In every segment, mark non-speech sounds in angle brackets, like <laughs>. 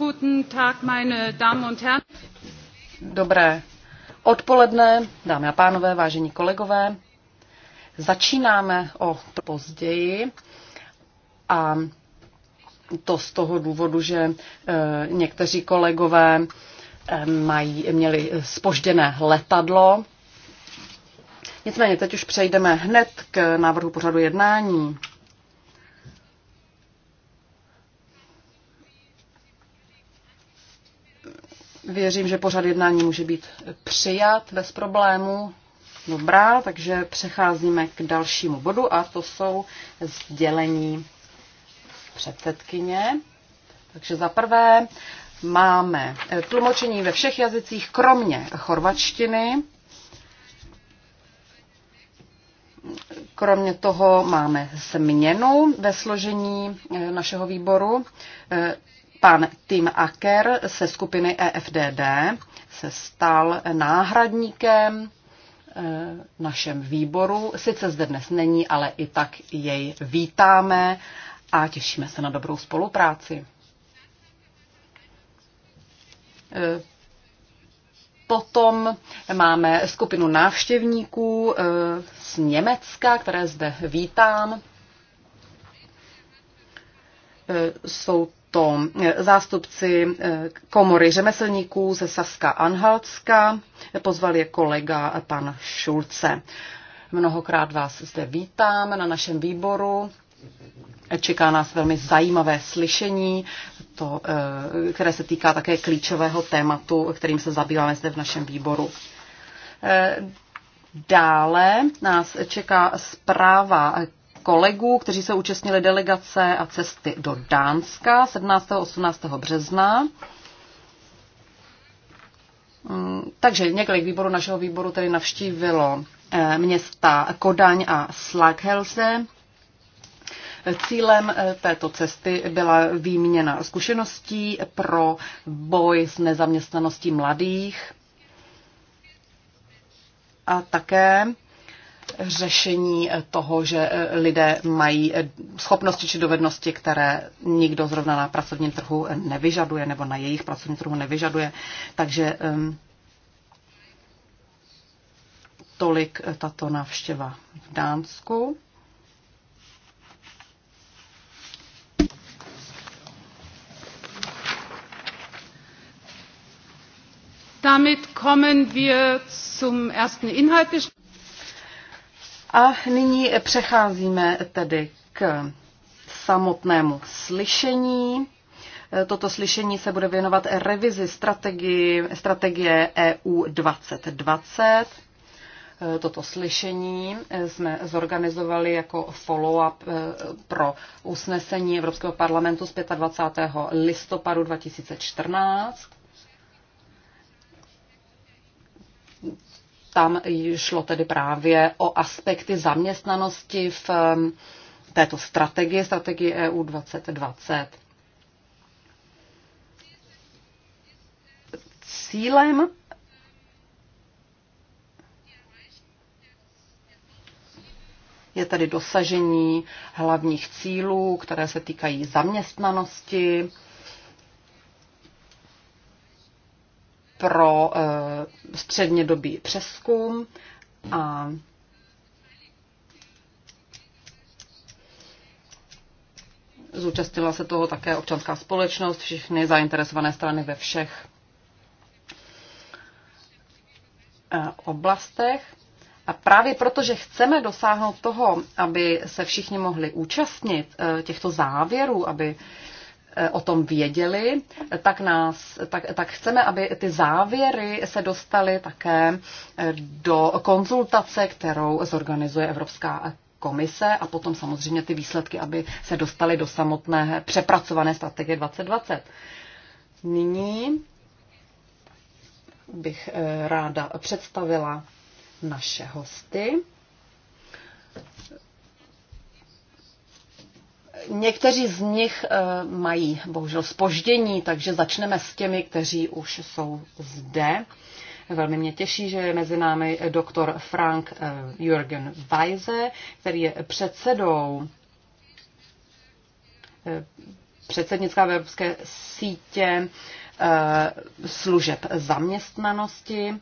Guten Tag, meine Damen und Herren. Dobré odpoledne, dámy a pánové, vážení kolegové. Začínáme o později a to z toho důvodu, že e, někteří kolegové e, mají, měli spožděné letadlo. Nicméně teď už přejdeme hned k návrhu pořadu jednání. Věřím, že pořad jednání může být přijat bez problému. Dobrá, takže přecházíme k dalšímu bodu a to jsou sdělení předsedkyně. Takže za prvé máme tlumočení ve všech jazycích, kromě chorvačtiny. Kromě toho máme změnu ve složení eh, našeho výboru. Eh, Pan Tim Aker se skupiny EFDD se stal náhradníkem eh, našem výboru. Sice zde dnes není, ale i tak jej vítáme a těšíme se na dobrou spolupráci. Eh, potom máme skupinu návštěvníků eh, z Německa, které zde vítám. Jsou to eh, zástupci eh, komory řemeslníků ze Saska Anhaltska, pozval je kolega pan Šulce. Mnohokrát vás zde vítám na našem výboru. Čeká nás velmi zajímavé slyšení, to, eh, které se týká také klíčového tématu, kterým se zabýváme zde v našem výboru. Dále nás čeká zpráva kolegů, kteří se účastnili delegace a cesty do Dánska 17. a 18. března. Mm, takže několik výborů našeho výboru tedy navštívilo eh, města Kodaň a Slaghelse. Cílem eh, této cesty byla výměna zkušeností pro boj s nezaměstnaností mladých a také řešení toho, že eh, lidé mají eh, schopnosti či dovednosti, které nikdo zrovna na pracovním trhu nevyžaduje nebo na jejich pracovním trhu nevyžaduje. Takže ehm, tolik eh, tato návštěva v Dánsku. Damit kommen wir zum ersten Inhalt des a nyní přecházíme tedy k samotnému slyšení. Toto slyšení se bude věnovat revizi strategie, strategie EU 2020. Toto slyšení jsme zorganizovali jako follow-up eh, pro usnesení Evropského parlamentu z 25. listopadu 2014. tam šlo tedy právě o aspekty zaměstnanosti v této strategii, strategii EU 2020. Cílem je tedy dosažení hlavních cílů, které se týkají zaměstnanosti, pro eh, střednědobý přeskum a Zúčastnila se toho také občanská společnost, všechny zainteresované strany ve všech eh, oblastech. A právě proto, že chceme dosáhnout toho, aby se všichni mohli účastnit eh, těchto závěrů, aby Eh, o tom věděli, tak, nás, tak, tak chceme, aby ty závěry se dostaly také eh, do konzultace, kterou zorganizuje Evropská komise a potom samozřejmě ty výsledky, aby se dostaly do samotné přepracované strategie 2020. Nyní bych eh, ráda představila naše hosty. Někteří z nich eh, mají bohužel spoždění, takže začneme s těmi, kteří už jsou zde. Velmi mě těší, že je mezi námi doktor Frank eh, Jürgen Weise, který je předsedou eh, předsednická evropské sítě služeb zaměstnanosti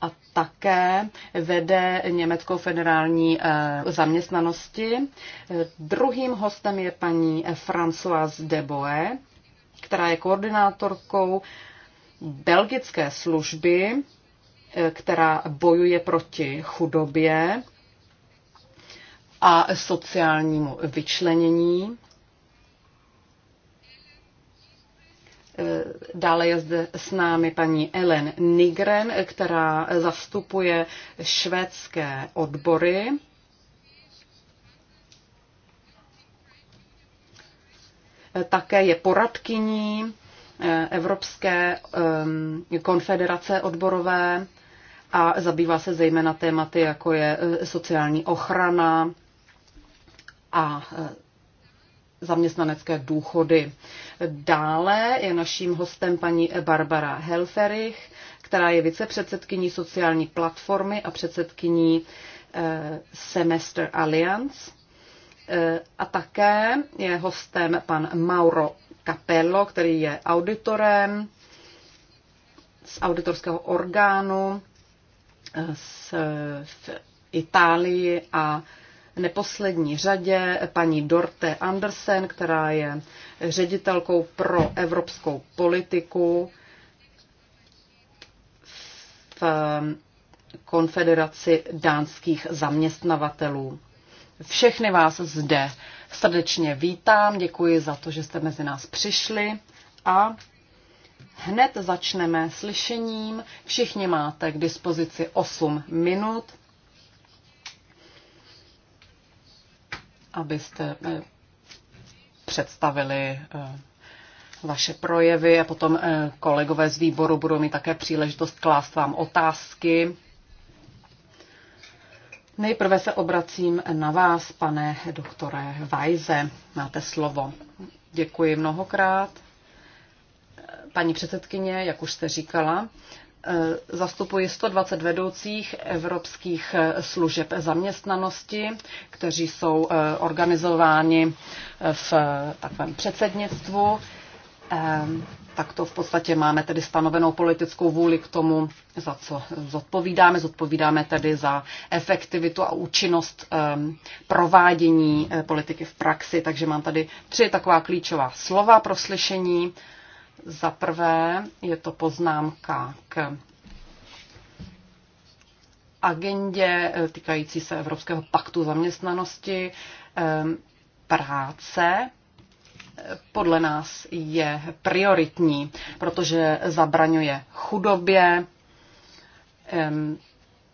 a také vede Německou federální eh, zaměstnanosti. Druhým hostem je paní Françoise Deboe, která je koordinátorkou belgické služby, eh, která bojuje proti chudobě a sociálnímu vyčlenění. Eh, dále je zde s námi paní Ellen Nigren, která zastupuje švédské odbory. Eh, také je poradkyní eh, Evropské konfederace odborové a zabývá se zejména tématy, jako je sociální ochrana a zaměstnanecké důchody. Dále je naším hostem paní Barbara Helferich, která je vicepředsedkyní sociální platformy a předsedkyní eh, Semester Alliance. Eh, a také je hostem pan Mauro Capello, který je auditorem z auditorského orgánu z, eh, v Itálii a neposlední řadě paní Dorte Andersen, která je ředitelkou pro evropskou politiku v ehm, Konfederaci dánských zaměstnavatelů. Všechny vás zde srdečně vítám, děkuji za to, že jste mezi nás přišli a hned začneme slyšením. Všichni máte k dispozici 8 minut abyste eh, představili eh, vaše projevy a potom eh, kolegové z výboru budou mít také příležitost klást vám otázky. Nejprve se obracím na vás, pane doktore Vajze. Máte slovo. Děkuji mnohokrát. Paní předsedkyně, jak už jste říkala, Eh, zastupuji 120 vedoucích evropských eh, služeb zaměstnanosti, kteří jsou eh, organizováni v takovém předsednictvu. Ehm, Takto v podstatě máme tedy stanovenou politickou vůli k tomu, za co zodpovídáme. Zodpovídáme tedy za efektivitu a účinnost ehm, provádění politiky v praxi, takže mám tady tři taková klíčová slova pro slyšení za prvé je to poznámka k agendě eh, týkající se Evropského paktu zaměstnanosti ehm, práce eh, podle nás je prioritní, protože zabraňuje chudobě, ehm,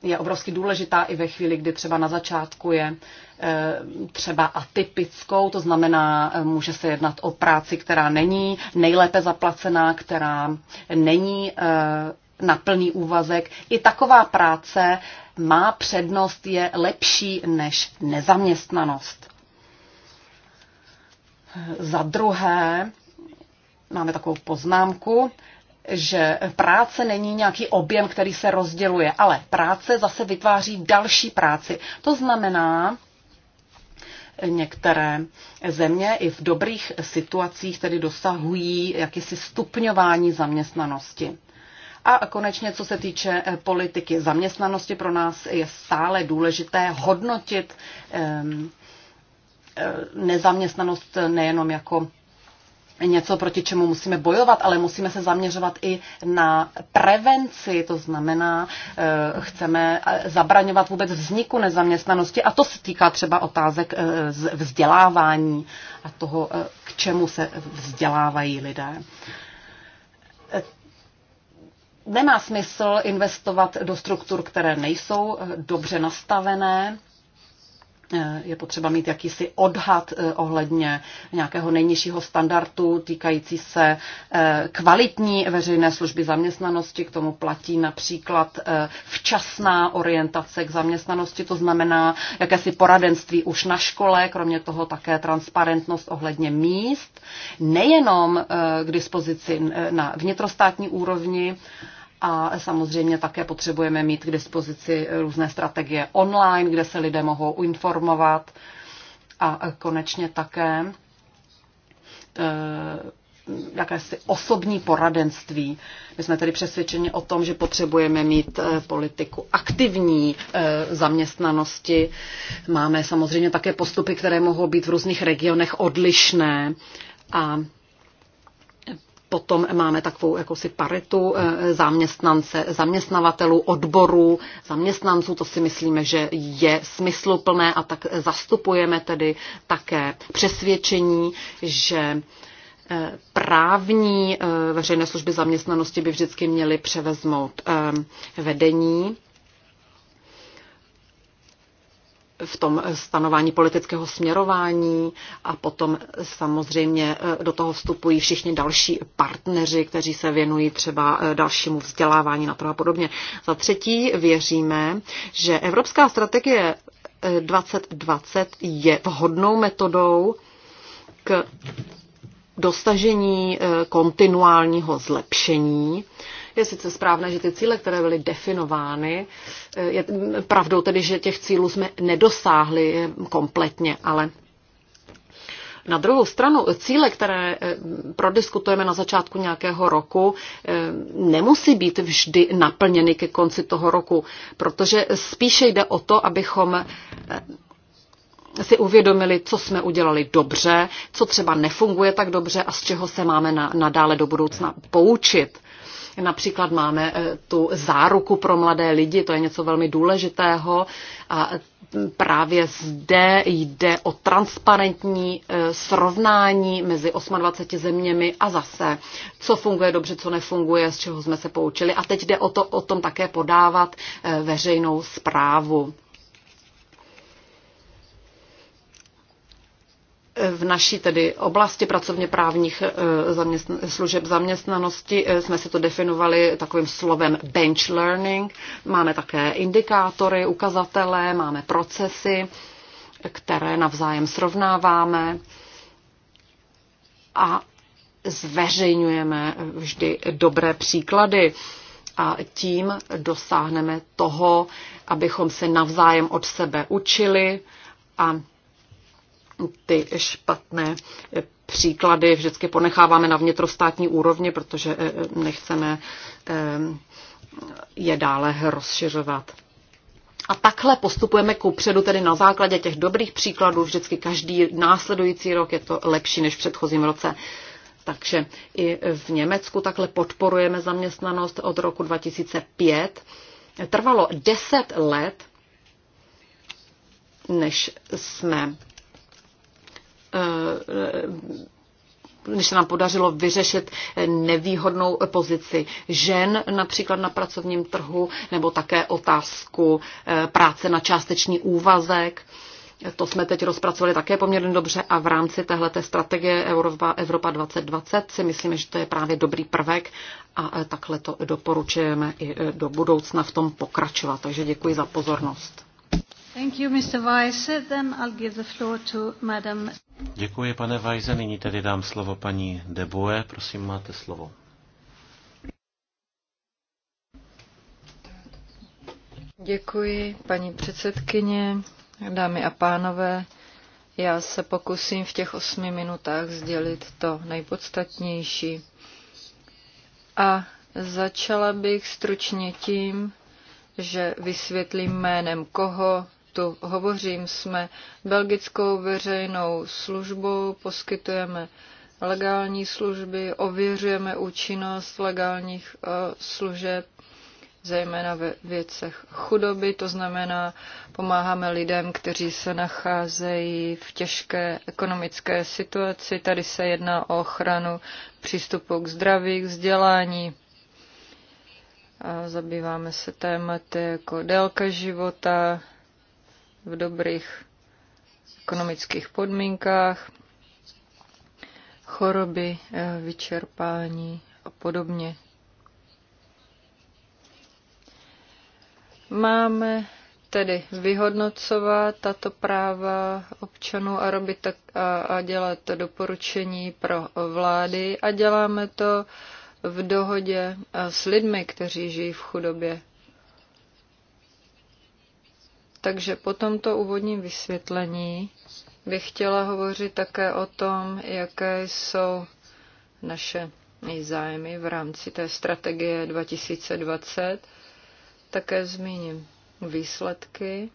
je obrovsky důležitá i ve chvíli, kdy třeba na začátku je eh, třeba atypickou, to znamená, eh, může se jednat o práci, která není nejlépe zaplacená, která není eh, na plný úvazek. I taková práce má přednost, je lepší než nezaměstnanost. Za druhé, máme takovou poznámku, že práce není nějaký objem, který se rozděluje, ale práce zase vytváří další práci. To znamená, některé země i v dobrých situacích tedy dosahují jakési stupňování zaměstnanosti. A konečně, co se týče eh, politiky zaměstnanosti, pro nás je stále důležité hodnotit ehm, eh, nezaměstnanost nejenom jako něco, proti čemu musíme bojovat, ale musíme se zaměřovat i na prevenci, to znamená, eh, chceme eh, zabraňovat vůbec vzniku nezaměstnanosti a to se týká třeba otázek eh, vzdělávání a toho, k čemu se vzdělávají lidé. Nemá smysl investovat do struktur, které nejsou dobře nastavené, Eh, je potřeba mít jakýsi odhad eh, ohledně nějakého nejnižšího standardu týkající se eh, kvalitní veřejné služby zaměstnanosti. K tomu platí například včasná orientace k zaměstnanosti, to znamená jakési poradenství už na škole, kromě toho také transparentnost ohledně míst, nejenom k dispozici na vnitrostátní úrovni, a samozřejmě také potřebujeme mít k dispozici různé strategie online, kde se lidé mohou informovat a konečně také eh, jakési osobní poradenství. My jsme tedy přesvědčeni o tom, že potřebujeme mít eh, politiku aktivní eh, zaměstnanosti. Máme samozřejmě také postupy, které mohou být v různých regionech odlišné a Potom máme takovou jakousi paritu eh, zaměstnance, zaměstnavatelů, odborů, zaměstnanců. To si myslíme, že je smysluplné a tak zastupujeme tedy také přesvědčení, že eh, právní eh, veřejné služby zaměstnanosti by vždycky měly převezmout vedení v tom stanování politického směrování a potom samozřejmě e, do toho vstupují všichni další partneři, kteří se věnují třeba e, dalšímu vzdělávání na to a podobně. Za třetí věříme, že Evropská strategie 2020 e, je vhodnou metodou k dosažení kontinuálního zlepšení je sice správné, že ty cíle, které byly definovány, eh, je pravdou tedy, že těch cílů jsme nedosáhli eh, kompletně, ale na druhou stranu eh, cíle, které prodiskutujeme na začátku nějakého roku, nemusí být vždy naplněny ke konci toho roku, protože spíše jde o to, abychom si uvědomili, co jsme udělali dobře, co třeba nefunguje tak dobře a z čeho se máme nadále do budoucna poučit. Například máme eh, tu záruku pro mladé lidi, to je něco velmi důležitého a eh, právě zde jde o transparentní eh, srovnání mezi 28 zeměmi a zase, co funguje dobře, co nefunguje, z čeho jsme se poučili. A teď jde o to, o tom také podávat veřejnou zprávu. v naší tedy oblasti pracovně právních eh, zaměstn- služeb zaměstnanosti eh, jsme si to definovali takovým slovem bench learning. Máme také indikátory, ukazatele, máme procesy, které navzájem srovnáváme a zveřejňujeme vždy dobré příklady a tím dosáhneme toho, abychom se navzájem od sebe učili a ty špatné příklady vždycky ponecháváme na vnitrostátní úrovni, protože eh, nechceme eh, je dále rozšiřovat. A takhle postupujeme ku předu, tedy na základě těch dobrých příkladů. Vždycky každý následující rok je to lepší než v předchozím roce. Takže i v Německu takhle podporujeme zaměstnanost od roku 2005. Trvalo 10 let, než jsme Eh, když se nám podařilo vyřešit nevýhodnou pozici žen například na pracovním trhu, nebo také otázku eh, práce na částečný úvazek. To jsme teď rozpracovali také poměrně dobře a v rámci téhleté strategie Evropa, Evropa 2020 si myslíme, že to je právě dobrý prvek a eh, takhle to doporučujeme i do budoucna v tom pokračovat. Takže děkuji za pozornost. Thank you, Mr. Then I'll give the floor to Madam. Děkuji, pane Weise. Nyní tedy dám slovo paní Deboe. Prosím, máte slovo. Děkuji, paní předsedkyně, dámy a pánové. Já se pokusím v těch osmi minutách sdělit to nejpodstatnější. A začala bych stručně tím, že vysvětlím jménem koho tu hovořím, jsme belgickou veřejnou službou, poskytujeme legální služby, ověřujeme účinnost legálních eh, služeb, zejména ve věcech chudoby, to znamená, pomáháme lidem, kteří se nacházejí v těžké ekonomické situaci. Tady se jedná o ochranu přístupu k zdraví, k vzdělání. A zabýváme se tématy jako délka života, v dobrých ekonomických podmínkách, choroby, eh, vyčerpání a podobně. Máme tedy vyhodnocovat tato práva občanů a, robit tak, a, a dělat doporučení pro vlády a děláme to v dohodě eh, s lidmi, kteří žijí v chudobě. Takže po tomto úvodním vysvětlení bych chtěla hovořit také o tom, jaké jsou naše zájmy v rámci té strategie 2020. Také zmíním výsledky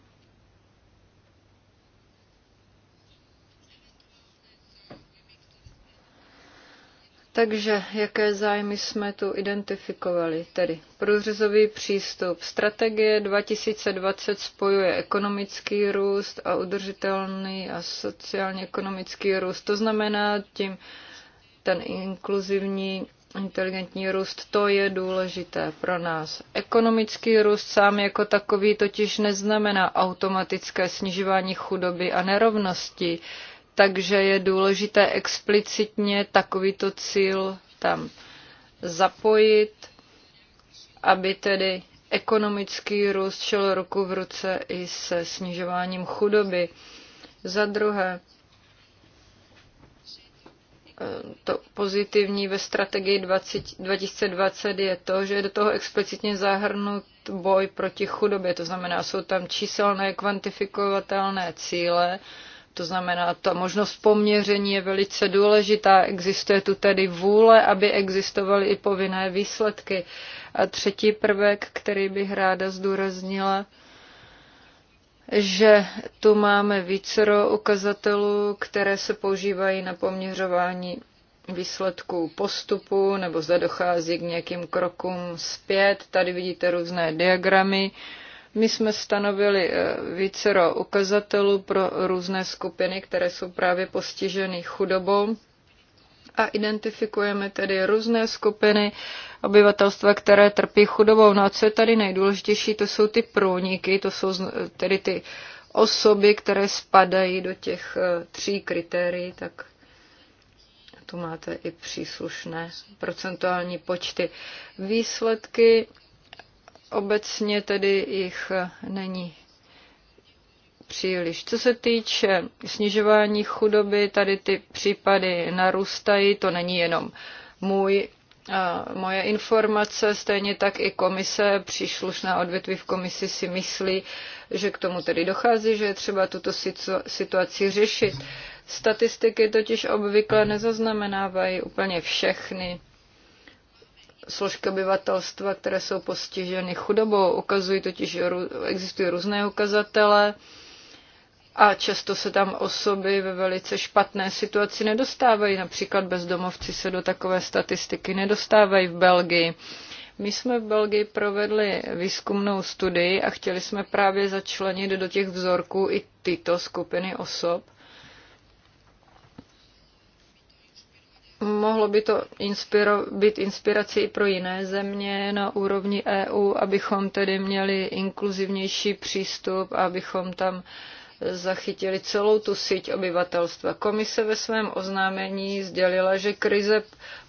Takže jaké zájmy jsme tu identifikovali? Tedy průřezový přístup. Strategie 2020 spojuje ekonomický růst a udržitelný a sociálně ekonomický růst. To znamená tím ten inkluzivní inteligentní růst, to je důležité pro nás. Ekonomický růst sám jako takový totiž neznamená automatické snižování chudoby a nerovnosti takže je důležité explicitně takovýto cíl tam zapojit, aby tedy ekonomický růst šel ruku v ruce i se snižováním chudoby. Za druhé, to pozitivní ve strategii 20, 2020 je to, že je do toho explicitně zahrnut boj proti chudobě. To znamená, jsou tam číselné, kvantifikovatelné cíle, to znamená, ta možnost poměření je velice důležitá. Existuje tu tedy vůle, aby existovaly i povinné výsledky. A třetí prvek, který bych ráda zdůraznila, že tu máme vícero ukazatelů, které se používají na poměřování výsledků postupu, nebo zde dochází k nějakým krokům zpět. Tady vidíte různé diagramy, my jsme stanovili eh, vícero ukazatelů pro různé skupiny, které jsou právě postiženy chudobou a identifikujeme tedy různé skupiny obyvatelstva, které trpí chudobou. No a co je tady nejdůležitější, to jsou ty průniky, to jsou tedy ty osoby, které spadají do těch eh, tří kritérií, tak tu máte i příslušné procentuální počty. Výsledky obecně tedy jich eh, není příliš. Co se týče snižování chudoby, tady ty případy narůstají, to není jenom můj a eh, moje informace, stejně tak i komise, příslušná odvětví v komisi si myslí, že k tomu tedy dochází, že je třeba tuto situaci řešit. Statistiky totiž obvykle nezaznamenávají úplně všechny složky obyvatelstva, které jsou postiženy chudobou. Ukazují totiž, existují různé ukazatele a často se tam osoby ve velice špatné situaci nedostávají. Například bezdomovci se do takové statistiky nedostávají v Belgii. My jsme v Belgii provedli výzkumnou studii a chtěli jsme právě začlenit do těch vzorků i tyto skupiny osob. mohlo by to inspiro, být inspirací i pro jiné země na úrovni EU, abychom tedy měli inkluzivnější přístup, abychom tam uh, zachytili celou tu síť obyvatelstva. Komise ve svém oznámení sdělila, že krize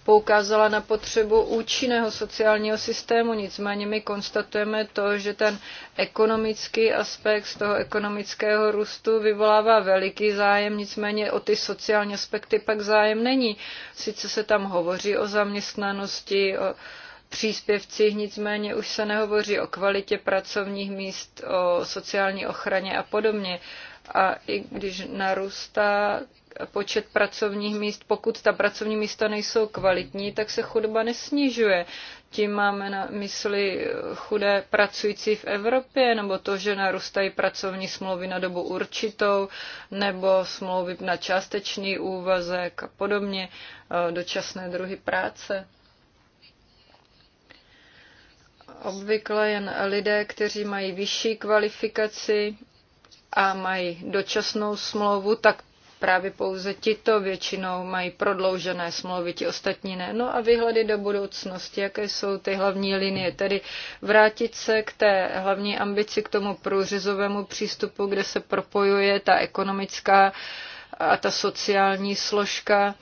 poukázala na potřebu účinného sociálního systému, nicméně my konstatujeme to, že ten ekonomický aspekt z toho ekonomického růstu vyvolává veliký zájem, nicméně o ty sociální aspekty pak zájem není. Sice se tam hovoří o zaměstnanosti, o příspěvcích, nicméně už se nehovoří o kvalitě pracovních míst, o sociální ochraně a podobně. A i když narůstá počet pracovních míst, pokud ta pracovní místa nejsou kvalitní, tak se chudoba nesnižuje. Tím máme na mysli chudé pracující v Evropě, nebo to, že narůstají pracovní smlouvy na dobu určitou, nebo smlouvy na částečný úvazek a podobně, e, dočasné druhy práce obvykle jen lidé, kteří mají vyšší kvalifikaci a mají dočasnou smlouvu, tak právě pouze tito většinou mají prodloužené smlouvy, ti ostatní ne. No a vyhledy do budoucnosti, jaké jsou ty hlavní linie, tedy vrátit se k té hlavní ambici, k tomu průřezovému přístupu, kde se propojuje ta ekonomická a ta sociální složka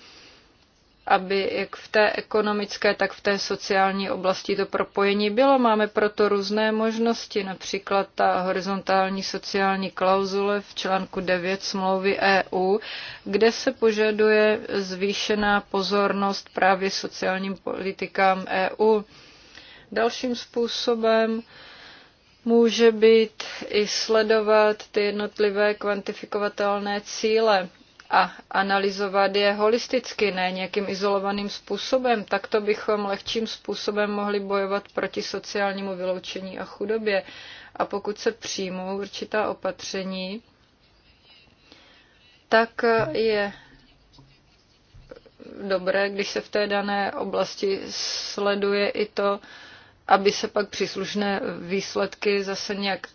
aby jak v té ekonomické, tak v té sociální oblasti to propojení bylo. Máme proto různé možnosti, například ta horizontální sociální klauzule v článku 9 smlouvy EU, kde se požaduje zvýšená pozornost právě sociálním politikám EU. Dalším způsobem může být i sledovat ty jednotlivé kvantifikovatelné cíle a analyzovat je holisticky, ne nějakým izolovaným způsobem. Tak to bychom lehčím způsobem mohli bojovat proti sociálnímu vyloučení a chudobě. A pokud se přijmou určitá opatření, tak je dobré, když se v té dané oblasti sleduje i to, aby se pak příslušné výsledky zase nějak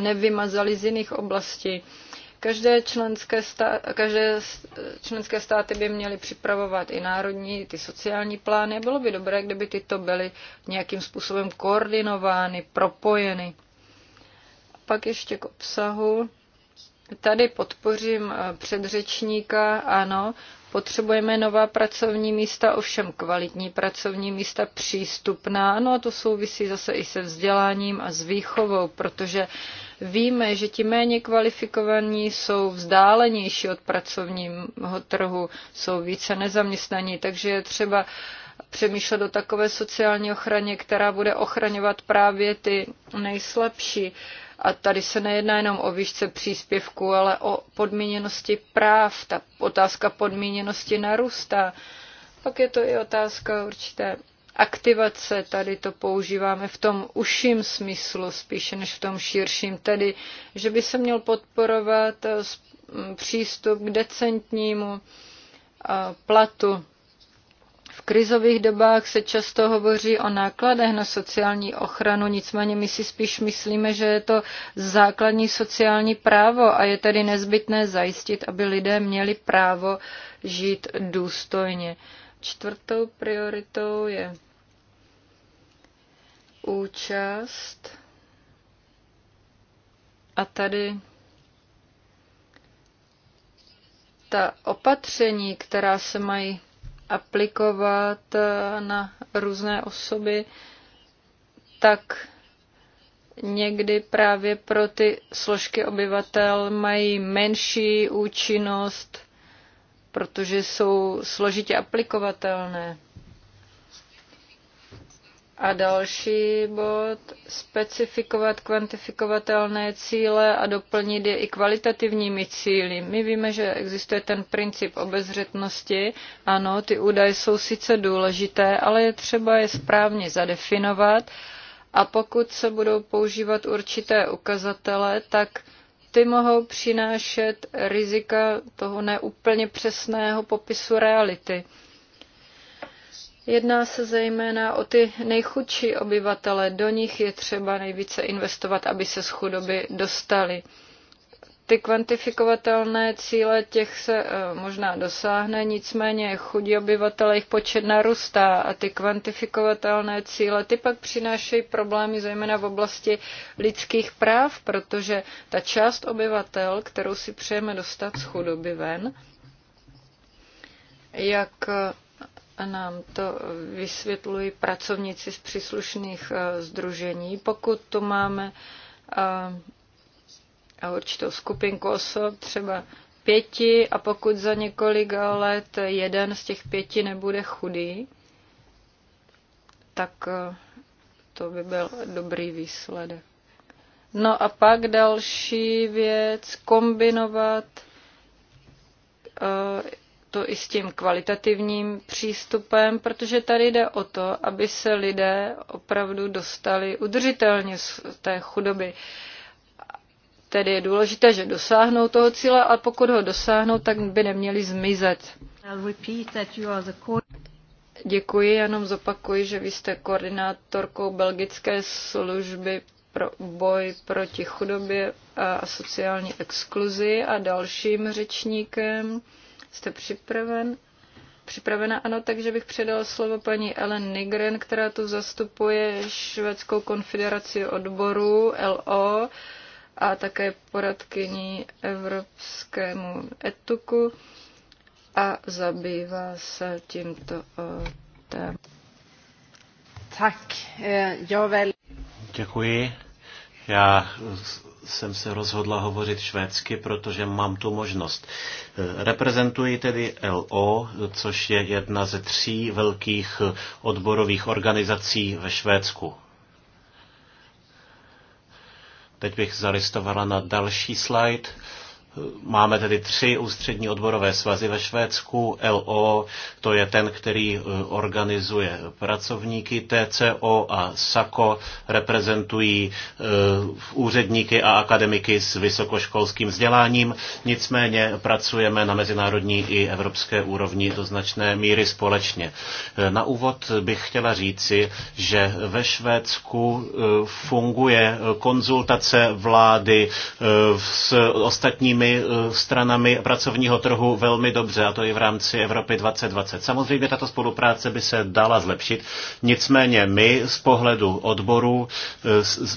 nevymazaly z jiných oblastí. Každé členské, stá, každé členské státy by měly připravovat i národní, ty sociální plány. Bylo by dobré, kdyby tyto byly nějakým způsobem koordinovány, propojeny. Pak ještě k obsahu. Tady podpořím eh, předřečníka, ano, Potřebujeme nová pracovní místa, ovšem kvalitní pracovní místa, přístupná. No a to souvisí zase i se vzděláním a s výchovou, protože Víme, že ti méně kvalifikovaní jsou vzdálenější od pracovního trhu, jsou více nezaměstnaní, takže je třeba přemýšlet o takové sociální ochraně, která bude ochraňovat právě ty nejslabší. A tady se nejedná jenom o výšce příspěvku, ale o podmíněnosti práv. Ta otázka podmíněnosti narůstá. Pak je to i otázka určité aktivace, tady to používáme v tom užším smyslu, spíše než v tom širším, tedy, že by se měl podporovat eh, přístup k decentnímu eh, platu. V krizových dobách se často hovoří o nákladech na sociální ochranu, nicméně my si spíš myslíme, že je to základní sociální právo a je tedy nezbytné zajistit, aby lidé měli právo žít důstojně. Čtvrtou prioritou je účast. A tady ta opatření, která se mají aplikovat na různé osoby, tak někdy právě pro ty složky obyvatel mají menší účinnost protože jsou složitě aplikovatelné. A další bod, specifikovat kvantifikovatelné cíle a doplnit je i kvalitativními cíly. My víme, že existuje ten princip obezřetnosti. Ano, ty údaje jsou sice důležité, ale je třeba je správně zadefinovat. A pokud se budou používat určité ukazatele, tak ty mohou přinášet rizika toho neúplně přesného popisu reality. Jedná se zejména o ty nejchudší obyvatele, do nich je třeba nejvíce investovat, aby se z chudoby dostali ty kvantifikovatelné cíle těch se eh, možná dosáhne, nicméně chudí obyvatele jich počet narůstá a ty kvantifikovatelné cíle ty pak přinášejí problémy zejména v oblasti lidských práv, protože ta část obyvatel, kterou si přejeme dostat z chudoby ven, jak eh, nám to vysvětlují pracovníci z příslušných združení, eh, pokud tu máme a určitou skupinku osob, třeba pěti, a pokud za několik let jeden z těch pěti nebude chudý, tak eh, to by byl dobrý výsledek. No a pak další věc, kombinovat eh, to i s tím kvalitativním přístupem, protože tady jde o to, aby se lidé opravdu dostali udržitelně z té chudoby. Tedy je důležité, že dosáhnou toho cíle a pokud ho dosáhnou, tak by neměli zmizet. Děkuji, jenom zopakuji, že vy jste koordinátorkou Belgické služby pro boj proti chudobě a sociální exkluzi a dalším řečníkem. Jste připraven? Připravena ano, takže bych předala slovo paní Ellen Nigren, která tu zastupuje Švédskou konfederaci odborů LO a také poradkyní Evropskému etuku a zabývá se tímto eh, tém. Tak, eh, jo, vel. Děkuji. Já jsem se rozhodla hovořit švédsky, protože mám tu možnost. Eh, reprezentuji tedy LO, což je jedna ze tří velkých odborových organizací ve Švédsku. Teď bych zalistovala na další slide. Máme tedy tři ústřední odborové svazy ve Švédsku. LO, to je ten, který eh, organizuje pracovníky. TCO a SAKO reprezentují eh, úředníky a akademiky s vysokoškolským vzděláním. Nicméně pracujeme na mezinárodní i evropské úrovni do značné míry společně. Eh, na úvod bych chtěla říci, že ve Švédsku funguje konzultace vlády s ostatními jinými eh, stranami pracovního trhu velmi dobře, a to i v rámci Evropy 2020. Samozřejmě tato spolupráce by se dala zlepšit, nicméně my z pohledu odborů eh,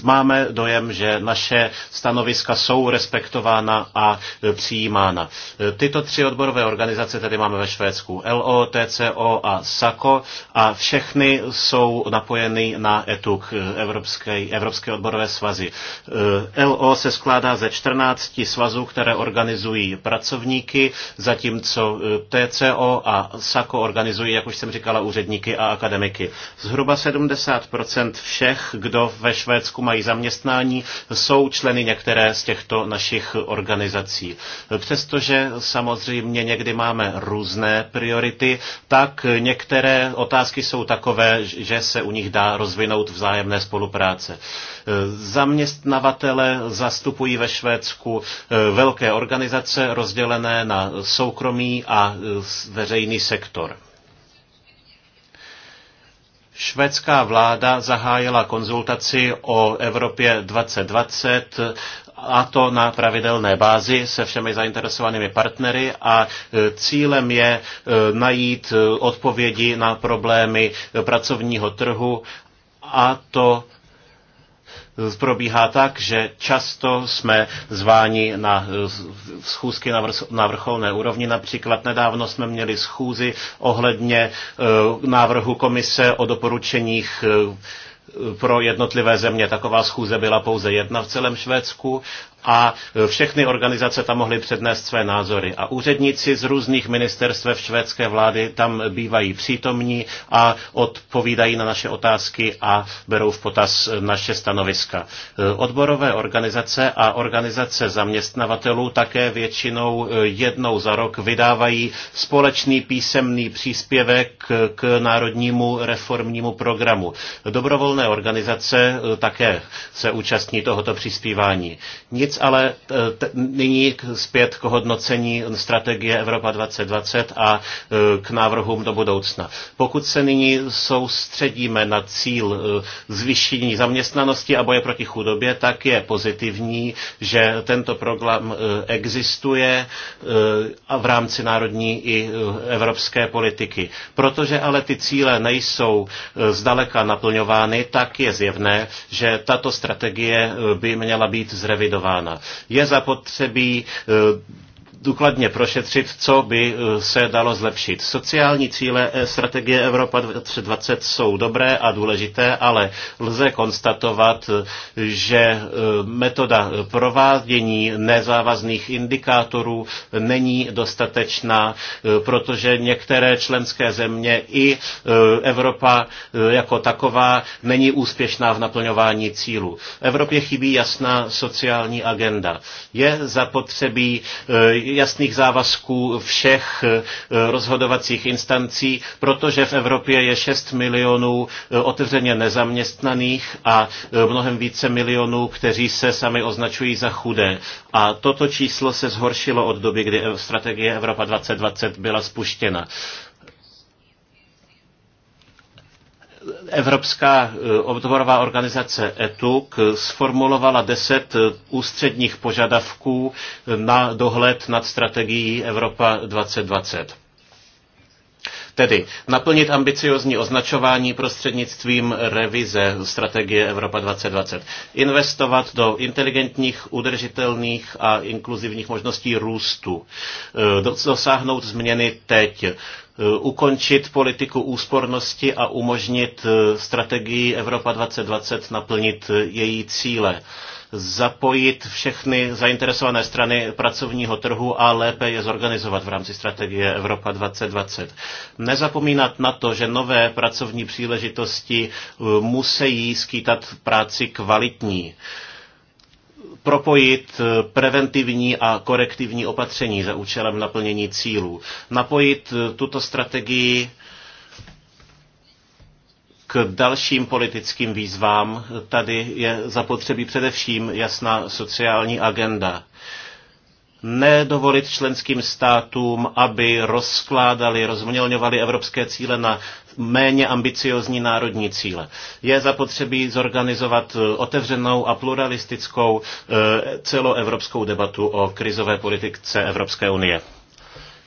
máme dojem, že naše stanoviska jsou respektována a eh, přijímána. Tyto tři odborové organizace tedy máme ve Švédsku LO, TCO a SAKO a všechny jsou napojeny na ETUK, Evropské, Evropské odborové svazy. LO se skládá ze 14 svazů, které organizují pracovníky, zatímco eh, TCO a SAKO organizují, jak už jsem říkala, úředníky a akademiky. Zhruba 70% všech, kdo ve Švédsku mají zaměstnání, jsou členy některé z těchto našich organizací. Přestože samozřejmě někdy máme různé priority, tak některé otázky jsou takové, že se u nich dá rozvinout vzájemné spolupráce. Zaměstnavatele zastupují ve Švédsku e, velké organizace rozdělené na soukromý a e, veřejný sektor. Švédská vláda zahájila konzultaci o Evropě 2020 a to na pravidelné bázi se všemi zainteresovanými partnery a e, cílem je najít odpovědi na problémy pracovního trhu a to probíhá tak, že často jsme zváni na eh, schůzky na vrcholné úrovni. Například nedávno jsme měli schůzi ohledně eh, návrhu komise o doporučeních eh, pro jednotlivé země. Taková schůze byla pouze jedna v celém Švédsku a všechny organizace tam mohly přednést své názory. A úředníci z různých v švédské vlády tam bývají přítomní a odpovídají na naše otázky a berou v potaz naše stanoviska. Odborové organizace a organizace zaměstnavatelů také většinou eh, jednou za rok vydávají společný písemný příspěvek k národnímu reformnímu programu. Dobrovolné organizace eh, také se účastní tohoto přispívání. Nic ale e, t- nyní zpět k hodnocení strategie Evropa 2020 a e, k návrhům do budoucna. Pokud se nyní soustředíme na cíl e, zvýšení zaměstnanosti a boje proti chudobě, tak je pozitivní, že tento program existuje a v rámci národní i evropské politiky. Protože ale ty cíle nejsou zdaleka naplňovány, tak je zjevné, že tato strategie by měla být zrevidována likvidována. Je zapotřebí eh, důkladně prošetřit, co by eh, se dalo zlepšit. Sociální cíle eh, strategie Evropa 2020 jsou dobré a důležité, ale lze konstatovat, eh, že metoda provádění nezávazných indikátorů není dostatečná, protože některé členské země i Evropa jako taková není úspěšná v naplňování cílů. Evropě chybí jasná sociální agenda. Je zapotřebí jasných závazků všech eh, rozhodovacích instancí, protože v Evropě je 6 milionů eh, otevřeně nezaměstnaných a eh, mnohem více milionů, kteří se sami označují za chudé. A toto číslo se zhoršilo od doby, kdy strategie Evropa 2020 byla spuštěna. Evropská eh, odborová organizace ETUK sformulovala deset eh, ústředních požadavků eh, na dohled nad strategií Evropa 2020. Tedy naplnit ambiciozní označování prostřednictvím revize strategie Evropa 2020. Investovat do inteligentních, udržitelných a inkluzivních možností růstu. E, dosáhnout změny teď e, ukončit politiku úspornosti a umožnit e, strategii Evropa 2020 naplnit její cíle zapojit všechny zainteresované strany pracovního trhu a lépe je zorganizovat v rámci strategie Evropa 2020. Nezapomínat na to, že nové pracovní příležitosti eh, musí skýtat práci kvalitní propojit eh, preventivní a korektivní opatření za účelem naplnění cílů, napojit eh, tuto strategii dalším politickým výzvám tady je zapotřebí především jasná sociální agenda nedovolit členským státům, aby rozkládali, rozmělňovali evropské cíle na méně ambiciozní národní cíle. Je zapotřebí zorganizovat otevřenou a pluralistickou eh, celoevropskou debatu o krizové politice Evropské unie.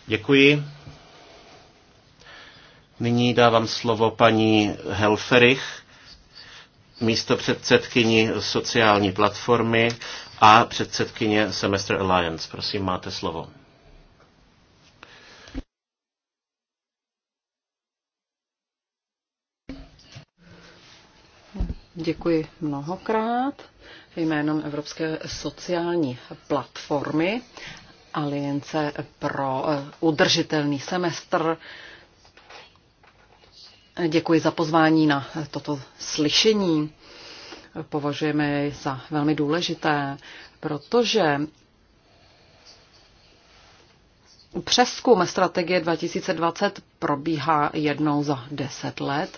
Děkuji. Nyní dávám slovo paní Helferich, místo předsedkyni sociální platformy a předsedkyně Semester Alliance. Prosím, máte slovo. Děkuji mnohokrát jménem Evropské sociální platformy Aliance pro eh, udržitelný semestr Děkuji za pozvání na toto slyšení. Považujeme je za velmi důležité, protože přeskum strategie 2020 probíhá jednou za deset let,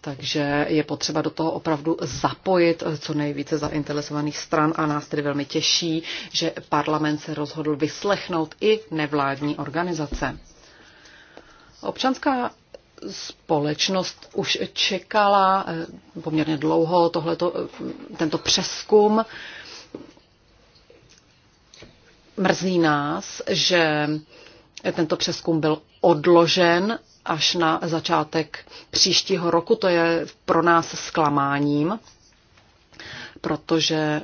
takže je potřeba do toho opravdu zapojit co nejvíce zainteresovaných stran a nás tedy velmi těší, že parlament se rozhodl vyslechnout i nevládní organizace. Občanská společnost už čekala eh, poměrně dlouho tohleto, tento přeskum. Mrzí nás, že tento přeskum byl odložen až na začátek příštího roku. To je pro nás zklamáním, protože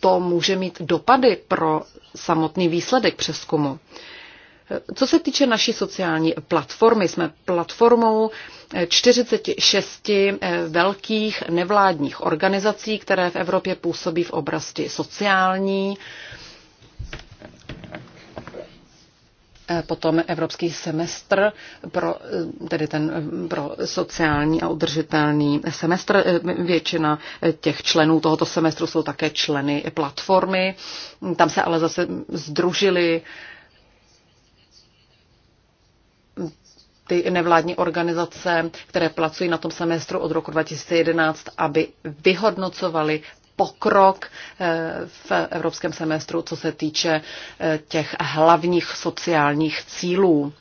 to může mít dopady pro samotný výsledek přeskumu. Co se týče naší sociální platformy, jsme platformou 46 eh, velkých nevládních organizací, které v Evropě působí v oblasti sociální. Eh, potom evropský semestr, pro, eh, tedy ten pro sociální a udržitelný semestr. Většina těch členů tohoto semestru jsou také členy platformy. Tam se ale zase združili ty nevládní organizace, které pracují na tom semestru od roku 2011, aby vyhodnocovali pokrok eh, v evropském semestru, co se týče eh, těch hlavních sociálních cílů.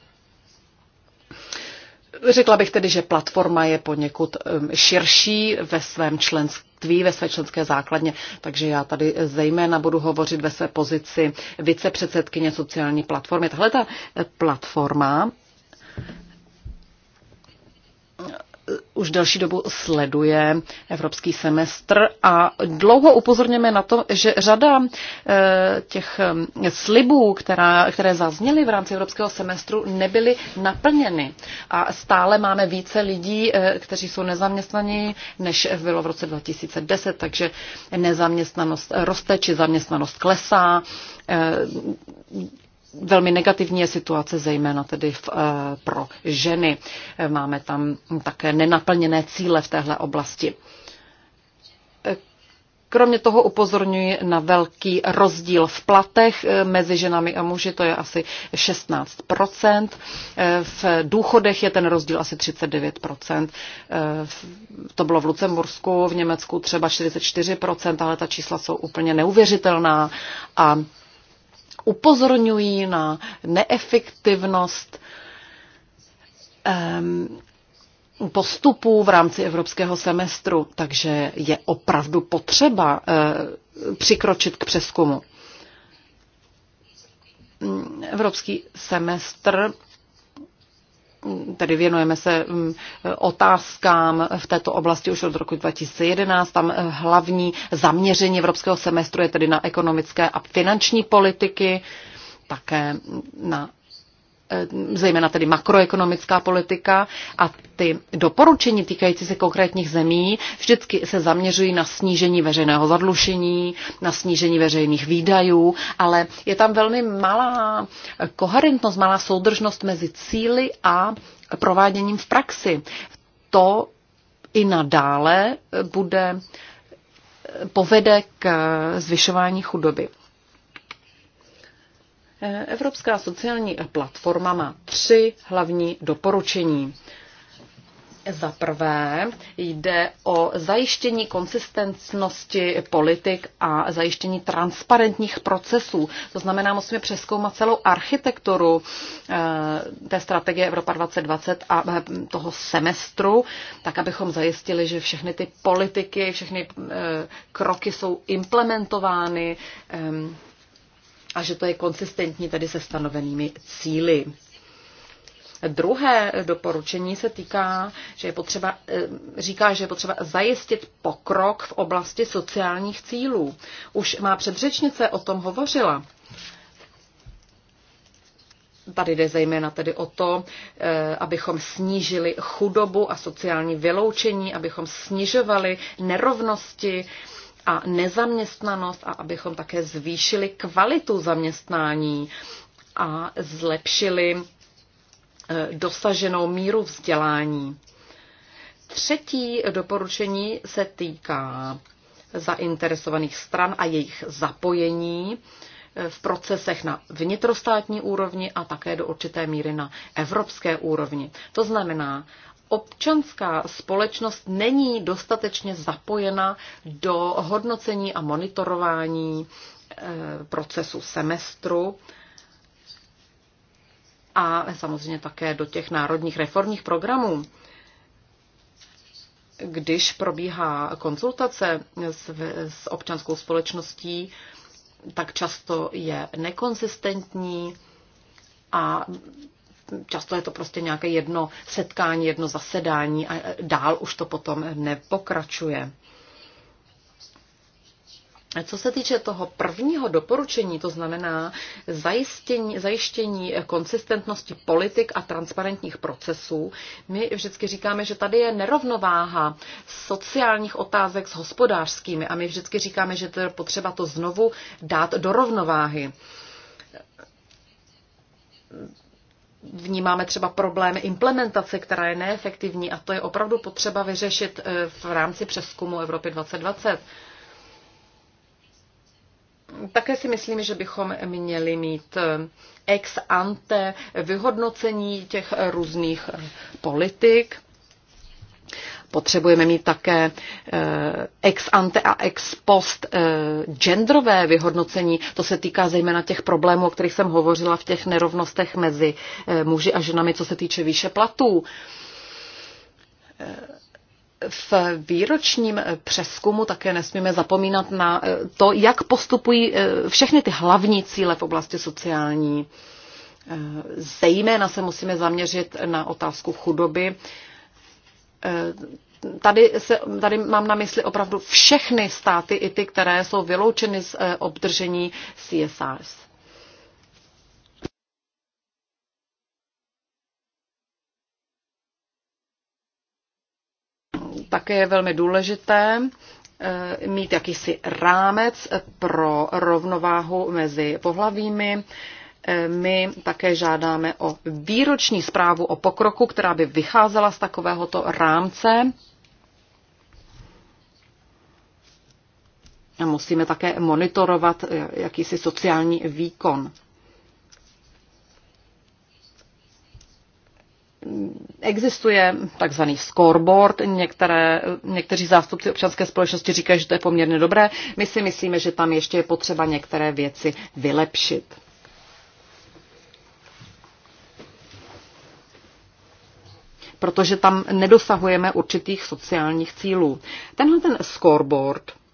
Řekla bych tedy, že platforma je poněkud širší ve svém členství, ve své členské základně, takže já tady zejména budu hovořit ve své pozici vicepředsedkyně sociální platformy. Tahle ta eh, platforma už delší dobu sleduje evropský semestr a dlouho upozorněme na to, že řada eh, těch eh, slibů, která, které zazněly v rámci evropského semestru, nebyly naplněny. A stále máme více lidí, eh, kteří jsou nezaměstnaní, než bylo v roce 2010, takže nezaměstnanost roste či zaměstnanost klesá velmi negativní je situace zejména tedy v, eh, pro ženy. Máme tam také nenaplněné cíle v téhle oblasti. Kromě toho upozorňuji na velký rozdíl v platech eh, mezi ženami a muži, to je asi 16 eh, V důchodech je ten rozdíl asi 39 To bylo v Lucembursku, v Německu třeba 44 ale ta čísla jsou úplně neuvěřitelná a upozorňují na neefektivnost ehm, postupů v rámci evropského semestru, takže je opravdu potřeba eh, přikročit k přeskumu. Evropský semestr Tady věnujeme se mm, otázkám v této oblasti už od roku 2011. Tam eh, hlavní zaměření evropského semestru je tedy na ekonomické a finanční politiky, také na Eh, zejména tedy makroekonomická politika a ty doporučení týkající se konkrétních zemí vždycky se zaměřují na snížení veřejného zadlušení, na snížení veřejných výdajů, ale je tam velmi malá koherentnost, malá soudržnost mezi cíly a prováděním v praxi. To i nadále bude eh, povede k eh, zvyšování chudoby. Evropská sociální platforma má tři hlavní doporučení. Za prvé jde o zajištění konsistentnosti politik a zajištění transparentních procesů. To znamená, musíme přeskoumat celou architekturu eh, té strategie Evropa 2020 a eh, toho semestru, tak abychom zajistili, že všechny ty politiky, všechny eh, kroky jsou implementovány ehm, a že to je konsistentní tedy se stanovenými cíly. Druhé doporučení se týká, že je potřeba, eh, říká, že je potřeba zajistit pokrok v oblasti sociálních cílů. Už má předřečnice o tom hovořila. Tady jde zejména tedy o to, eh, abychom snížili chudobu a sociální vyloučení, abychom snižovali nerovnosti, a nezaměstnanost a abychom také zvýšili kvalitu zaměstnání a zlepšili eh, dosaženou míru vzdělání. Třetí doporučení se týká zainteresovaných stran a jejich zapojení eh, v procesech na vnitrostátní úrovni a také do určité míry na evropské úrovni. To znamená občanská společnost není dostatečně zapojena do hodnocení a monitorování eh, procesu semestru a samozřejmě také do těch národních reformních programů. Když probíhá konzultace s, s občanskou společností, tak často je nekonsistentní a často je to prostě nějaké jedno setkání, jedno zasedání a e, dál už to potom nepokračuje. Co se týče toho prvního doporučení, to znamená zajištění, zajištění konsistentnosti politik a transparentních procesů, my vždycky říkáme, že tady je nerovnováha sociálních otázek s hospodářskými a my vždycky říkáme, že to je potřeba to znovu dát do rovnováhy vnímáme třeba problémy implementace, která je neefektivní a to je opravdu potřeba vyřešit eh, v rámci přeskumu Evropy 2020. Také si myslím, že bychom měli mít eh, ex ante vyhodnocení těch různých eh, politik. Potřebujeme mít také eh, ex ante a ex post eh, genderové vyhodnocení. To se týká zejména těch problémů, o kterých jsem hovořila v těch nerovnostech mezi eh, muži a ženami, co se týče výše platů v výročním přeskumu také nesmíme zapomínat na to, jak postupují všechny ty hlavní cíle v oblasti sociální. Zejména se musíme zaměřit na otázku chudoby tady, se, tady mám na mysli opravdu všechny státy, i ty, které jsou vyloučeny z eh, obdržení CSRs. Také je velmi důležité eh, mít jakýsi rámec pro rovnováhu mezi pohlavími eh, my také žádáme o výroční zprávu o pokroku, která by vycházela z takovéhoto rámce. A musíme také monitorovat eh, jakýsi sociální výkon. Existuje takzvaný scoreboard, Některé, někteří zástupci občanské společnosti říkají, že to je poměrně dobré. My si myslíme, že tam ještě je potřeba některé věci vylepšit. protože tam nedosahujeme určitých sociálních cílů. Tenhle ten scoreboard –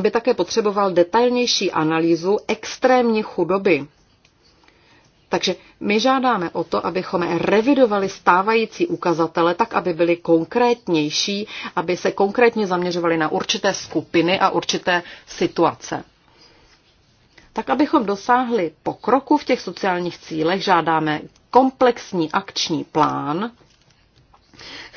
by také potřeboval detailnější analýzu extrémní chudoby. Takže my žádáme o to, abychom revidovali stávající ukazatele tak, aby byly konkrétnější, aby se konkrétně zaměřovali na určité skupiny a určité situace. Tak, abychom dosáhli pokroku v těch sociálních cílech, žádáme komplexní akční plán,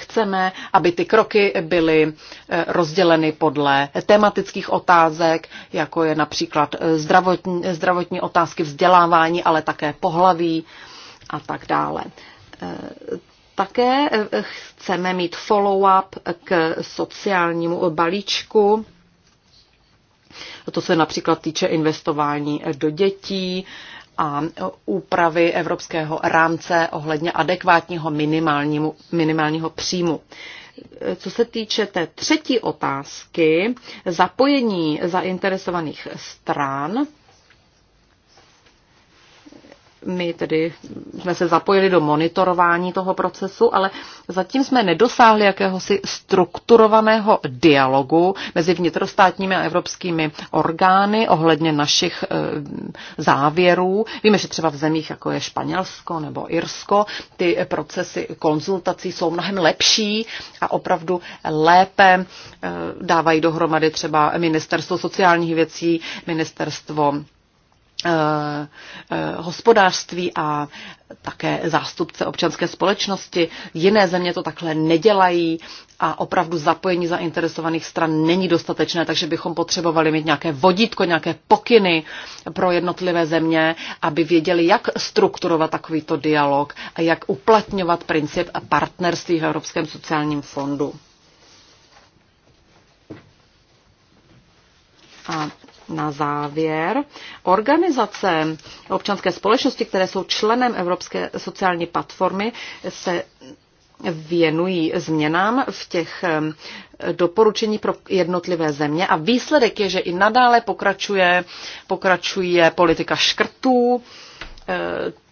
Chceme, aby ty kroky byly eh, rozděleny podle tematických otázek, jako je například eh, zdravotní, eh, zdravotní otázky vzdělávání, ale také pohlaví a tak dále. Také chceme mít follow-up k sociálnímu balíčku. To se například týče investování do dětí, a úpravy evropského rámce ohledně adekvátního minimálnímu, minimálního příjmu. Co se týče té třetí otázky, zapojení zainteresovaných stran, my tedy jsme se zapojili do monitorování toho procesu, ale zatím jsme nedosáhli jakéhosi strukturovaného dialogu mezi vnitrostátními a evropskými orgány ohledně našich eh, závěrů. Víme, že třeba v zemích, jako je Španělsko nebo Irsko, ty procesy konzultací jsou mnohem lepší a opravdu lépe eh, dávají dohromady třeba ministerstvo sociálních věcí, ministerstvo Eh, eh, hospodářství a také zástupce občanské společnosti. Jiné země to takhle nedělají a opravdu zapojení zainteresovaných stran není dostatečné, takže bychom potřebovali mít nějaké vodítko, nějaké pokyny pro jednotlivé země, aby věděli, jak strukturovat takovýto dialog a jak uplatňovat princip partnerství v Evropském sociálním fondu. A na závěr. Organizace občanské společnosti, které jsou členem Evropské sociální platformy, se věnují změnám v těch doporučení pro jednotlivé země a výsledek je, že i nadále pokračuje, pokračuje politika škrtů, e,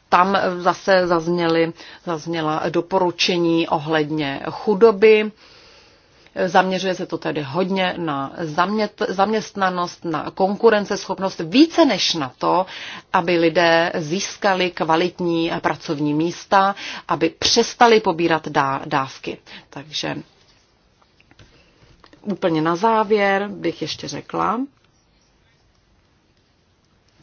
tam zase zazněly, zazněla doporučení ohledně chudoby, Zaměřuje se to tedy hodně na zamět, zaměstnanost, na konkurenceschopnost, více než na to, aby lidé získali kvalitní pracovní místa, aby přestali pobírat dá, dávky. Takže úplně na závěr bych ještě řekla,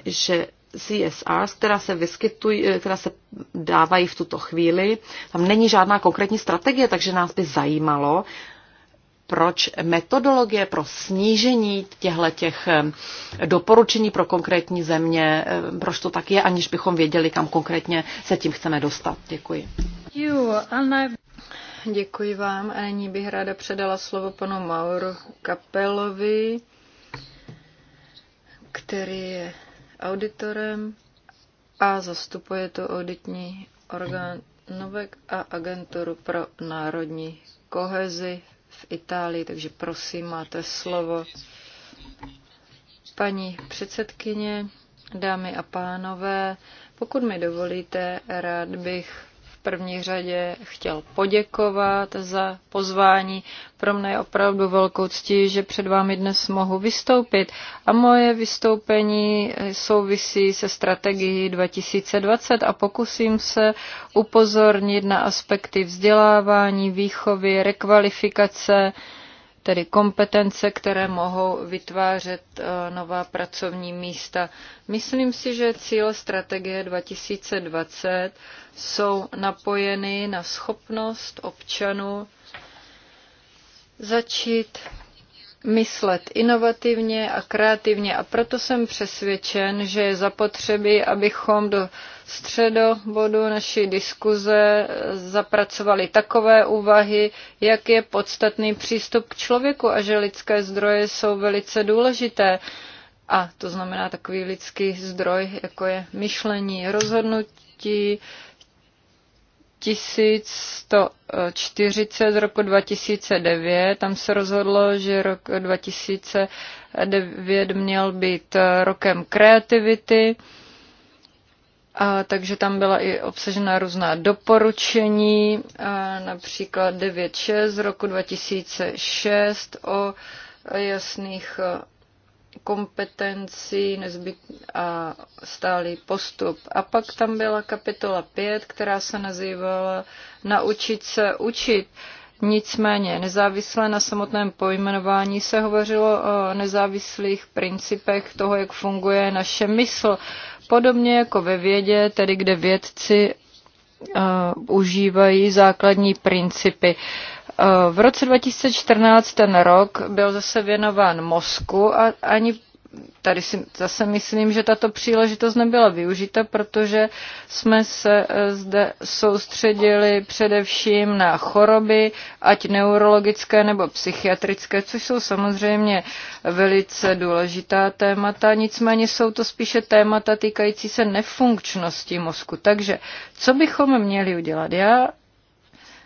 že CSRs, která se vyskytují, která se dávají v tuto chvíli. Tam není žádná konkrétní strategie, takže nás by zajímalo, proč metodologie pro snížení těchto těch eh, doporučení pro konkrétní země, eh, proč to tak je, aniž bychom věděli, kam konkrétně se tím chceme dostat. Děkuji. Děkuji vám a nyní bych ráda předala slovo panu Mauro Kapelovi, který je auditorem a zastupuje to auditní orgán Novek a agenturu pro národní kohezi v Itálii, takže prosím, máte slovo. Paní předsedkyně, dámy a pánové, pokud mi dovolíte, rád bych první řadě chtěl poděkovat za pozvání. Pro mě je opravdu velkou ctí, že před vámi dnes mohu vystoupit. A moje vystoupení souvisí se strategií 2020 a pokusím se upozornit na aspekty vzdělávání, výchovy, rekvalifikace, tedy kompetence, které mohou vytvářet eh, nová pracovní místa. Myslím si, že cíle strategie 2020 jsou napojeny na schopnost občanů začít myslet inovativně a kreativně a proto jsem přesvědčen, že je zapotřebí, abychom do středobodu naší diskuze eh, zapracovali takové úvahy, jak je podstatný přístup k člověku a že lidské zdroje jsou velice důležité. A to znamená takový lidský zdroj, jako je myšlení, rozhodnutí, 1140 z roku 2009. Tam se rozhodlo, že rok 2009 měl být rokem kreativity. A, takže tam byla i obsažena různá doporučení, a například 9.6 z roku 2006 o jasných kompetenci nezbyt a stálý postup. A pak tam byla kapitola 5, která se nazývala Naučit se učit. Nicméně nezávisle na samotném pojmenování se hovořilo o nezávislých principech toho, jak funguje naše mysl. Podobně jako ve vědě, tedy kde vědci uh, užívají základní principy. Uh, Eh, v roce 2014 ten rok byl zase věnován mozku a ani tady si zase myslím, že tato příležitost nebyla využita, protože jsme se eh, zde soustředili především na choroby, ať neurologické nebo psychiatrické, což jsou samozřejmě velice důležitá témata, nicméně jsou to spíše témata týkající se nefunkčnosti mozku. Takže co bychom měli udělat? Já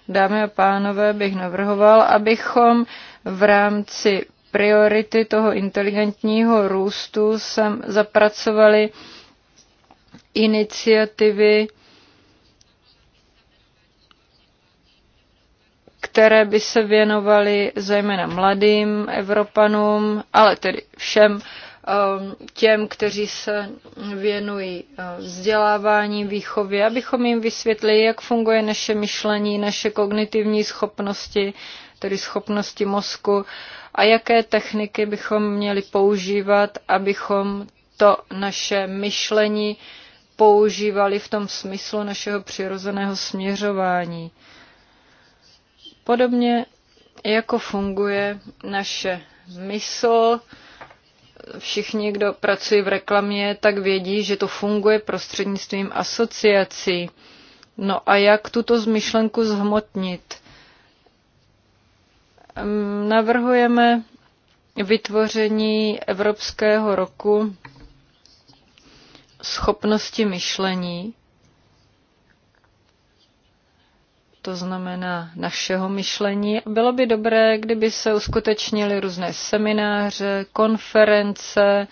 Dámy a pánové, bych navrhoval, abychom v rámci priority toho inteligentního růstu sem zapracovali iniciativy, které by se věnovaly zejména mladým Evropanům, ale tedy všem Um, těm, kteří se věnují uh, vzdělávání, výchově, abychom jim vysvětlili, jak funguje naše myšlení, naše kognitivní schopnosti, tedy schopnosti mozku a jaké techniky bychom měli používat, abychom to naše myšlení používali v tom smyslu našeho přirozeného směřování. Podobně jako funguje naše mysl, všichni, kdo pracují v reklamě, tak vědí, že to funguje prostřednictvím asociací. No a jak tuto zmyšlenku zhmotnit? Navrhujeme vytvoření Evropského roku schopnosti myšlení, to znamená našeho myšlení. Bylo by dobré, kdyby se uskutečnily různé semináře, konference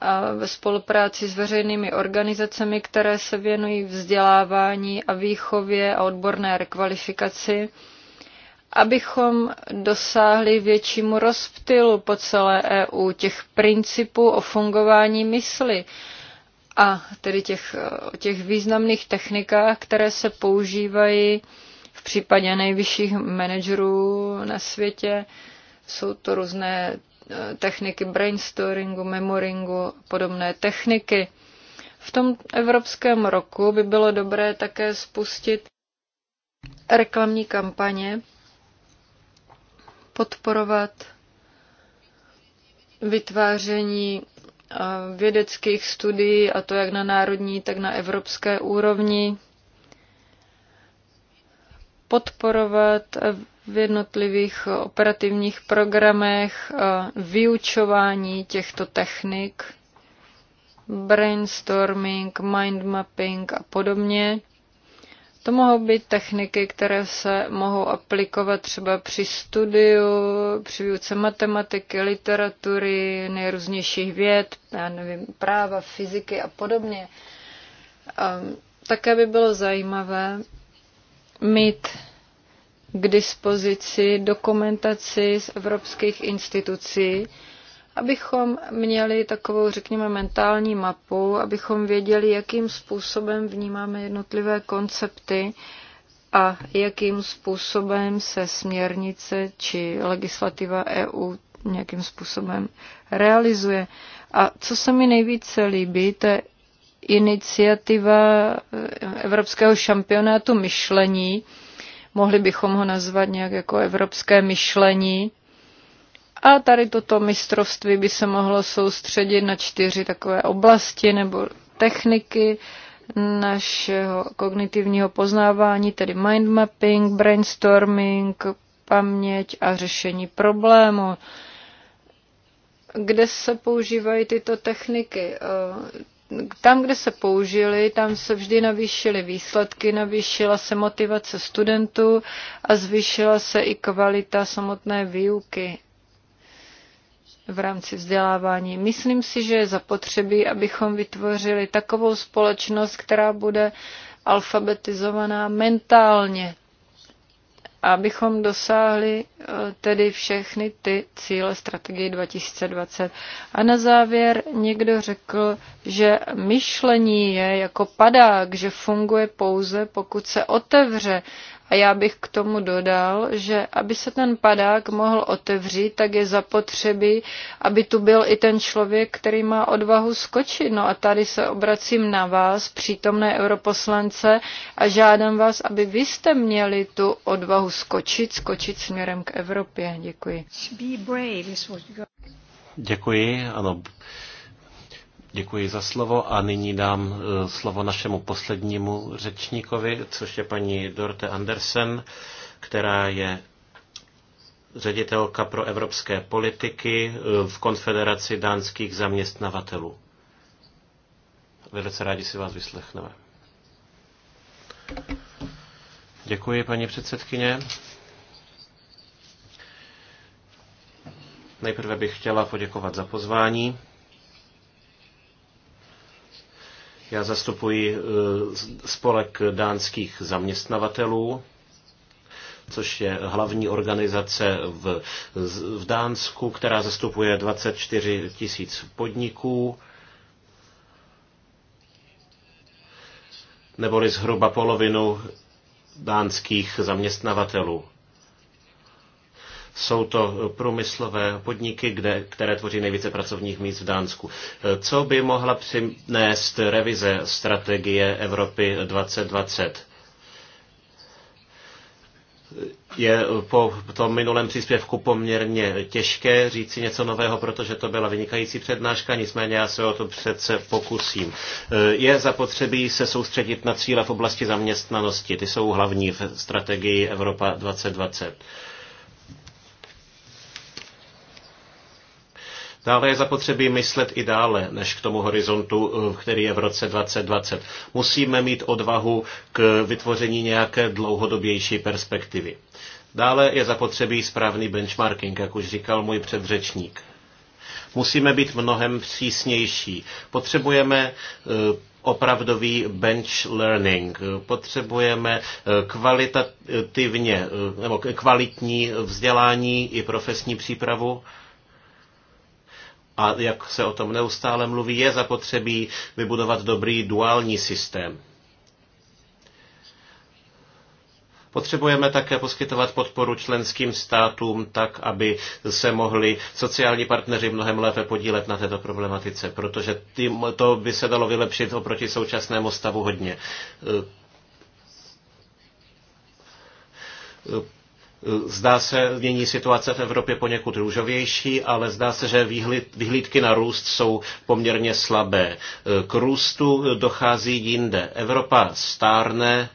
a ve spolupráci s veřejnými organizacemi, které se věnují vzdělávání a výchově a odborné rekvalifikaci, abychom dosáhli většímu rozptylu po celé EU těch principů o fungování mysli a tedy těch, eh, těch významných technikách, které se používají v případě nejvyšších manažerů na světě. Jsou to různé eh, techniky brainstormingu, memoringu, podobné techniky. V tom evropském roku by bylo dobré také spustit reklamní kampaně, podporovat vytváření vědeckých studií, a to jak na národní, tak na evropské úrovni, podporovat v jednotlivých operativních programech vyučování těchto technik, brainstorming, mind mapping a podobně to mohou být techniky, které se mohou aplikovat třeba při studiu, při výuce matematiky, literatury, nejrůznějších věd, já nevím, práva, fyziky a podobně. A ehm, také by bylo zajímavé mít k dispozici dokumentaci z evropských institucí, abychom měli takovou, řekněme, mentální mapu, abychom věděli, jakým způsobem vnímáme jednotlivé koncepty a jakým způsobem se směrnice či legislativa EU nějakým způsobem realizuje. A co se mi nejvíce líbí, to je iniciativa eh, Evropského šampionátu myšlení. Mohli bychom ho nazvat nějak jako evropské myšlení a tady toto mistrovství by se mohlo soustředit na čtyři takové oblasti nebo techniky našeho kognitivního poznávání, tedy mind mapping, brainstorming, paměť a řešení problému. Kde se používají tyto techniky? Eh, tam, kde se použily, tam se vždy navýšily výsledky, navýšila se motivace studentů a zvýšila se i kvalita samotné výuky v rámci vzdělávání. Myslím si, že je zapotřebí, abychom vytvořili takovou společnost, která bude alfabetizovaná mentálně, abychom dosáhli eh, tedy všechny ty cíle strategie 2020. A na závěr někdo řekl, že myšlení je jako padák, že funguje pouze, pokud se otevře. A já bych k tomu dodal, že aby se ten padák mohl otevřít, tak je zapotřebí, aby tu byl i ten člověk, který má odvahu skočit. No a tady se obracím na vás, přítomné europoslance, a žádám vás, aby vy jste měli tu odvahu skočit, skočit směrem k Evropě. Děkuji. Děkuji, ano. Děkuji za slovo a nyní dám e, slovo našemu poslednímu řečníkovi, což je paní Dorte Andersen, která je ředitelka pro evropské politiky e, v Konfederaci dánských zaměstnavatelů. Velice rádi si vás vyslechneme. Děkuji, paní předsedkyně. Nejprve bych chtěla poděkovat za pozvání. Já zastupuji eh, spolek dánských zaměstnavatelů, což je hlavní organizace v, v Dánsku, která zastupuje 24 tisíc podniků. neboli zhruba polovinu dánských zaměstnavatelů. Jsou to průmyslové podniky, kde, které tvoří nejvíce pracovních míst v Dánsku. Co by mohla přinést revize strategie Evropy 2020? je po tom minulém příspěvku poměrně těžké říci něco nového, protože to byla vynikající přednáška, nicméně já se o to přece pokusím. Je zapotřebí se soustředit na cíle v oblasti zaměstnanosti, ty jsou hlavní v strategii Evropa 2020. Dále je zapotřebí myslet i dále, než k tomu horizontu, eh, který je v roce 2020. Musíme mít odvahu k vytvoření nějaké dlouhodobější perspektivy. Dále je zapotřebí správný benchmarking, jak už říkal můj předřečník. Musíme být mnohem přísnější. Potřebujeme eh, opravdový bench learning. Potřebujeme eh, kvalitativně nebo kvalitní vzdělání i profesní přípravu a jak se o tom neustále mluví, je zapotřebí vybudovat dobrý duální systém. Potřebujeme také poskytovat podporu členským státům tak, aby se mohli sociální partneři mnohem lépe podílet na této problematice, protože tím, to by se dalo vylepšit oproti současnému stavu hodně Eh, zdá se, mění situace v Evropě poněkud růžovější, ale zdá se, že vyhlídky na růst jsou poměrně slabé. Eh, k růstu dochází jinde. Evropa stárne,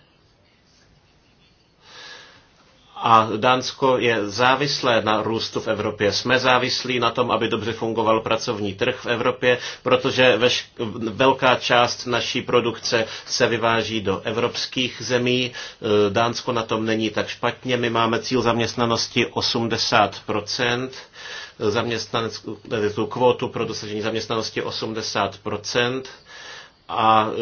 a Dánsko je závislé na růstu v Evropě. Jsme závislí na tom, aby dobře fungoval pracovní trh v Evropě, protože veš- velká část naší produkce se vyváží do evropských zemí. E, Dánsko na tom není tak špatně. My máme cíl zaměstnanosti 80 zaměstnaneckou e, kvótu pro dosažení zaměstnanosti 80 a eh,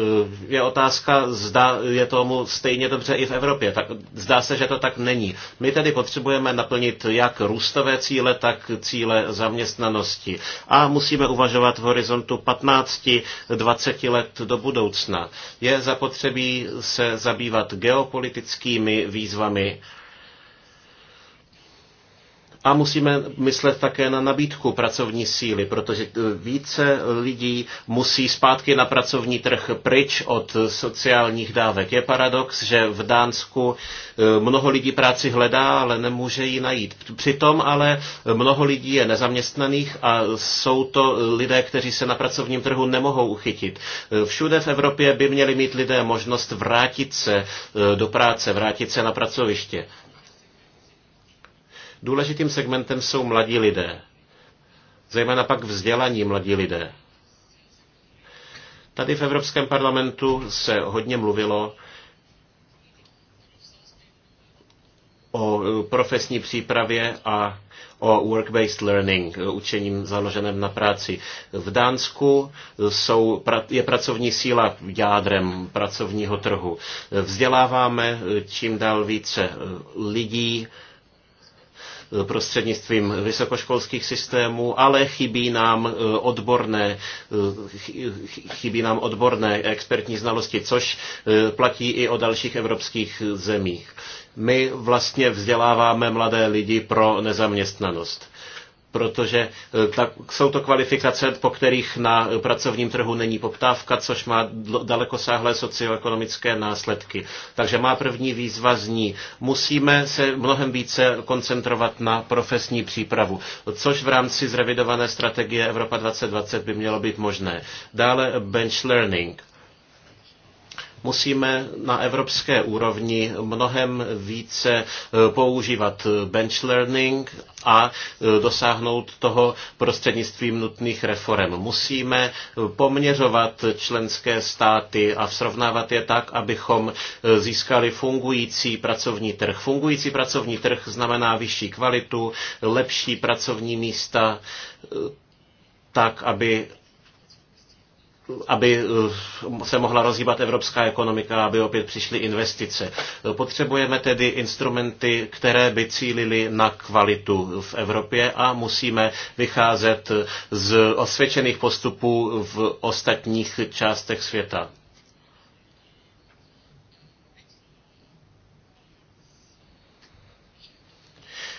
je otázka, zda je tomu stejně dobře i v Evropě. Tak, zdá se, že to tak není. My tedy potřebujeme naplnit jak růstové cíle, tak cíle zaměstnanosti. A musíme uvažovat v horizontu 15-20 let do budoucna. Je zapotřebí se zabývat geopolitickými výzvami a musíme myslet také na nabídku pracovní síly, protože eh, více lidí musí zpátky na pracovní trh pryč od sociálních dávek. Je paradox, že v Dánsku eh, mnoho lidí práci hledá, ale nemůže ji najít. Přitom ale mnoho lidí je nezaměstnaných a jsou to lidé, kteří se na pracovním trhu nemohou uchytit. Eh, všude v Evropě by měli mít lidé možnost vrátit se do práce, vrátit se na pracoviště. Důležitým segmentem jsou mladí lidé, zejména pak vzdělaní mladí lidé. Tady v Evropském parlamentu se hodně mluvilo o profesní přípravě a o work-based learning, učením založeném na práci. V Dánsku jsou, je pracovní síla jádrem pracovního trhu. Vzděláváme čím dál více lidí, prostřednictvím vysokoškolských systémů, ale chybí nám eh, odborné, eh, chybí nám odborné expertní znalosti, což eh, platí i o dalších evropských zemích. My vlastně vzděláváme mladé lidi pro nezaměstnanost protože eh, tak, jsou to kvalifikace, po kterých na pracovním trhu není poptávka, což má dalekosáhlé socioekonomické následky. Takže má první výzva zní, musíme se mnohem více koncentrovat na profesní přípravu, což v rámci zrevidované strategie Evropa 2020 by mělo být možné. Dále bench learning musíme na evropské úrovni mnohem více eh, používat eh, bench learning a eh, dosáhnout toho prostřednictvím nutných reform. Musíme poměřovat členské státy a srovnávat je tak, abychom získali fungující pracovní trh. Fungující pracovní trh znamená vyšší kvalitu, lepší pracovní místa, tak, aby aby eh, se mohla rozhýbat evropská ekonomika, aby opět přišly investice. Potřebujeme tedy instrumenty, které by cílily na kvalitu v Evropě a musíme vycházet z osvědčených postupů v ostatních částech světa.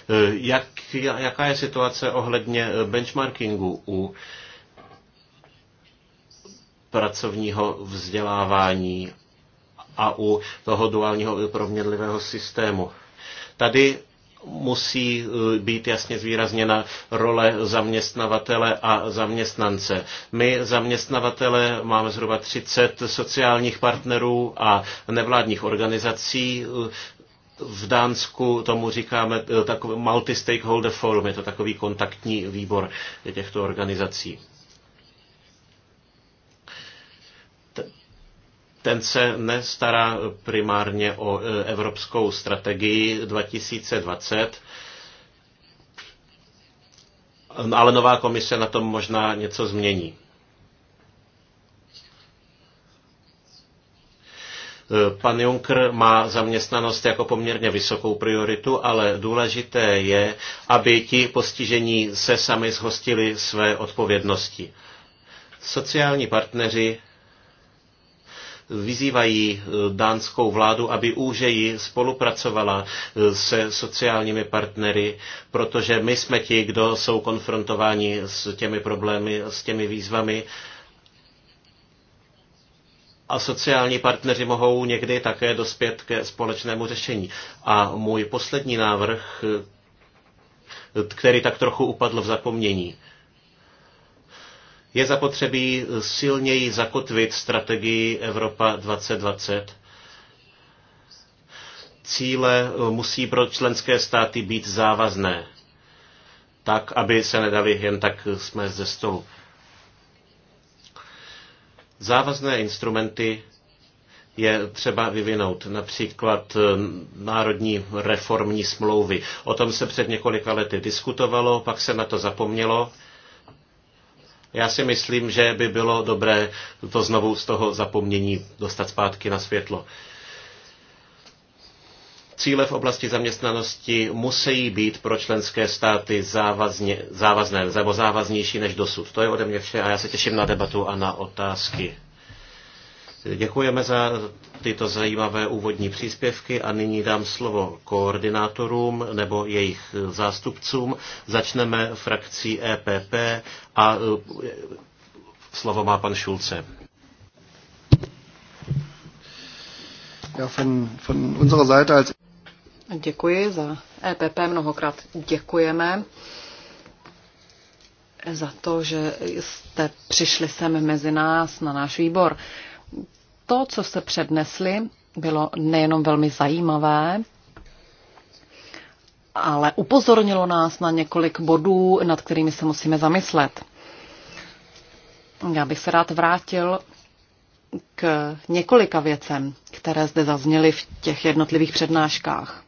Eh, jak, jaká je situace ohledně eh, benchmarkingu u pracovního vzdělávání a u toho duálního proměnlivého systému. Tady musí eh, být jasně zvýrazněna role zaměstnavatele a zaměstnance. My zaměstnavatele máme zhruba 30 sociálních partnerů a nevládních organizací. Eh, v Dánsku tomu říkáme eh, takový multi-stakeholder forum, je to takový kontaktní výbor těchto organizací. ten se nestará primárně o e, evropskou strategii 2020, ale nová komise na tom možná něco změní. Pan Juncker má zaměstnanost jako poměrně vysokou prioritu, ale důležité je, aby ti postižení se sami zhostili své odpovědnosti. Sociální partneři vyzývají eh, dánskou vládu, aby úžeji spolupracovala eh, se sociálními partnery, protože my jsme ti, kdo jsou konfrontováni s těmi problémy, s těmi výzvami a sociální partneři mohou někdy také dospět ke společnému řešení. A můj poslední návrh, eh, který tak trochu upadl v zapomnění, je zapotřebí eh, silněji zakotvit strategii Evropa 2020 cíle eh, musí pro členské státy být závazné, tak, aby se nedali jen tak jsme eh, ze stolu. Závazné instrumenty je třeba vyvinout, například národní reformní smlouvy. O tom se před několika lety diskutovalo, pak se na to zapomnělo já si myslím, že by bylo dobré to znovu z toho zapomnění dostat zpátky na světlo. Cíle v oblasti zaměstnanosti musí být pro členské státy závazně, závazné nebo závaznější než dosud. To je ode mě vše a já se těším na debatu a na otázky. Děkujeme za tyto zajímavé úvodní příspěvky a nyní dám slovo koordinátorům nebo jejich zástupcům. Začneme frakcí EPP a e, slovo má pan Šulce. Ja, von, von unserer Seite als Děkuji za EPP, mnohokrát děkujeme za to, že jste přišli sem mezi nás na náš výbor. To, co se přednesli, bylo nejenom velmi zajímavé, ale upozornilo nás na několik bodů, nad kterými se musíme zamyslet. Já bych se rád vrátil k několika věcem, které zde zazněly v těch jednotlivých přednáškách.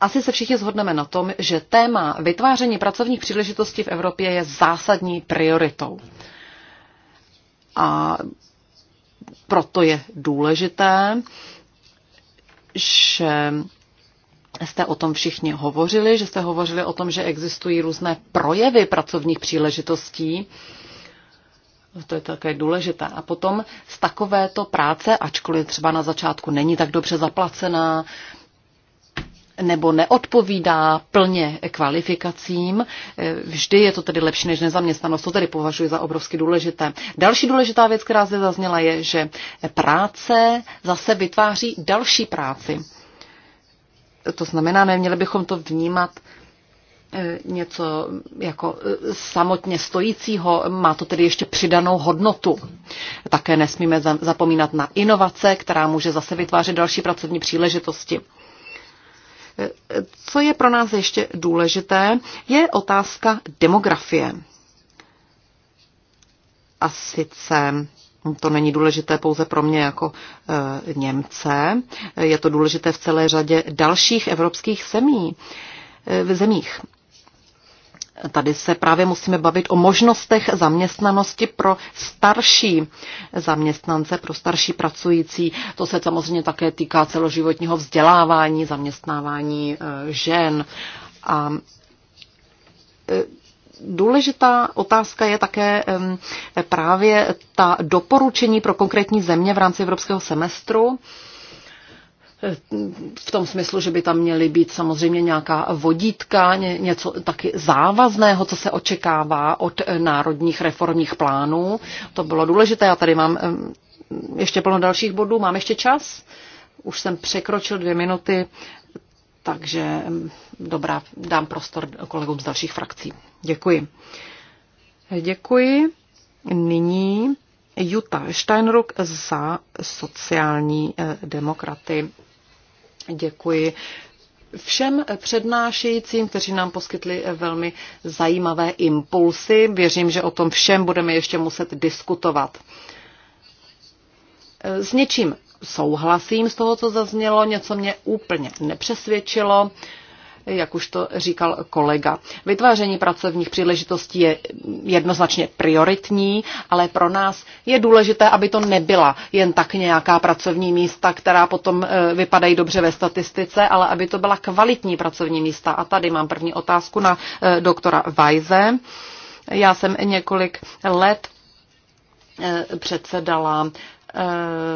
Asi se všichni shodneme na tom, že téma vytváření pracovních příležitostí v Evropě je zásadní prioritou. A proto je důležité, že jste o tom všichni hovořili, že jste hovořili o tom, že existují různé projevy pracovních příležitostí. To je také důležité. A potom z takovéto práce, ačkoliv třeba na začátku není tak dobře zaplacená, nebo neodpovídá plně kvalifikacím. E, vždy je to tedy lepší než nezaměstnanost, to tedy považuji za obrovsky důležité. Další důležitá věc, která zde zazněla, je, že práce zase vytváří další práci. To znamená, neměli bychom to vnímat e, něco jako e, samotně stojícího, má to tedy ještě přidanou hodnotu. Také nesmíme zapomínat na inovace, která může zase vytvářet další pracovní příležitosti. Co je pro nás ještě důležité, je otázka demografie. A sice to není důležité pouze pro mě jako e, Němce, je to důležité v celé řadě dalších evropských zemí, e, eh, v zemích. Tady se právě musíme bavit o možnostech zaměstnanosti pro starší zaměstnance, pro starší pracující. To se samozřejmě také týká celoživotního vzdělávání, zaměstnávání eh, žen. A eh, důležitá otázka je také právě ta doporučení pro konkrétní země v rámci evropského semestru v tom smyslu, že by tam měly být samozřejmě nějaká vodítka, něco taky závazného, co se očekává od národních reformních plánů. To bylo důležité. Já tady mám ještě plno dalších bodů. Mám ještě čas? Už jsem překročil dvě minuty, takže dobrá, dám prostor kolegům z dalších frakcí. Děkuji. Děkuji. Nyní Jutta Steinruck za sociální eh, demokraty. Děkuji všem přednášejícím, kteří nám poskytli velmi zajímavé impulsy. Věřím, že o tom všem budeme ještě muset diskutovat. S něčím souhlasím z toho, co zaznělo, něco mě úplně nepřesvědčilo jak už to říkal kolega. Vytváření pracovních příležitostí je jednoznačně prioritní, ale pro nás je důležité, aby to nebyla jen tak nějaká pracovní místa, která potom eh, vypadají dobře ve statistice, ale aby to byla kvalitní pracovní místa. A tady mám první otázku na eh, doktora Weise. Já jsem několik let eh, předsedala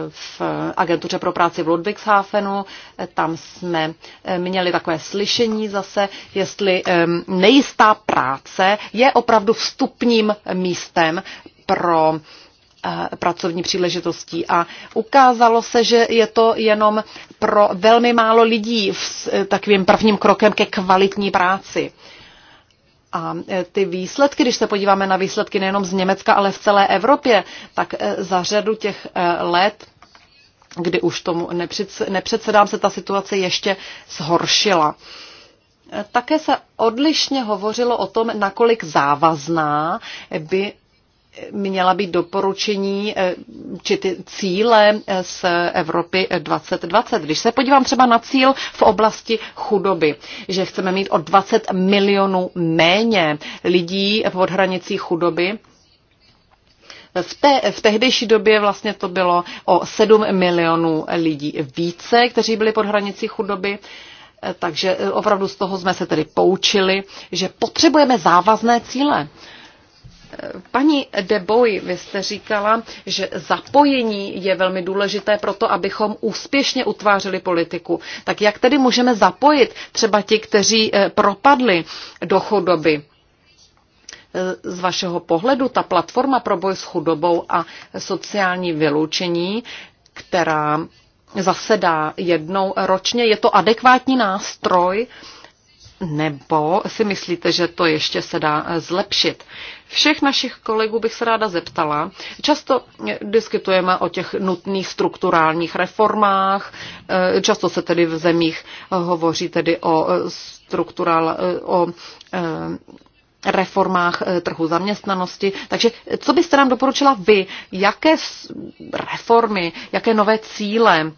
v agentuře pro práci v Ludwigshafenu. Tam jsme eh, měli takové slyšení zase, jestli ehm, nejistá práce je opravdu vstupním místem pro eh, pracovní příležitostí a ukázalo se, že je to jenom pro velmi málo lidí s eh, takovým prvním krokem ke kvalitní práci. A e, ty výsledky, když se podíváme na výsledky nejenom z Německa, ale v celé Evropě, tak e, za řadu těch e, let, kdy už tomu nepředsedám, se ta situace ještě zhoršila. Také se odlišně hovořilo o tom, nakolik závazná by měla být doporučení eh, či ty cíle eh, z Evropy 2020. Když se podívám třeba na cíl v oblasti chudoby, že chceme mít o 20 milionů méně lidí pod hranicí chudoby, v, té, v tehdejší době vlastně to bylo o 7 milionů lidí více, kteří byli pod hranicí chudoby. Eh, takže opravdu z toho jsme se tedy poučili, že potřebujeme závazné cíle. Paní Deboj, vy jste říkala, že zapojení je velmi důležité pro to, abychom úspěšně utvářeli politiku. Tak jak tedy můžeme zapojit třeba ti, kteří eh, propadli do chudoby? Eh, z vašeho pohledu ta platforma pro boj s chudobou a sociální vyloučení, která zasedá jednou ročně, je to adekvátní nástroj, nebo si myslíte, že to ještě se dá eh, zlepšit? Všech našich kolegů bych se ráda zeptala. Často eh, diskutujeme o těch nutných strukturálních reformách, eh, často se tedy v zemích hovoří tedy o, strukturál, o reformách trhu zaměstnanosti. Takže co byste nám doporučila vy? Jaké reformy, jaké nové cíle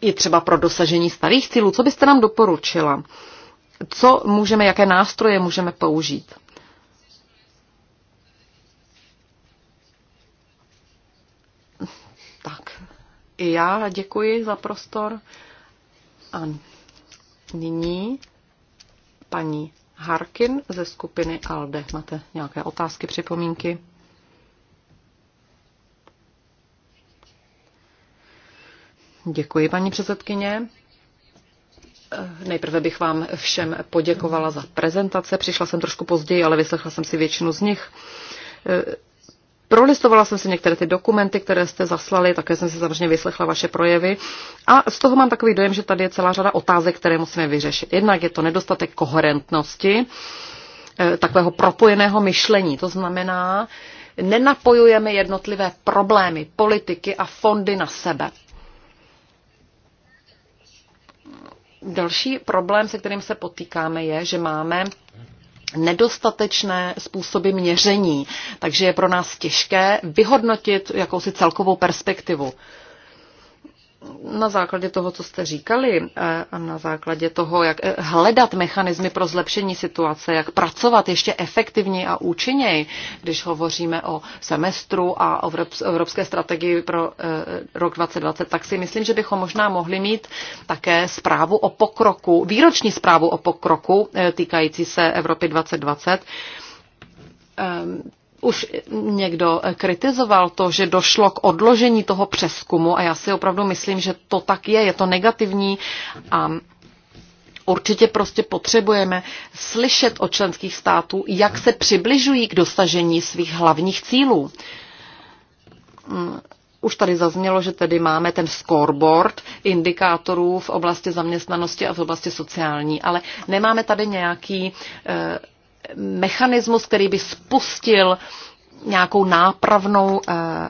i třeba pro dosažení starých cílů. Co byste nám doporučila? Co můžeme, jaké nástroje můžeme použít? Tak, i já děkuji za prostor. A nyní paní Harkin ze skupiny ALDE. Máte nějaké otázky, připomínky? Děkuji, paní předsedkyně. Nejprve bych vám všem poděkovala za prezentace. Přišla jsem trošku později, ale vyslechla jsem si většinu z nich. Prolistovala jsem si některé ty dokumenty, které jste zaslali, také jsem si samozřejmě vyslechla vaše projevy a z toho mám takový dojem, že tady je celá řada otázek, které musíme vyřešit. Jednak je to nedostatek koherentnosti, eh, takového propojeného myšlení. To znamená, nenapojujeme jednotlivé problémy, politiky a fondy na sebe. Další problém, se kterým se potýkáme, je, že máme nedostatečné způsoby měření, takže je pro nás těžké vyhodnotit jakousi celkovou perspektivu na základě toho, co jste říkali, eh, a na základě toho, jak eh, hledat mechanismy pro zlepšení situace, jak pracovat ještě efektivněji a účinněji, když hovoříme o semestru a o evropské strategii pro eh, rok 2020, tak si myslím, že bychom možná mohli mít také zprávu o pokroku, výroční zprávu o pokroku týkající se Evropy 2020 už někdo eh, kritizoval to, že došlo k odložení toho přeskumu a já si opravdu myslím, že to tak je, je to negativní a Určitě prostě potřebujeme slyšet od členských států, jak se přibližují k dosažení svých hlavních cílů. Mm, už tady zaznělo, že tedy máme ten scoreboard indikátorů v oblasti zaměstnanosti a v oblasti sociální, ale nemáme tady nějaký eh, mechanismus, který by spustil nějakou nápravnou, eh,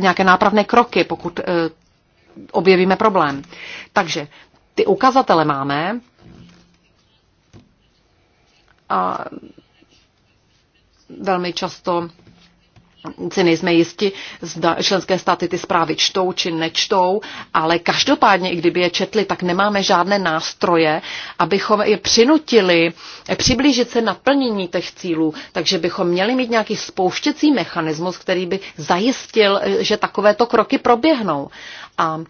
nějaké nápravné kroky, pokud eh, objevíme problém. Takže ty ukazatele máme a velmi často si nejsme jisti, zda členské státy ty zprávy čtou či nečtou, ale každopádně, i kdyby je četli, tak nemáme žádné nástroje, abychom je přinutili přiblížit se naplnění těch cílů. Takže bychom měli mít nějaký spouštěcí mechanismus, který by zajistil, že takovéto kroky proběhnou. A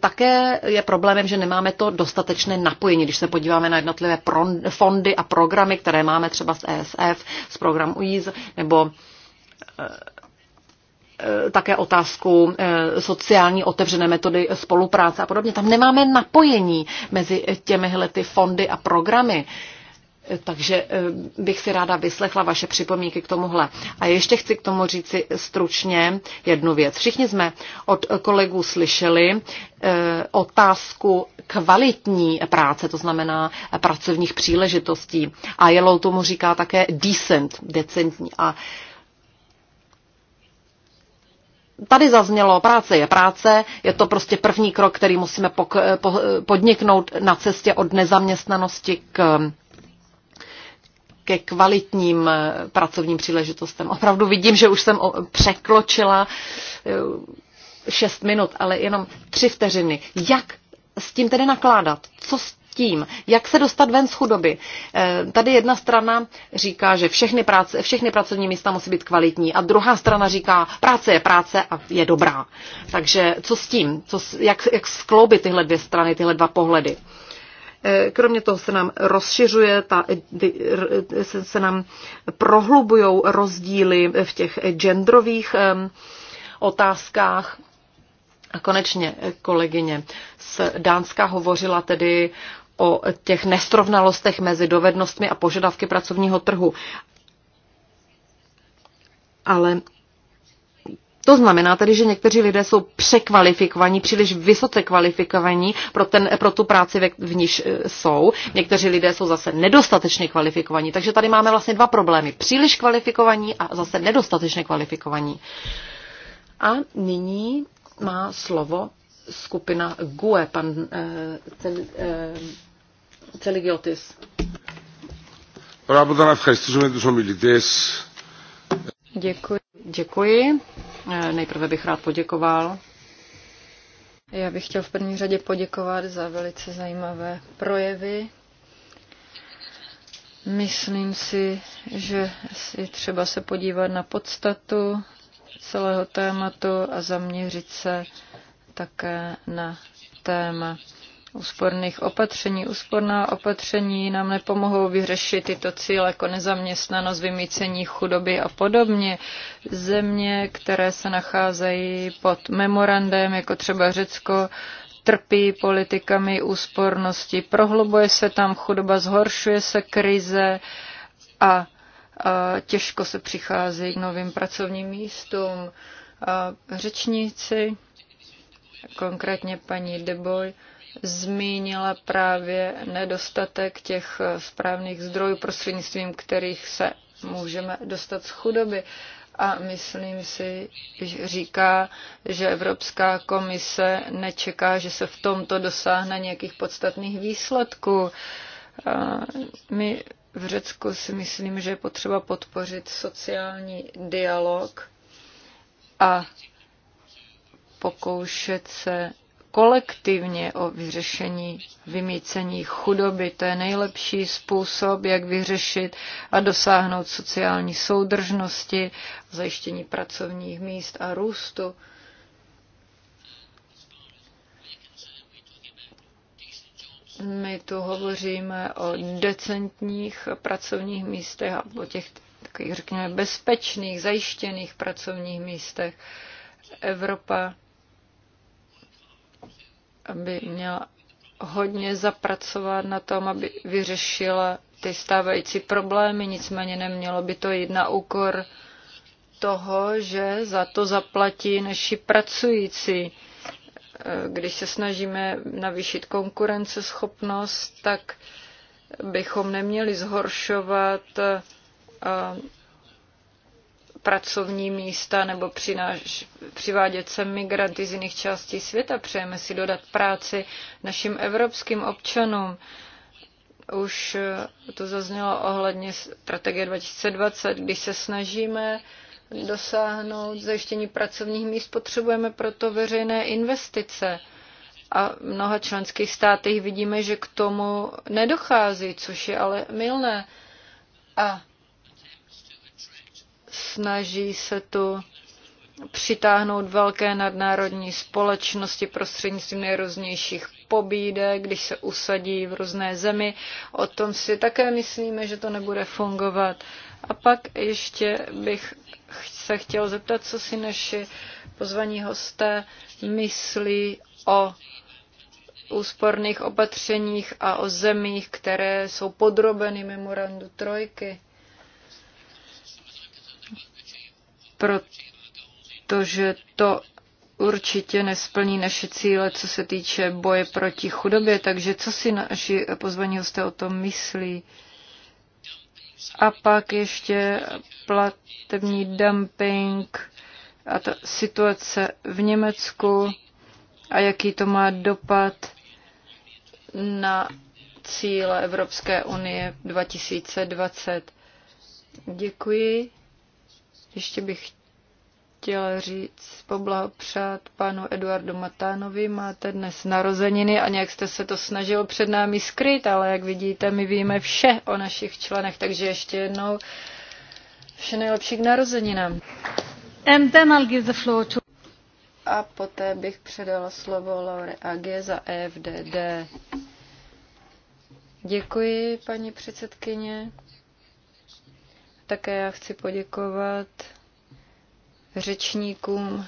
také je problémem, že nemáme to dostatečné napojení. Když se podíváme na jednotlivé fondy a programy, které máme třeba z ESF, z programu EASE nebo Eh, také otázku eh, sociální otevřené metody spolupráce a podobně. Tam nemáme napojení mezi těmihle ty fondy a programy. Eh, takže bych si ráda vyslechla vaše připomínky k tomuhle. A ještě chci k tomu říci stručně jednu věc. Všichni jsme od kolegů slyšeli otázku kvalitní práce, to znamená pracovních příležitostí. A Jelou tomu říká také decent, decentní. A tady zaznělo, práce je práce, je to prostě první krok, který musíme pok- po- podniknout na cestě od nezaměstnanosti k ke kvalitním eh, pracovním příležitostem. Opravdu vidím, že už jsem překločila eh, šest minut, ale jenom tři vteřiny. Jak s tím tedy nakládat? Co, tím, jak se dostat ven z chudoby. Eh, tady jedna strana říká, že všechny, práce, všechny pracovní místa musí být kvalitní a druhá strana říká, práce je práce a je dobrá. Takže co s tím? Co, jak, jak skloubit tyhle dvě strany, tyhle dva pohledy? Eh, kromě toho se nám rozšiřuje, ta, se nám prohlubují rozdíly v těch genderových ehm, otázkách. A konečně eh, kolegyně z Dánska hovořila tedy o těch nestrovnalostech mezi dovednostmi a požadavky pracovního trhu. Ale to znamená tedy, že někteří lidé jsou překvalifikovaní, příliš vysoce kvalifikovaní pro, ten, pro tu práci, v níž e, jsou. Někteří lidé jsou zase nedostatečně kvalifikovaní. Takže tady máme vlastně dva problémy. Příliš kvalifikovaní a zase nedostatečně kvalifikovaní. A nyní má slovo skupina GUE, pan eh, ten, eh, Děkuji. Eh, nejprve bych rád poděkoval. Já bych chtěl v první řadě poděkovat za velice zajímavé projevy. Myslím si, že je třeba se podívat na podstatu celého tématu a zaměřit se také na téma úsporných opatření. Úsporná opatření nám nepomohou vyřešit tyto cíle jako nezaměstnanost, vymícení chudoby a podobně. Země, které se nacházejí pod memorandem, jako třeba Řecko, trpí politikami úspornosti, prohlubuje se tam chudoba, zhoršuje se krize a, těžko se přichází k novým pracovním místům. A řečníci, konkrétně paní Deboj, zmínila právě nedostatek těch správných zdrojů, prostřednictvím kterých se můžeme dostat z chudoby. A myslím si, že říká, že Evropská komise nečeká, že se v tomto dosáhne nějakých podstatných výsledků. My v Řecku si myslím, že je potřeba podpořit sociální dialog a pokoušet se kolektivně o vyřešení vymícení chudoby. To je nejlepší způsob, jak vyřešit a dosáhnout sociální soudržnosti, zajištění pracovních míst a růstu. My tu hovoříme o decentních pracovních místech a o těch takových, řekněme, bezpečných, zajištěných pracovních místech. Evropa by měla hodně zapracovat na tom, aby vyřešila ty stávající problémy, nicméně nemělo by to jít na úkor toho, že za to zaplatí naši pracující. Když se snažíme navýšit konkurenceschopnost, tak bychom neměli zhoršovat eh, pracovní místa nebo přináš, přivádět sem migranty z jiných částí světa. Přejeme si dodat práci našim evropským občanům. Už eh, to zaznělo ohledně strategie 2020, když se snažíme dosáhnout zajištění pracovních míst, potřebujeme proto veřejné investice. A v mnoha členských státech vidíme, že k tomu nedochází, což je ale milné. A snaží se tu přitáhnout velké nadnárodní společnosti prostřednictvím nejrůznějších pobídek, když se usadí v různé zemi. O tom si také myslíme, že to nebude fungovat. A pak ještě bych se chtěl zeptat, co si naši pozvaní hosté myslí o úsporných opatřeních a o zemích, které jsou podrobeny memorandu trojky. protože to určitě nesplní naše cíle, co se týče boje proti chudobě. Takže co si naši pozvaní hosté o tom myslí? A pak ještě platební dumping a ta situace v Německu a jaký to má dopad na cíle Evropské unie 2020. Děkuji. Ještě bych chtěla říct, poblahopřát panu Eduardu Matánovi. Máte dnes narozeniny a nějak jste se to snažil před námi skryt, ale jak vidíte, my víme vše o našich členech, takže ještě jednou vše nejlepší k narozeninám. And then I'll give the floor to... A poté bych předala slovo Laure Agie za EFDD. Děkuji, paní předsedkyně. Také já chci poděkovat řečníkům,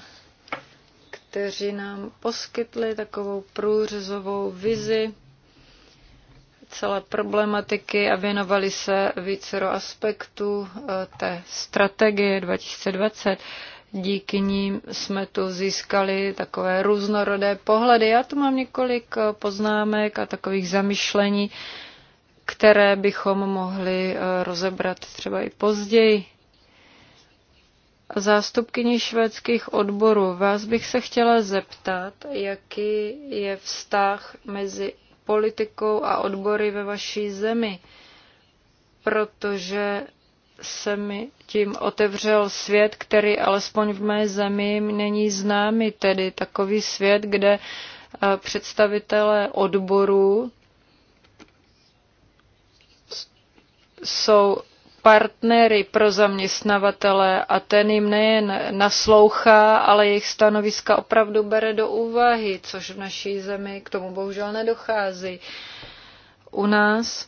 kteří nám poskytli takovou průřezovou vizi celé problematiky a věnovali se vícero aspektů eh, té strategie 2020. Díky ním jsme tu získali takové různorodé pohledy. Já tu mám několik eh, poznámek a takových zamyšlení, které bychom mohli eh, rozebrat třeba i později. Zástupkyni švédských odborů, vás bych se chtěla zeptat, jaký je vztah mezi politikou a odbory ve vaší zemi, protože se mi tím otevřel svět, který alespoň v mé zemi není známý, tedy takový svět, kde eh, představitelé odborů jsou partnery pro zaměstnavatele a ten jim nejen naslouchá, ale jejich stanoviska opravdu bere do úvahy, což v naší zemi k tomu bohužel nedochází. U nás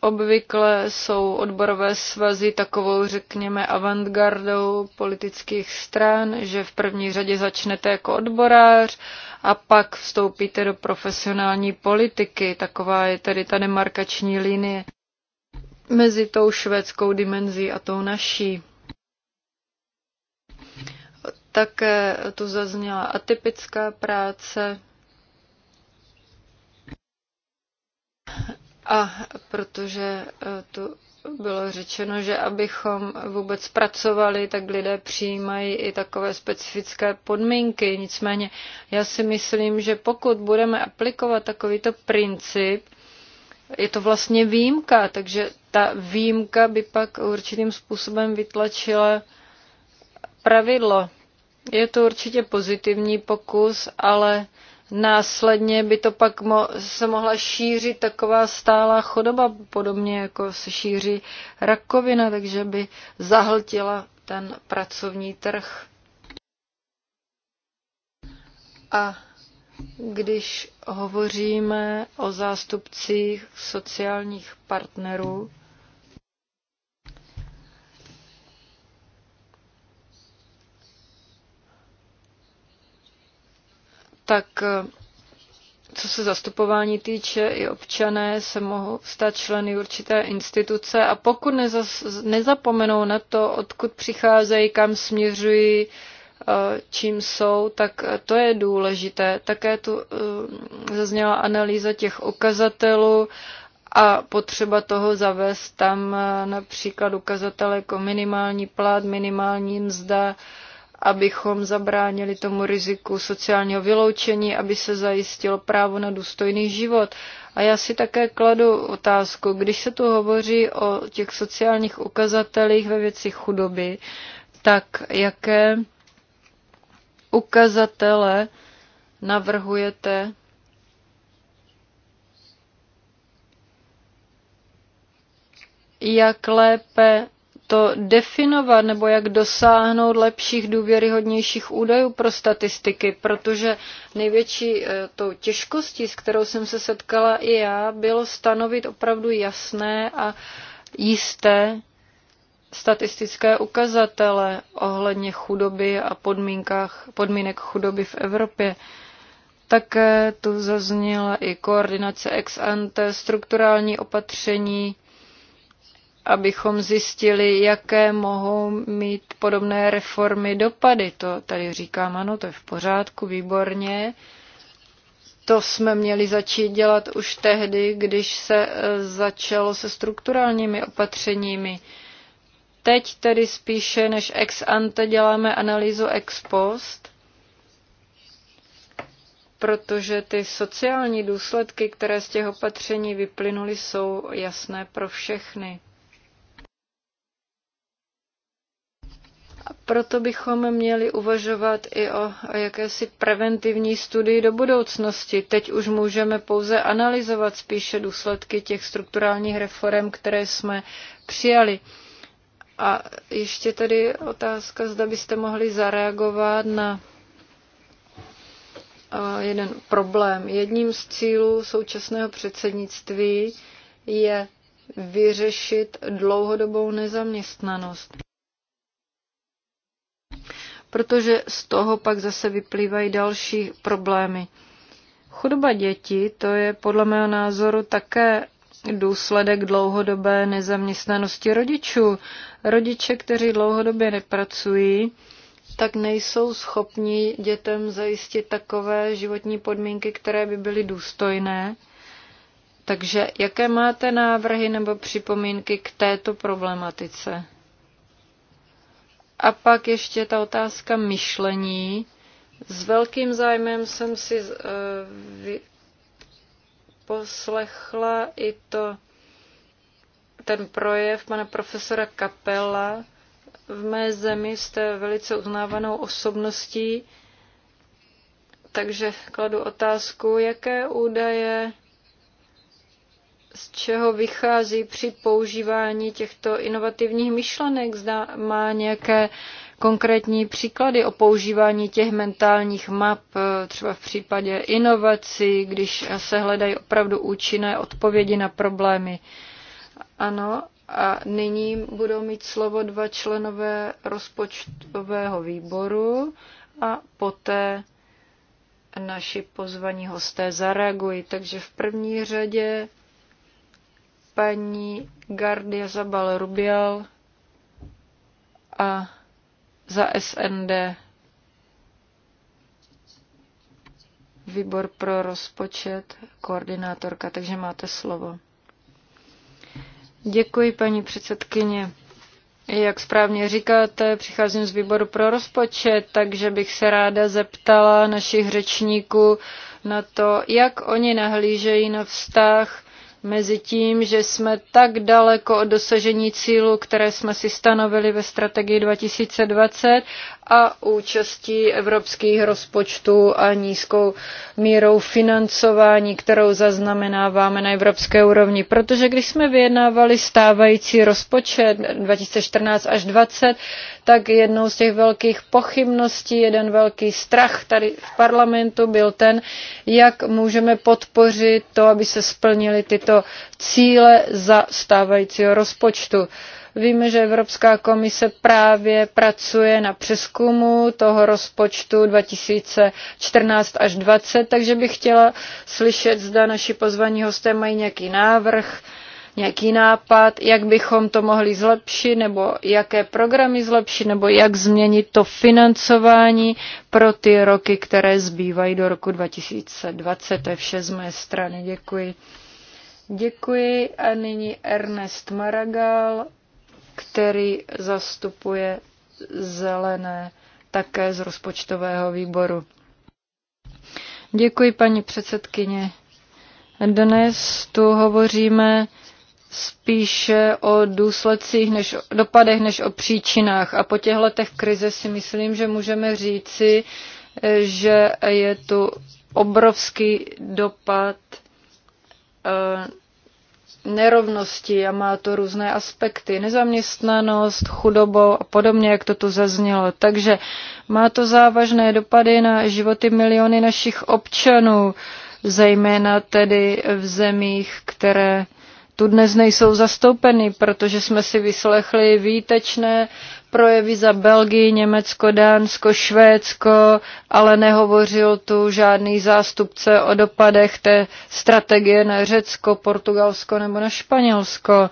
obvykle jsou odborové svazy takovou, řekněme, avantgardou politických stran, že v první řadě začnete jako odborář a pak vstoupíte do profesionální politiky. Taková je tedy ta demarkační linie mezi tou švédskou dimenzí a tou naší. Také tu zazněla atypická práce. A protože e, tu bylo řečeno, že abychom vůbec pracovali, tak lidé přijímají i takové specifické podmínky. Nicméně já si myslím, že pokud budeme aplikovat takovýto princip, je to vlastně výjimka, takže ta výjimka by pak určitým způsobem vytlačila pravidlo. Je to určitě pozitivní pokus, ale následně by to pak mo- se mohla šířit taková stálá chodoba, podobně jako se šíří rakovina, takže by zahltila ten pracovní trh. A když hovoříme o zástupcích sociálních partnerů, tak eh, co se zastupování týče, i občané se mohou stát členy určité instituce a pokud nezapomenou na to, odkud přicházejí, kam směřují, Eh, čím jsou, tak to je důležité. Také tu eh, zazněla analýza těch ukazatelů a potřeba toho zavést tam eh, například ukazatele jako minimální plat, minimální mzda, abychom zabránili tomu riziku sociálního vyloučení, aby se zajistilo právo na důstojný život. A já si také kladu otázku, když se tu hovoří o těch sociálních ukazatelích ve věci chudoby, tak jaké ukazatele navrhujete jak lépe to definovat nebo jak dosáhnout lepších důvěryhodnějších údajů pro statistiky, protože největší eh, tou těžkostí, s kterou jsem se setkala i já, bylo stanovit opravdu jasné a jisté statistické ukazatele ohledně chudoby a podmínkách, podmínek chudoby v Evropě. Také tu zazněla i koordinace ex ante, strukturální opatření, abychom zjistili, jaké mohou mít podobné reformy dopady. To tady říkám, ano, to je v pořádku, výborně. To jsme měli začít dělat už tehdy, když se e, začalo se strukturálními opatřeními. Teď tedy spíše než ex ante děláme analýzu ex post, protože ty sociální důsledky, které z těch opatření vyplynuly, jsou jasné pro všechny. A proto bychom měli uvažovat i o, o jakési preventivní studii do budoucnosti. Teď už můžeme pouze analyzovat spíše důsledky těch strukturálních reform, které jsme přijali. A ještě tady otázka, zda byste mohli zareagovat na jeden problém. Jedním z cílů současného předsednictví je vyřešit dlouhodobou nezaměstnanost. Protože z toho pak zase vyplývají další problémy. Chudoba dětí, to je podle mého názoru také důsledek dlouhodobé nezaměstnanosti rodičů. Rodiče, kteří dlouhodobě nepracují, tak nejsou schopni dětem zajistit takové životní podmínky, které by byly důstojné. Takže jaké máte návrhy nebo připomínky k této problematice? A pak ještě ta otázka myšlení. S velkým zájmem jsem si eh, poslechla i to, ten projev pana profesora Kapela. V mé zemi jste velice uznávanou osobností, takže kladu otázku, jaké údaje z čeho vychází při používání těchto inovativních myšlenek? Zda má nějaké konkrétní příklady o používání těch mentálních map, eh, třeba v případě inovací, když se hledají opravdu účinné odpovědi na problémy. Ano, a nyní budou mít slovo dva členové rozpočtového výboru a poté naši pozvaní hosté zareagují. Takže v první řadě paní Gardia Zabal Rubial a za SND. Výbor pro rozpočet, koordinátorka, takže máte slovo. Děkuji, paní předsedkyně. Jak správně říkáte, přicházím z výboru pro rozpočet, takže bych se ráda zeptala našich řečníků na to, jak oni nahlížejí na vztah mezi tím, že jsme tak daleko od dosažení cílu, které jsme si stanovili ve strategii 2020 a účastí evropských rozpočtů a nízkou mírou financování, kterou zaznamenáváme na evropské úrovni. Protože když jsme vyjednávali stávající rozpočet 2014 až 2020, tak jednou z těch velkých pochybností, jeden velký strach tady v parlamentu byl ten, jak můžeme podpořit to, aby se splnily tyto cíle za stávajícího rozpočtu. Víme, že Evropská komise právě pracuje na přeskumu toho rozpočtu 2014 až 2020, takže bych chtěla slyšet, zda naši pozvaní hosté mají nějaký návrh, nějaký nápad, jak bychom to mohli zlepšit, nebo jaké programy zlepšit, nebo jak změnit to financování pro ty roky, které zbývají do roku 2020. To je vše z mé strany. Děkuji. Děkuji a nyní Ernest Maragal který zastupuje zelené také z rozpočtového výboru. Děkuji, paní předsedkyně. Dnes tu hovoříme spíše o důsledcích než o dopadech než o příčinách. A po těchto letech krize si myslím, že můžeme říci, že je tu obrovský dopad eh, nerovnosti a má to různé aspekty, nezaměstnanost, chudobou a podobně, jak to tu zaznělo. Takže má to závažné dopady na životy miliony našich občanů, zejména tedy v zemích, které tu dnes nejsou zastoupeny, protože jsme si vyslechli výtečné projevy za Belgii, Německo, Dánsko, Švédsko, ale nehovořil tu žádný zástupce o dopadech té strategie na Řecko, Portugalsko nebo na Španělsko.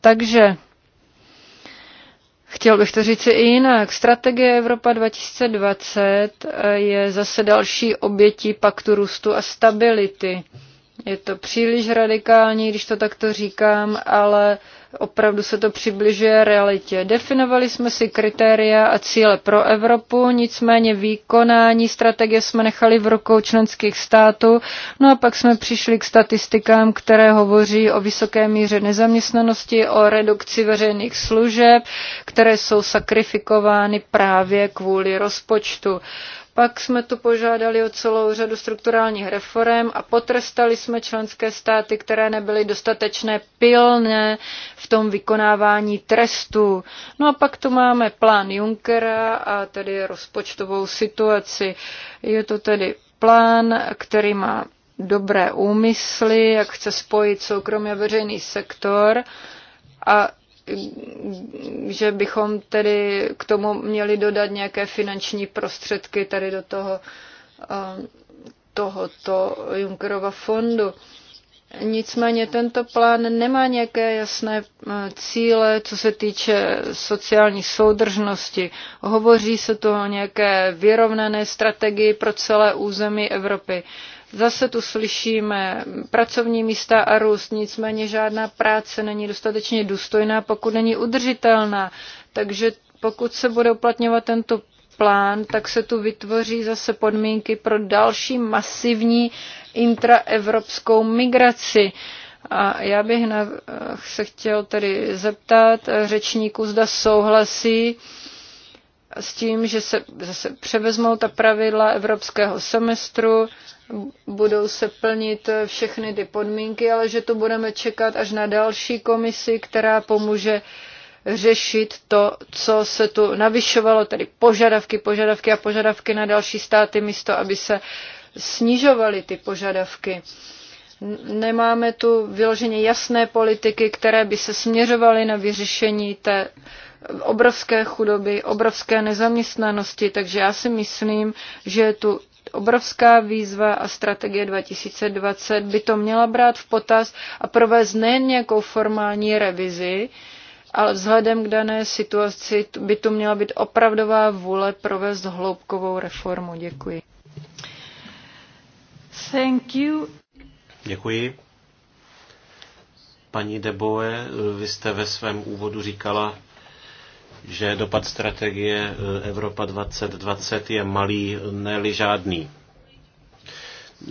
Takže Chtěl bych to říct i jinak. Strategie Evropa 2020 je zase další obětí paktu růstu a stability. Je to příliš radikální, když to takto říkám, ale Opravdu se to přibližuje realitě. Definovali jsme si kritéria a cíle pro Evropu, nicméně výkonání strategie jsme nechali v rukou členských států, no a pak jsme přišli k statistikám, které hovoří o vysoké míře nezaměstnanosti, o redukci veřejných služeb, které jsou sakrifikovány právě kvůli rozpočtu. Pak jsme tu požádali o celou řadu strukturálních reform a potrestali jsme členské státy, které nebyly dostatečné pilné v tom vykonávání trestů. No a pak tu máme plán Junckera a tedy rozpočtovou situaci. Je to tedy plán, který má dobré úmysly, jak chce spojit soukromě veřejný sektor a že bychom tedy k tomu měli dodat nějaké finanční prostředky tady do toho eh, tohoto Junckerova fondu. Nicméně tento plán nemá nějaké jasné eh, cíle, co se týče sociální soudržnosti. Hovoří se tu o nějaké vyrovnané strategii pro celé území Evropy. Zase tu slyšíme pracovní místa a růst, nicméně žádná práce není dostatečně důstojná, pokud není udržitelná. Takže pokud se bude uplatňovat tento plán, tak se tu vytvoří zase podmínky pro další masivní intraevropskou migraci. A já bych na, se chtěl tedy zeptat řečníků, zda souhlasí s tím, že se zase převezmou ta pravidla evropského semestru, budou se plnit všechny ty podmínky, ale že to budeme čekat až na další komisi, která pomůže řešit to, co se tu navyšovalo, tedy požadavky, požadavky a požadavky na další státy, místo aby se snižovaly ty požadavky. Nemáme tu vyloženě jasné politiky, které by se směřovaly na vyřešení té obrovské chudoby, obrovské nezaměstnanosti, takže já si myslím, že je tu obrovská výzva a strategie 2020 by to měla brát v potaz a provést nejen nějakou formální revizi, ale vzhledem k dané situaci by tu měla být opravdová vůle provést hloubkovou reformu. Děkuji. Thank you. Děkuji. Paní Deboe, vy jste ve svém úvodu říkala, že dopad strategie eh, Evropa 2020 je malý, ne žádný.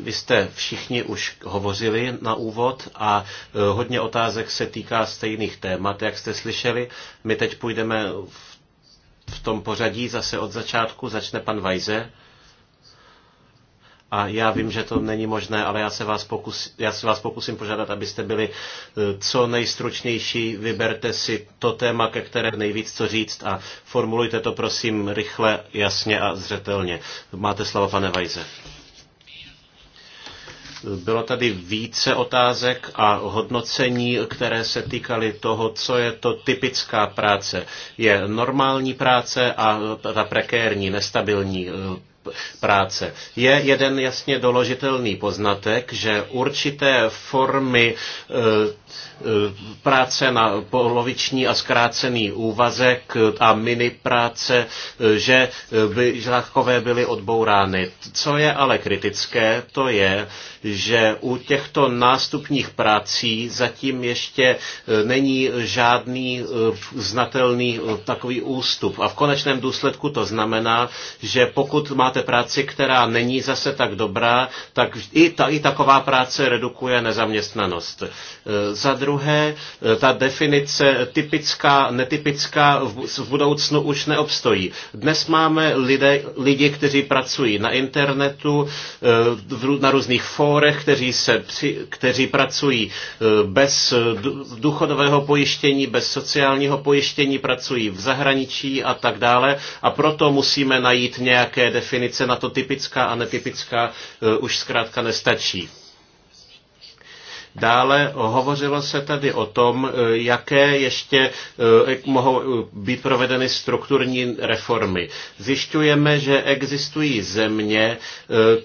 Vy jste všichni už hovořili na úvod a eh, hodně otázek se týká stejných témat, jak jste slyšeli. My teď půjdeme v tom pořadí zase od začátku. Začne pan Vajze a já vím, že to není možné, ale já se vás, pokus, já se vás pokusím požádat, abyste byli e, co nejstručnější. Vyberte si to téma, ke které nejvíc co říct a formulujte to prosím rychle, jasně a zřetelně. Máte slovo, pane Vajze. Bylo tady více otázek a hodnocení, které se týkaly toho, co je to typická práce. Je normální práce a ta prekérní, nestabilní práce. Je jeden jasně doložitelný poznatek, že určité formy e, e, práce na poloviční a zkrácený úvazek a mini práce, e, že by takové byly odbourány. Co je ale kritické, to je, že u těchto nástupních prací zatím ještě není žádný znatelný takový ústup. A v konečném důsledku to znamená, že pokud má máte práci, která není zase tak dobrá, tak i, ta, i taková práce redukuje nezaměstnanost. E, za druhé, e, ta definice typická, netypická v, v budoucnu už neobstojí. Dnes máme lidé, lidi, kteří pracují na internetu, e, na různých fórech, kteří, se kteří pracují bez důchodového pojištění, bez sociálního pojištění, pracují v zahraničí a tak dále. A proto musíme najít nějaké definice definice na to typická a netypická eh, už zkrátka nestačí. Dále hovořilo se tady o tom, eh, jaké ještě eh, mohou eh, být provedeny strukturní reformy. Zjišťujeme, že existují země,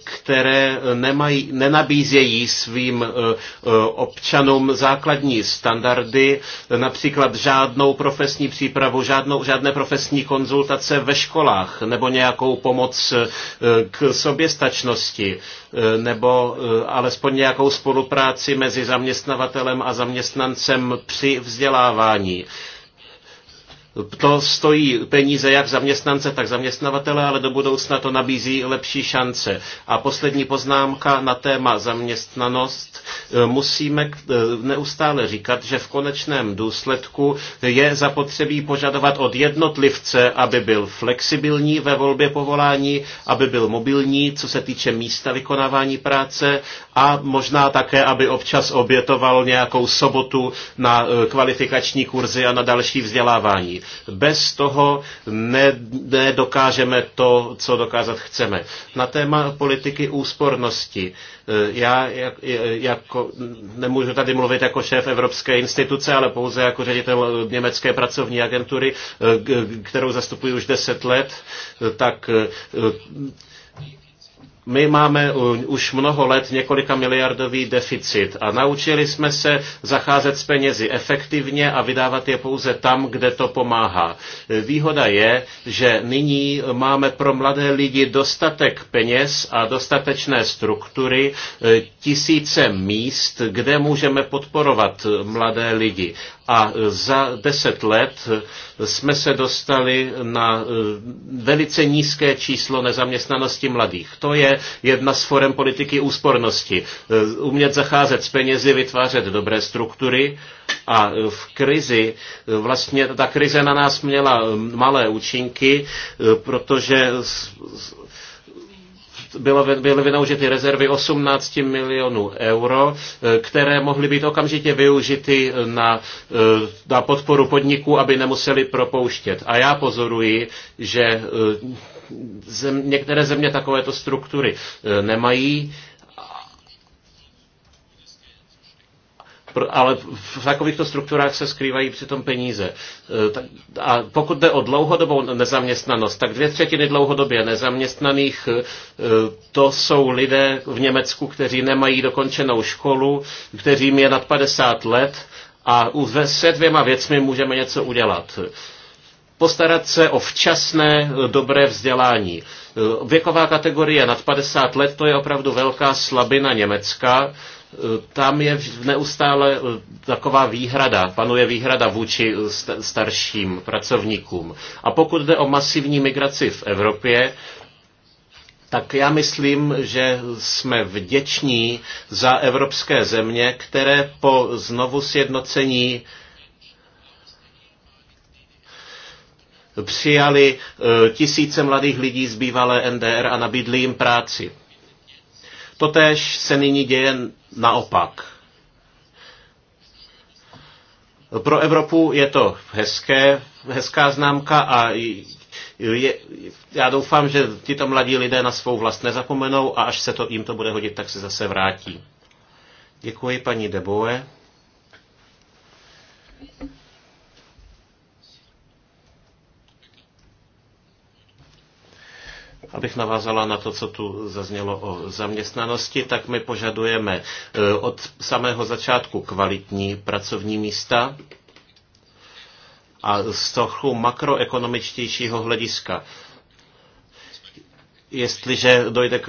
které nemají, nenabízejí svým občanům základní standardy, například žádnou profesní přípravu, žádnou, žádné profesní konzultace ve školách nebo nějakou pomoc k soběstačnosti. Eh, nebo eh, alespoň nějakou spolupráci mezi zaměstnavatelem a zaměstnancem při vzdělávání. To stojí peníze jak zaměstnance, tak zaměstnavatele, ale do budoucna to nabízí lepší šance. A poslední poznámka na téma zaměstnanost. E, musíme e, neustále říkat, že v konečném důsledku je zapotřebí požadovat od jednotlivce, aby byl flexibilní ve volbě povolání, aby byl mobilní, co se týče místa vykonávání práce a možná také, aby občas obětoval nějakou sobotu na e, kvalifikační kurzy a na další vzdělávání. Bez toho nedokážeme to, co dokázat chceme. Na téma politiky úspornosti. Eh, já jako, nemůžu tady mluvit jako šéf Evropské instituce, ale pouze jako ředitel Německé pracovní agentury, eh, kterou zastupuji už deset let, eh, tak my máme eh, už mnoho let několika miliardový deficit a naučili jsme se zacházet s penězi efektivně a vydávat je pouze tam, kde to pomáhá. Eh, výhoda je, že nyní máme pro mladé lidi dostatek peněz a dostatečné struktury, eh, tisíce míst, kde můžeme podporovat mladé lidi a za deset let jsme se dostali na eh, velice nízké číslo nezaměstnanosti mladých. To je jedna z forem politiky úspornosti. Eh, umět zacházet s penězi, vytvářet dobré struktury a v krizi, eh, vlastně ta krize na nás měla malé účinky, protože bylo, byly vynaužity rezervy 18 milionů euro, eh, které mohly být okamžitě využity eh, na, eh, na podporu podniků, aby nemuseli propouštět. A já pozoruji, že zem, některé země takovéto struktury nemají ale v takovýchto strukturách se skrývají přitom peníze. E, a pokud jde o dlouhodobou nezaměstnanost, tak dvě třetiny dlouhodobě nezaměstnaných e, to jsou lidé v Německu, kteří nemají dokončenou školu, kteří je nad 50 let a se dvěma věcmi můžeme něco udělat postarat se o včasné e, dobré vzdělání. Věková kategorie nad 50 let to je opravdu velká slabina Německa tam je neustále eh, taková výhrada, panuje výhrada vůči eh, starším pracovníkům. A pokud jde o masivní migraci v Evropě, tak já myslím, že jsme vděční za evropské země, které po znovu sjednocení přijali eh, tisíce mladých lidí z bývalé NDR a nabídli jim práci. Totež se nyní děje naopak. Pro Evropu je to hezké, hezká známka a je, já doufám, že tyto mladí lidé na svou vlast nezapomenou a až se to jim to bude hodit, tak se zase vrátí. Děkuji paní Deboe. Abych navázala na to, co tu zaznělo o zaměstnanosti, tak my požadujeme eh, od samého začátku kvalitní pracovní místa a z trochu makroekonomičtějšího hlediska. Jestliže dojde k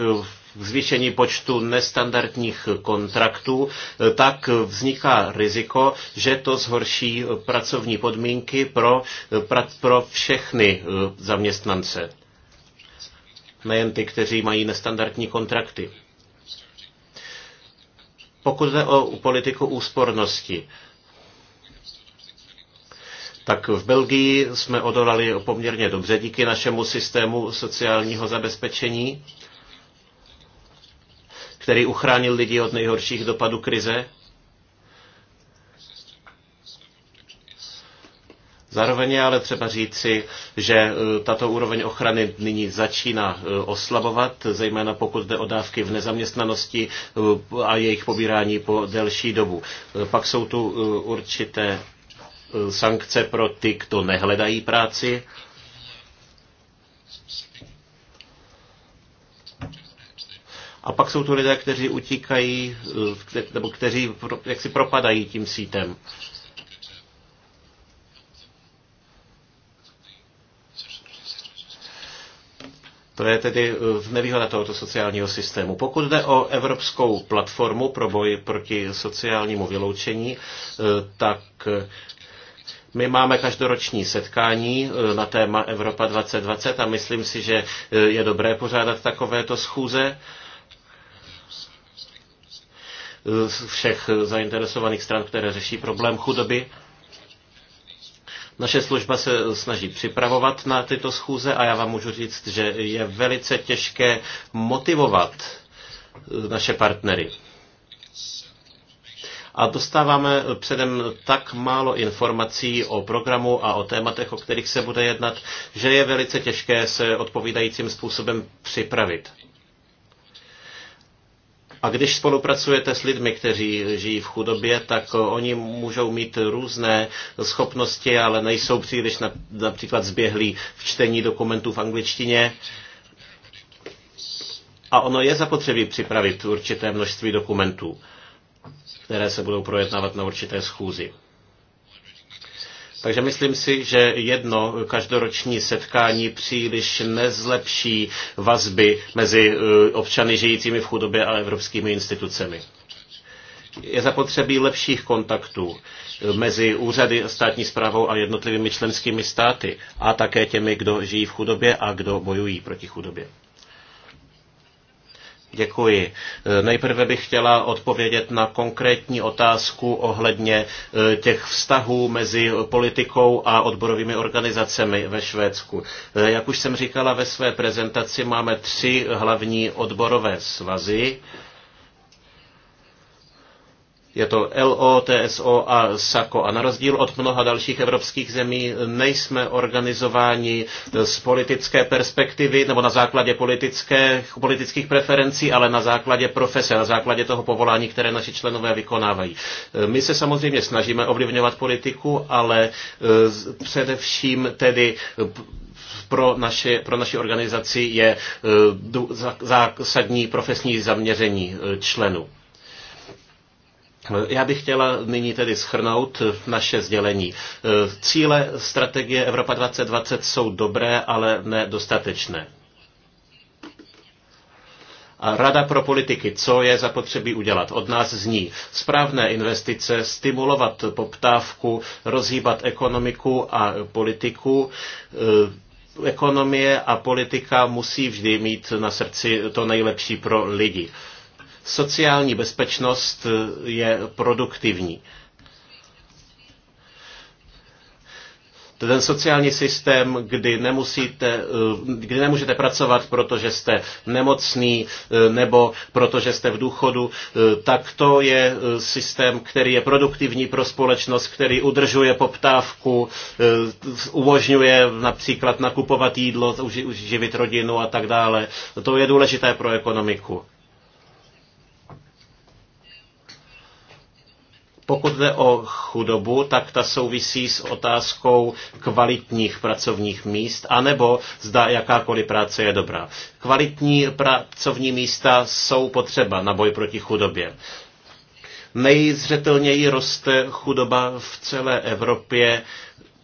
k zvýšení počtu nestandardních kontraktů, eh, tak vzniká riziko, že to zhorší pracovní podmínky pro, eh, pro všechny zaměstnance nejen ty, kteří mají nestandardní kontrakty. Pokud jde o politiku úspornosti, tak v Belgii jsme odolali poměrně dobře díky našemu systému sociálního zabezpečení, který uchránil lidi od nejhorších dopadů krize. Zároveň je ale třeba říci, že e, tato úroveň ochrany nyní začíná e, oslabovat, zejména pokud jde o dávky v nezaměstnanosti e, a jejich pobírání po delší dobu. Pak jsou tu určité sankce pro ty, kdo nehledají práci. A pak jsou tu lidé, kteří utíkají, nebo kteří jak si propadají tím sítem. To je tedy eh, nevýhoda tohoto sociálního systému. Pokud jde o Evropskou platformu pro boj proti sociálnímu vyloučení, eh, tak eh, my máme každoroční setkání na téma Evropa 2020 a myslím si, že je dobré pořádat takovéto schůze všech zainteresovaných stran, které řeší problém chudoby. Naše služba se snaží připravovat na tyto schůze a já vám můžu říct, že je velice těžké motivovat eh, naše partnery. A dostáváme předem tak málo informací o programu a o tématech, o kterých se bude jednat, že je velice těžké se odpovídajícím způsobem připravit. A když spolupracujete s lidmi, kteří žijí v chudobě, tak oni můžou mít různé schopnosti, ale nejsou příliš například zběhlí v čtení dokumentů v angličtině. A ono je zapotřebí připravit určité množství dokumentů, které se budou projednávat na určité schůzi. Takže myslím si, že jedno každoroční setkání příliš nezlepší vazby mezi eh, občany žijícími v chudobě a evropskými institucemi. Je zapotřebí lepších kontaktů eh, mezi úřady státní zprávou a jednotlivými členskými státy a také těmi, kdo žijí v chudobě a kdo bojují proti chudobě. Děkuji. Nejprve bych chtěla odpovědět na konkrétní otázku ohledně eh, těch vztahů mezi politikou a odborovými organizacemi ve Švédsku. Eh, jak už jsem říkala ve své prezentaci, máme tři hlavní odborové svazy. Je to LO, TSO a SAKO. A na rozdíl od mnoha dalších evropských zemí nejsme organizováni z politické perspektivy nebo na základě politických, politických preferencí, ale na základě profese, na základě toho povolání, které naši členové vykonávají. My se samozřejmě snažíme ovlivňovat politiku, ale e, především tedy pro naši, pro naši organizaci je e, zásadní profesní zaměření e, členů. Eh, já bych chtěla nyní tedy schrnout eh, naše sdělení. Eh, cíle strategie Evropa 2020 jsou dobré, ale nedostatečné. A Rada pro politiky, co je zapotřebí udělat? Od nás zní správné investice, stimulovat poptávku, rozhýbat ekonomiku a politiku, ekonomie a politika musí vždy mít na srdci to nejlepší pro lidi. Sociální bezpečnost eh, je produktivní. ten sociální systém, kdy, nemusíte, eh, kdy nemůžete pracovat, protože jste nemocný eh, nebo protože jste v důchodu, tak to je systém, který je produktivní pro společnost, který udržuje poptávku, umožňuje například nakupovat jídlo, živit rodinu a tak dále. To je důležité pro ekonomiku. Pokud jde o chudobu, tak ta souvisí s otázkou kvalitních pracovních míst, anebo zda jakákoliv práce je dobrá. Kvalitní pracovní místa jsou potřeba na boj proti chudobě. Nejzřetelněji roste chudoba v celé Evropě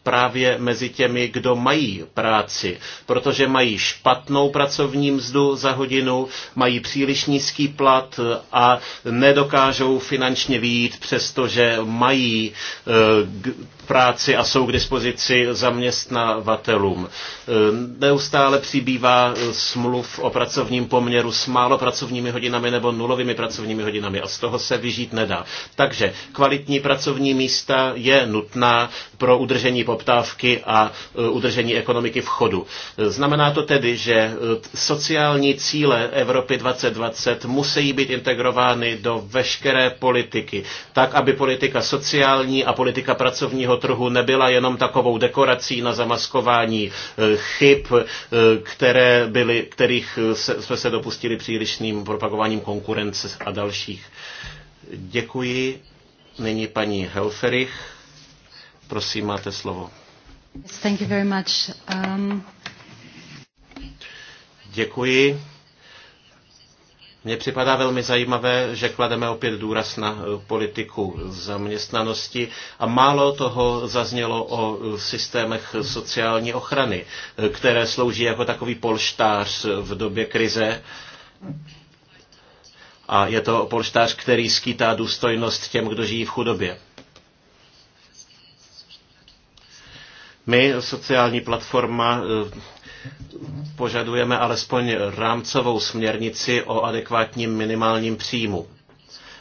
právě mezi těmi, kdo mají práci, protože mají špatnou pracovní mzdu za hodinu, mají příliš nízký plat a nedokážou finančně výjít, přestože mají e, práci a jsou k dispozici zaměstnavatelům. E, neustále přibývá e, smluv o pracovním poměru s málo pracovními hodinami nebo nulovými pracovními hodinami a z toho se vyžít nedá. Takže kvalitní pracovní místa je nutná pro udržení poptávky a e, udržení ekonomiky v chodu. Znamená to tedy, že e, sociální cíle Evropy 2020 musí být integrovány do veškeré politiky, tak aby politika sociální a politika pracovního trhu nebyla jenom takovou dekorací na zamaskování e, chyb, které byly, kterých jsme se dopustili přílišným propagováním konkurence a dalších. Děkuji. Nyní paní Helferich. Prosím, máte slovo. Thank you very much. Um... Děkuji. Mně připadá velmi zajímavé, že klademe opět důraz na eh, politiku zaměstnanosti a málo toho zaznělo o eh, systémech sociální ochrany, eh, které slouží jako takový polštář v době krize. A je to polštář, který skýtá důstojnost těm, kdo žijí v chudobě. My, sociální platforma, eh, požadujeme alespoň rámcovou směrnici o adekvátním minimálním příjmu.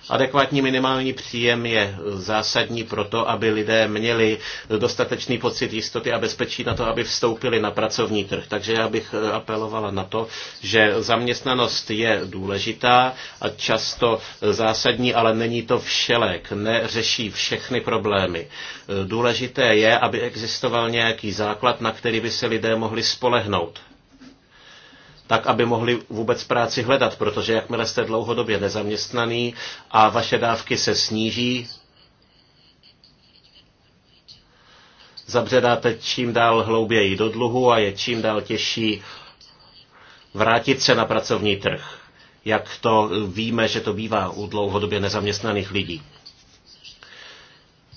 Adekvátní minimální příjem je zásadní pro to, aby lidé měli dostatečný pocit jistoty a bezpečí na to, aby vstoupili na pracovní trh. Takže já bych eh, apelovala na to, že zaměstnanost je důležitá a často zásadní, ale není to všelek, neřeší všechny problémy. Eh, důležité je, aby existoval nějaký základ, na který by se lidé mohli spolehnout tak aby mohli vůbec práci hledat, protože jakmile jste dlouhodobě nezaměstnaný a vaše dávky se sníží, zabředáte čím dál hlouběji do dluhu a je čím dál těžší vrátit se na pracovní trh. Jak to víme, že to bývá u dlouhodobě nezaměstnaných lidí.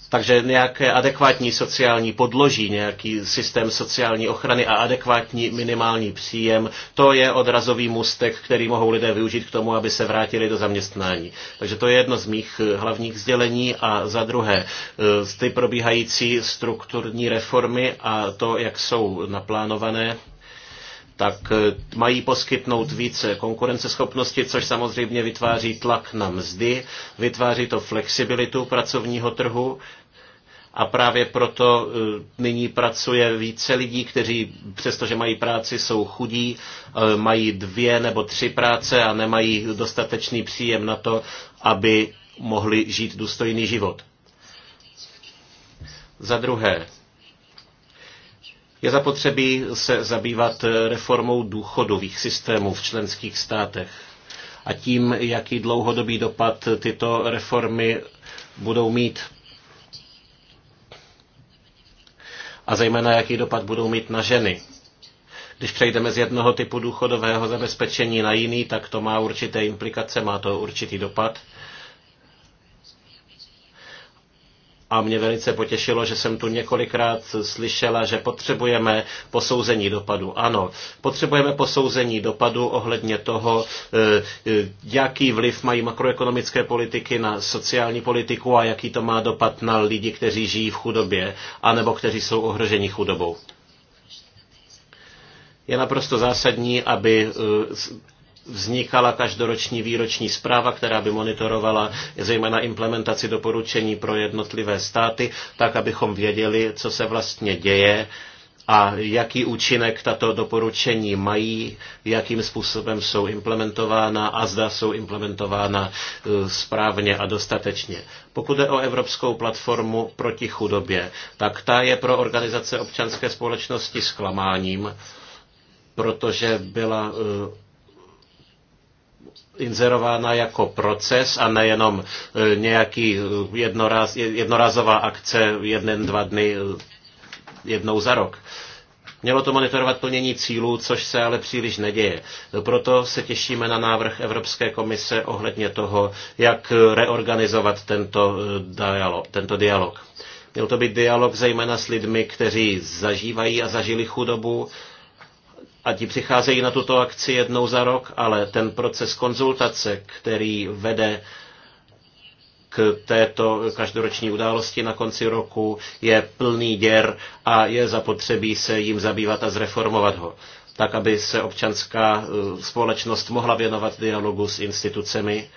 Takže nějaké adekvátní sociální podloží, nějaký systém sociální ochrany a adekvátní minimální příjem, to je odrazový mustek, který mohou lidé využít k tomu, aby se vrátili do zaměstnání. Takže to je jedno z mých eh, hlavních sdělení. A za druhé, eh, ty probíhající strukturní reformy a to, jak jsou naplánované, tak eh, mají poskytnout více konkurenceschopnosti, což samozřejmě vytváří tlak na mzdy, vytváří to flexibilitu pracovního trhu a právě proto eh, nyní pracuje více lidí, kteří přestože mají práci, jsou chudí, eh, mají dvě nebo tři práce a nemají dostatečný příjem na to, aby mohli žít důstojný život. Za druhé, je zapotřebí se zabývat reformou důchodových systémů v členských státech a tím, jaký dlouhodobý dopad tyto reformy budou mít a zejména jaký dopad budou mít na ženy. Když přejdeme z jednoho typu důchodového zabezpečení na jiný, tak to má určité implikace, má to určitý dopad. a mě velice potěšilo, že jsem tu několikrát slyšela, že potřebujeme posouzení dopadu. Ano, potřebujeme posouzení dopadu ohledně toho, eh, eh, jaký vliv mají makroekonomické politiky na sociální politiku a jaký to má dopad na lidi, kteří žijí v chudobě anebo kteří jsou ohroženi chudobou je naprosto zásadní, aby eh, vznikala každoroční výroční zpráva, která by monitorovala zejména implementaci doporučení pro jednotlivé státy, tak abychom věděli, co se vlastně děje a jaký účinek tato doporučení mají, jakým způsobem jsou implementována a zda jsou implementována e, správně a dostatečně. Pokud je o Evropskou platformu proti chudobě, tak ta je pro organizace občanské společnosti zklamáním, protože byla e, inzerována jako proces a nejenom e, nějaký jednoraz, jednorazová akce jeden, dva dny e, jednou za rok. Mělo to monitorovat plnění cílů, což se ale příliš neděje. Proto se těšíme na návrh Evropské komise ohledně toho, jak reorganizovat tento e, dialog. Tento dialog. Měl to být dialog zejména s lidmi, kteří zažívají a zažili chudobu a ti přicházejí na tuto akci jednou za rok, ale ten proces konzultace, který vede k této každoroční události na konci roku, je plný děr a je zapotřebí se jim zabývat a zreformovat ho tak aby se občanská eh, společnost mohla věnovat dialogu s institucemi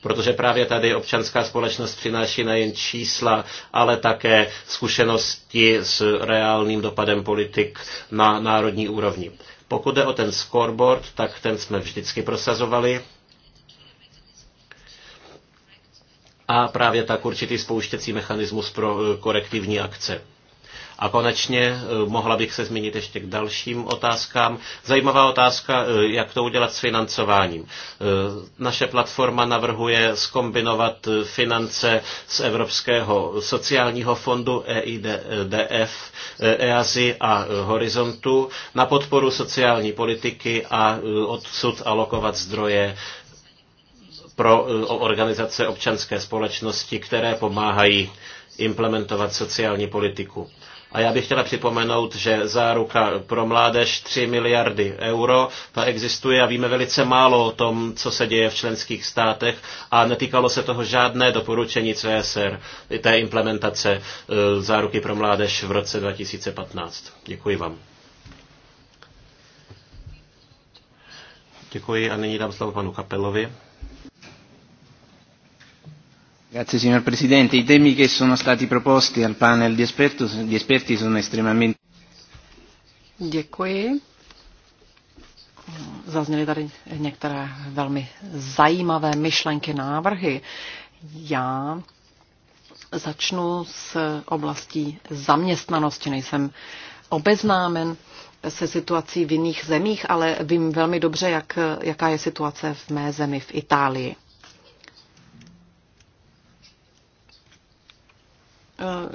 protože právě tady občanská společnost přináší nejen čísla, ale také zkušenosti s reálným dopadem politik na národní úrovni. Pokud jde o ten scoreboard, tak ten jsme vždycky prosazovali. A právě tak určitý spouštěcí mechanismus pro eh, korektivní akce. A konečně eh, mohla bych se zmínit ještě k dalším otázkám. Zajímavá otázka, eh, jak to udělat s financováním. Eh, naše platforma navrhuje skombinovat finance z Evropského sociálního fondu EIDF, e EASI e a Horizontu na podporu sociální politiky a odsud alokovat zdroje pro organizace občanské společnosti, které pomáhají implementovat sociální politiku. A já bych chtěla připomenout, že záruka pro mládež 3 miliardy euro, ta existuje a víme velice málo o tom, co se děje v členských státech a netýkalo se toho žádné doporučení CSR, té implementace e, záruky pro mládež v roce 2015. Děkuji vám. Děkuji a nyní dám slovo panu Kapelovi. Grazie signor Presidente. I temi che sono stati proposti al panel di, esperto, di esperti sono estremamente. Děkuji. Zazněly tady některé velmi zajímavé myšlenky, návrhy. Já začnu s oblastí zaměstnanosti. Nejsem obeznámen se situací v jiných zemích, ale vím velmi dobře, jak, jaká je situace v mé zemi v Itálii. Eh,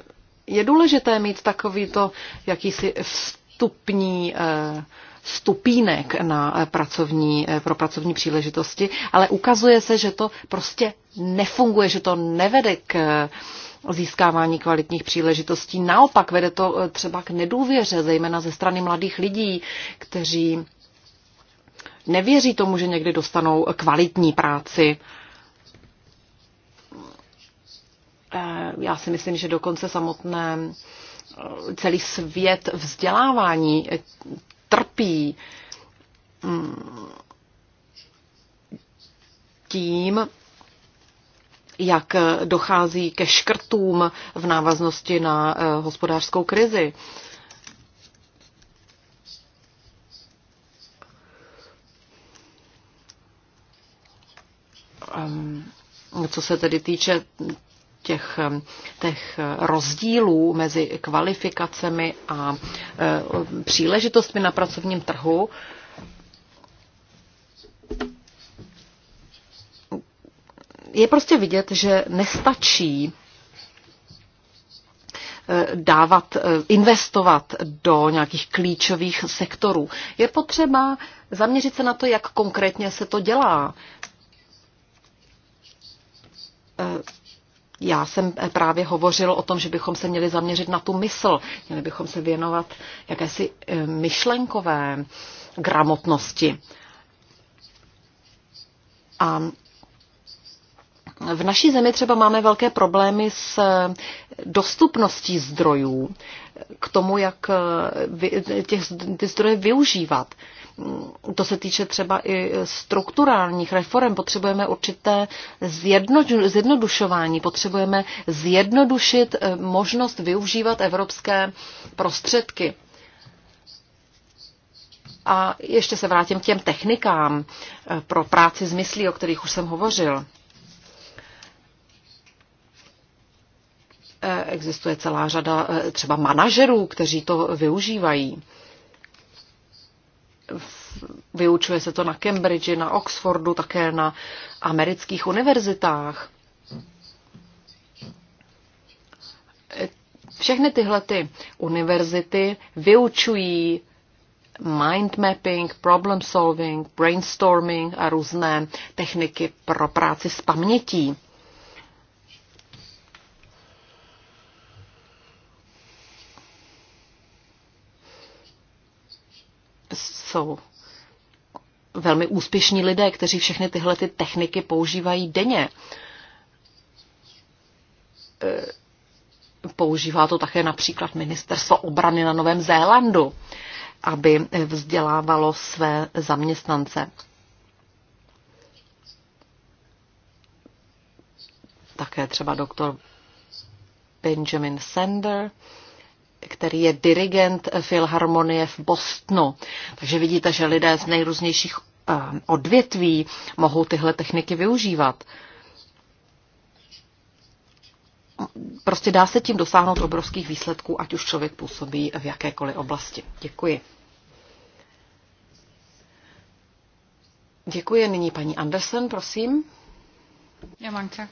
je důležité mít takovýto jakýsi vstupní eh, stupínek na eh, pracovní, pro pracovní příležitosti, ale ukazuje se, že to prostě nefunguje, že to nevede k získávání kvalitních příležitostí. Naopak vede to třeba k nedůvěře, zejména ze strany mladých lidí, kteří nevěří tomu, že někdy dostanou kvalitní práci Eh, já si myslím, že dokonce samotné eh, celý svět vzdělávání eh, trpí mm, tím, jak dochází ke škrtům v návaznosti na hospodářskou krizi. Ehm, co se tedy týče těch, eh, těch eh, rozdílů mezi kvalifikacemi a eh, příležitostmi na pracovním trhu, je prostě vidět, že nestačí dávat, investovat do nějakých klíčových sektorů. Je potřeba zaměřit se na to, jak konkrétně se to dělá já jsem eh, právě hovořil o tom, že bychom se měli zaměřit na tu mysl. Měli bychom se věnovat jakési eh, myšlenkové gramotnosti. A v naší zemi třeba máme velké problémy s eh, dostupností zdrojů, k tomu, jak eh, těch, ty zdroje využívat. Mm, to se týče třeba i strukturálních reform. Potřebujeme určité zjedno, zjednodušování, potřebujeme zjednodušit eh, možnost využívat evropské prostředky. A ještě se vrátím k těm technikám pro práci s myslí, o kterých už jsem hovořil. Existuje celá řada eh, třeba manažerů, kteří to využívají. Vyučuje se to na Cambridge, na Oxfordu, také na amerických univerzitách. Všechny tyhle ty univerzity vyučují mind mapping, problem solving, brainstorming a různé techniky pro práci s pamětí. jsou velmi úspěšní lidé, kteří všechny tyhle ty techniky používají denně. E, používá to také například ministerstvo obrany na Novém Zélandu, aby vzdělávalo své zaměstnance. Také třeba doktor Benjamin Sender, který je dirigent Filharmonie v Bostonu. Takže vidíte, že lidé z nejrůznějších eh, odvětví mohou tyhle techniky využívat. Prostě dá se tím dosáhnout obrovských výsledků, ať už člověk působí v jakékoliv oblasti. Děkuji. Děkuji. Nyní paní Andersen, prosím. Ja, mange tak.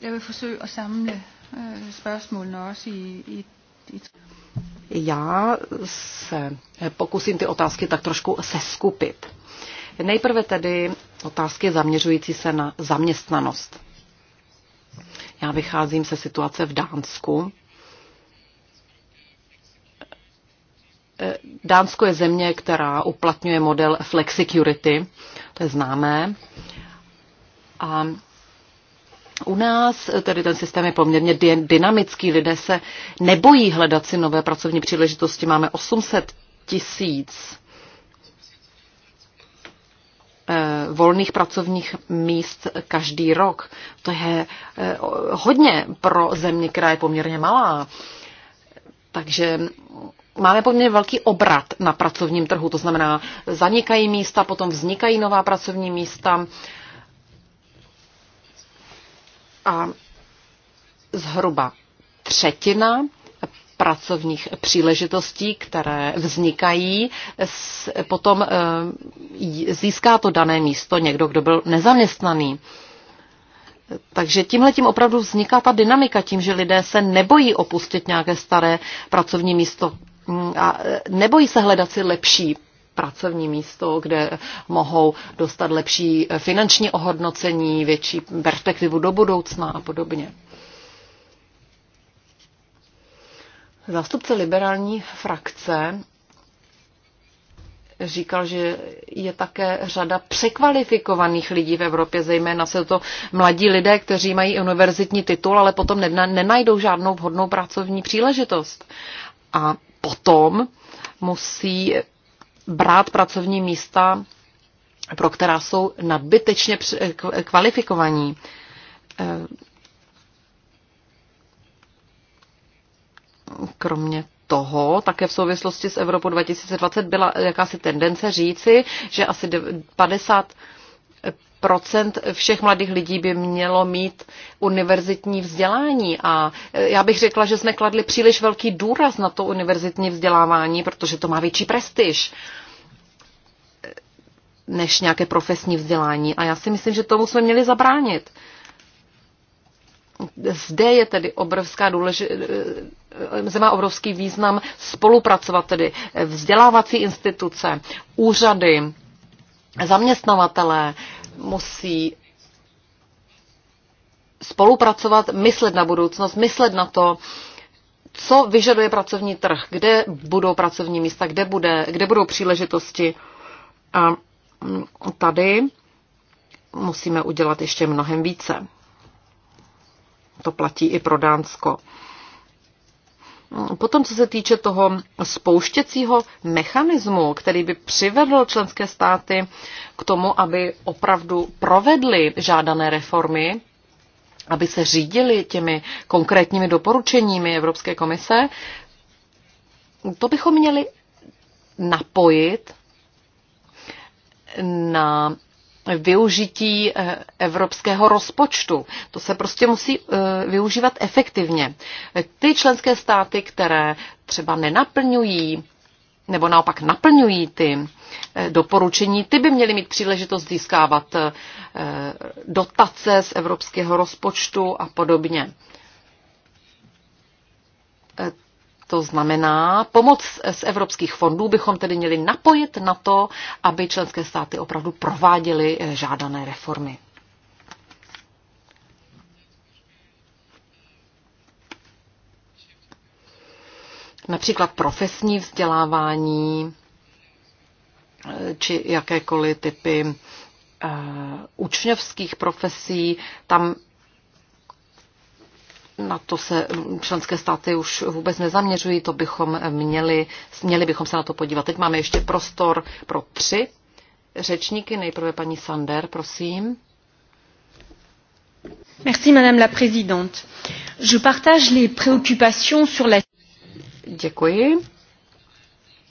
Jeg vil forsøge at samle Øh, spørgsmålene også i, i, i já se pokusím ty otázky tak trošku seskupit. Nejprve tedy otázky zaměřující se na zaměstnanost. Já vycházím se situace v Dánsku. Dánsko je země, která uplatňuje model flexicurity, to je známé. A u nás tedy ten systém je poměrně dynamický, lidé se nebojí hledat si nové pracovní příležitosti. Máme 800 tisíc eh, volných pracovních míst každý rok. To je eh, hodně pro země, která je poměrně malá. Takže máme poměrně velký obrat na pracovním trhu, to znamená, zanikají místa, potom vznikají nová pracovní místa a zhruba třetina pracovních příležitostí, které vznikají, potom e, získá to dané místo někdo, kdo byl nezaměstnaný. Takže tímhle tím opravdu vzniká ta dynamika, tím, že lidé se nebojí opustit nějaké staré pracovní místo mm, a e, nebojí se hledat si lepší pracovní místo, kde mohou dostat lepší finanční ohodnocení, větší perspektivu do budoucna a podobně. Zástupce liberální frakce říkal, že je také řada překvalifikovaných lidí v Evropě, zejména se to mladí lidé, kteří mají univerzitní titul, ale potom nenajdou žádnou vhodnou pracovní příležitost. A potom musí brát pracovní místa, pro která jsou nadbytečně kvalifikovaní. Eh, kromě toho, také v souvislosti s Evropou 2020 byla jakási tendence říci, že asi 50 procent všech mladých lidí by mělo mít univerzitní vzdělání. A e, já bych řekla, že jsme kladli příliš velký důraz na to univerzitní vzdělávání, protože to má větší prestiž e, než nějaké profesní vzdělání. A já si myslím, že tomu jsme měli zabránit. Zde je tedy obrovská důleži... E, zde má obrovský význam spolupracovat tedy vzdělávací instituce, úřady, zaměstnavatelé, musí spolupracovat, myslet na budoucnost, myslet na to, co vyžaduje pracovní trh, kde budou pracovní místa, kde, bude, kde budou příležitosti. A tady musíme udělat ještě mnohem více. To platí i pro Dánsko. Potom, co se týče toho spouštěcího mechanismu, který by přivedl členské státy k tomu, aby opravdu provedly žádané reformy, aby se řídili těmi konkrétními doporučeními Evropské komise, to bychom měli napojit na využití eh, evropského rozpočtu. To se prostě musí eh, využívat efektivně. Ty členské státy, které třeba nenaplňují nebo naopak naplňují ty eh, doporučení, ty by měly mít příležitost získávat dotace z evropského rozpočtu a podobně. To znamená, pomoc z evropských fondů bychom tedy měli napojit na to, aby členské státy opravdu prováděly eh, žádané reformy. Například profesní vzdělávání eh, či jakékoliv typy eh, učňovských profesí, tam na to se členské státy už vůbec nezaměřují, to bychom měli, měli bychom se na to podívat. Teď máme ještě prostor pro tři řečníky. Nejprve paní Sander, prosím. Merci, madame la présidente. Je partage les préoccupations sur la... Děkuji.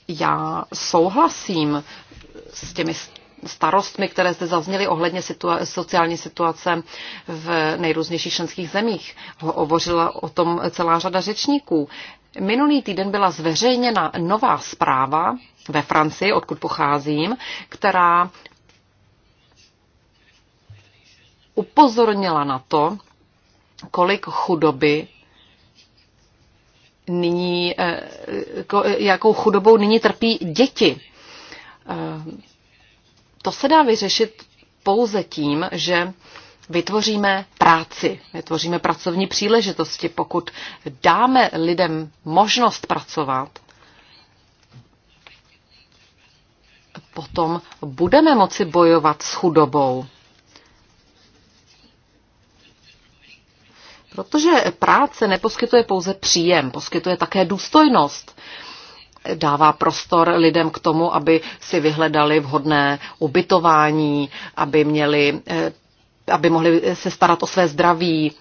Já souhlasím s těmi starostmi, které zde zazněly ohledně situa- sociální situace v nejrůznějších členských zemích. Hovořila o tom celá řada řečníků. Minulý týden byla zveřejněna nová zpráva ve Francii, odkud pocházím, která upozornila na to, kolik chudoby nyní, eh, jakou chudobou nyní trpí děti. Eh, to se dá vyřešit pouze tím, že vytvoříme práci, vytvoříme pracovní příležitosti. Pokud dáme lidem možnost pracovat, potom budeme moci bojovat s chudobou. Protože práce neposkytuje pouze příjem, poskytuje také důstojnost dává prostor lidem k tomu, aby si vyhledali vhodné ubytování, aby, měli, eh, aby mohli se starat o své zdraví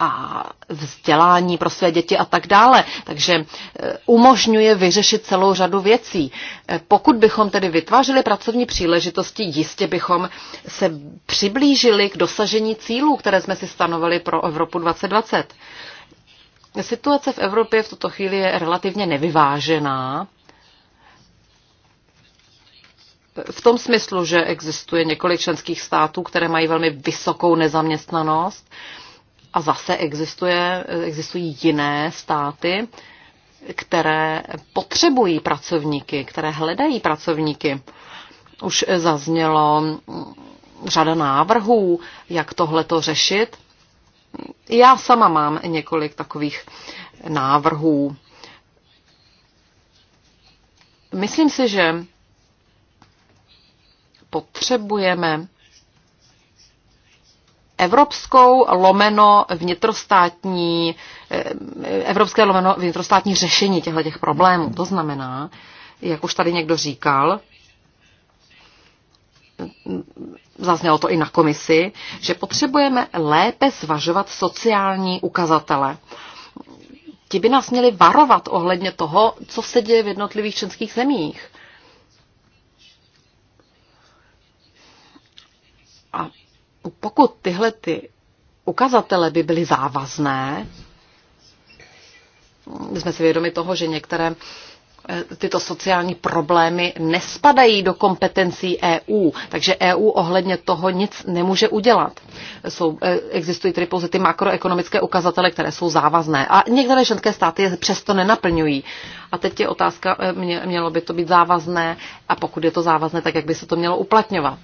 a vzdělání pro své děti a tak dále. Takže eh, umožňuje vyřešit celou řadu věcí. Eh, pokud bychom tedy vytvářeli pracovní příležitosti, jistě bychom se přiblížili k dosažení cílů, které jsme si stanovili pro Evropu 2020. Situace v Evropě v tuto chvíli je relativně nevyvážená. V tom smyslu, že existuje několik členských států, které mají velmi vysokou nezaměstnanost a zase existuje, existují jiné státy, které potřebují pracovníky, které hledají pracovníky. Už zaznělo řada návrhů, jak tohleto řešit. Já sama mám několik takových návrhů. Myslím si, že potřebujeme evropskou lomeno vnitrostátní, eh, evropské lomeno vnitrostátní řešení těchto těch problémů. To znamená, jak už tady někdo říkal, zaznělo to i na komisi, že potřebujeme lépe zvažovat sociální ukazatele. Ti by nás měli varovat ohledně toho, co se děje v jednotlivých členských zemích. A pokud tyhle ty ukazatele by byly závazné, jsme si vědomi toho, že některé Eh, tyto sociální problémy nespadají do kompetencí EU, takže EU ohledně toho nic nemůže udělat. Jsou, eh, existují tedy pouze ty makroekonomické ukazatele, které jsou závazné a některé ženské státy je přesto nenaplňují. A teď je otázka, eh, mě, mělo by to být závazné a pokud je to závazné, tak jak by se to mělo uplatňovat.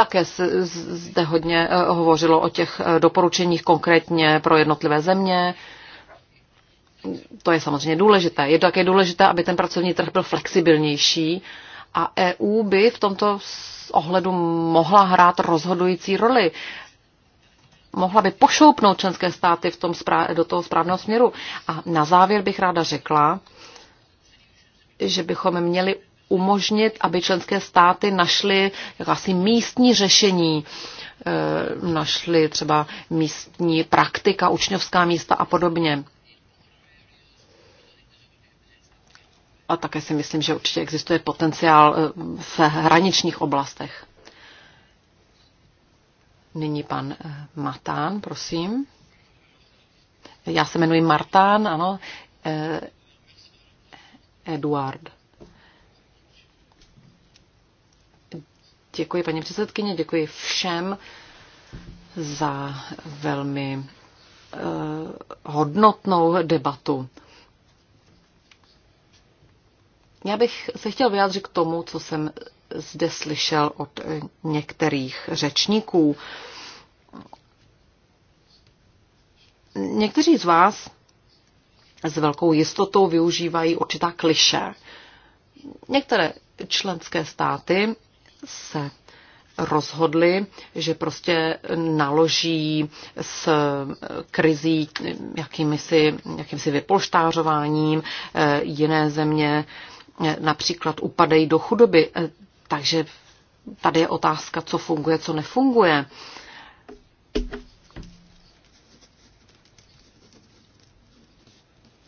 Také se zde hodně eh, hovořilo o těch eh, doporučeních konkrétně pro jednotlivé země. To je samozřejmě důležité. Je to také důležité, aby ten pracovní trh byl flexibilnější a EU by v tomto ohledu mohla hrát rozhodující roli. Mohla by pošoupnout členské státy v tom do toho správného směru. A na závěr bych ráda řekla, že bychom měli umožnit, aby členské státy našly jakási místní řešení, eh, našly třeba místní praktika, učňovská místa a podobně. A také si myslím, že určitě existuje potenciál eh, v hraničních oblastech. Nyní pan eh, Matán, prosím. Já se jmenuji Martán, ano. Eduard. Děkuji paní předsedkyně, děkuji všem za velmi uh, hodnotnou debatu. Já bych se chtěl vyjádřit k tomu, co jsem zde slyšel od eh, některých řečníků. Někteří z vás s velkou jistotou využívají určitá kliše. Některé členské státy se rozhodli, že prostě naloží s krizí jakýmsi, jakýmsi vypolštářováním eh, jiné země eh, například upadají do chudoby. Eh, takže tady je otázka, co funguje, co nefunguje.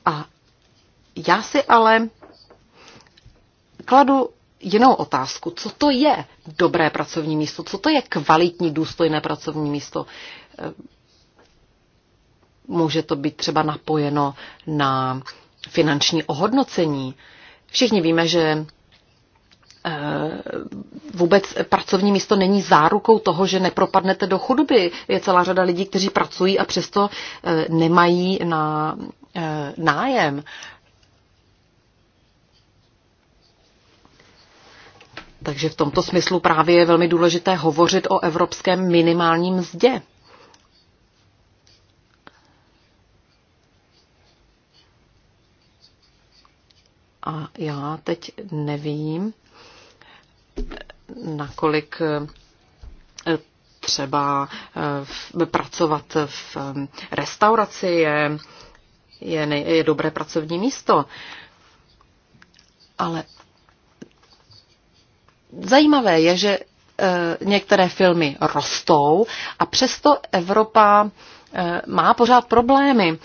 A já si ale kladu jinou otázku. Co to je dobré pracovní místo? Co to je kvalitní, důstojné pracovní místo? Eh, může to být třeba napojeno na finanční ohodnocení. Všichni víme, že eh, vůbec pracovní místo není zárukou toho, že nepropadnete do chudoby. Je celá řada lidí, kteří pracují a přesto eh, nemají na nájem. Takže v tomto smyslu právě je velmi důležité hovořit o evropském minimálním mzdě. A já teď nevím, nakolik eh, třeba eh, pracovat v eh, restauraci je, je, nej, je dobré pracovní místo. Ale Zajímavé je, že eh, některé filmy rostou a přesto Evropa eh, má pořád problémy.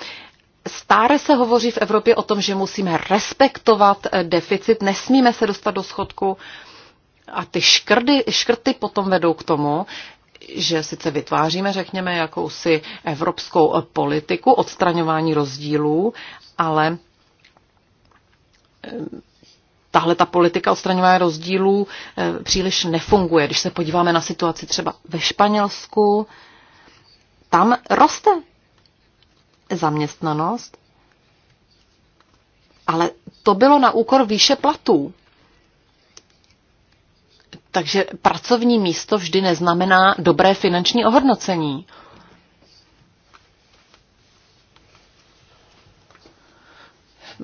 Stále se hovoří v Evropě o tom, že musíme respektovat eh, deficit, nesmíme se dostat do schodku a ty škrdy, škrty potom vedou k tomu, že sice vytváříme, řekněme, jakousi evropskou politiku odstraňování rozdílů, ale tahle ta politika odstraňování rozdílů eh, příliš nefunguje. Když se podíváme na situaci třeba ve Španělsku, tam roste zaměstnanost, ale to bylo na úkor výše platů. Takže pracovní místo vždy neznamená dobré finanční ohodnocení.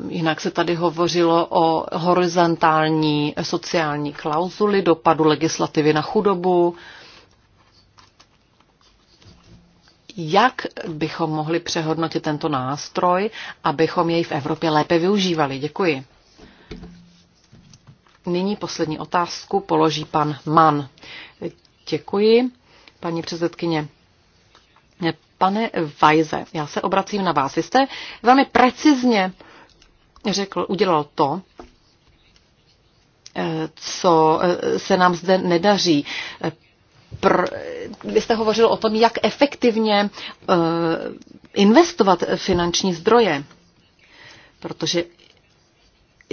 Jinak se tady hovořilo o horizontální sociální klauzuli, dopadu legislativy na chudobu. Jak bychom mohli přehodnotit tento nástroj, abychom jej v Evropě lépe využívali? Děkuji. Nyní poslední otázku položí pan Mann. Děkuji, paní předsedkyně. Pane Vajze, já se obracím na vás. Vy jste velmi precizně řekl, udělal to, eh, co eh, se nám zde nedaří. Eh, pr, vy jste hovořil o tom, jak efektivně investovat finanční zdroje, protože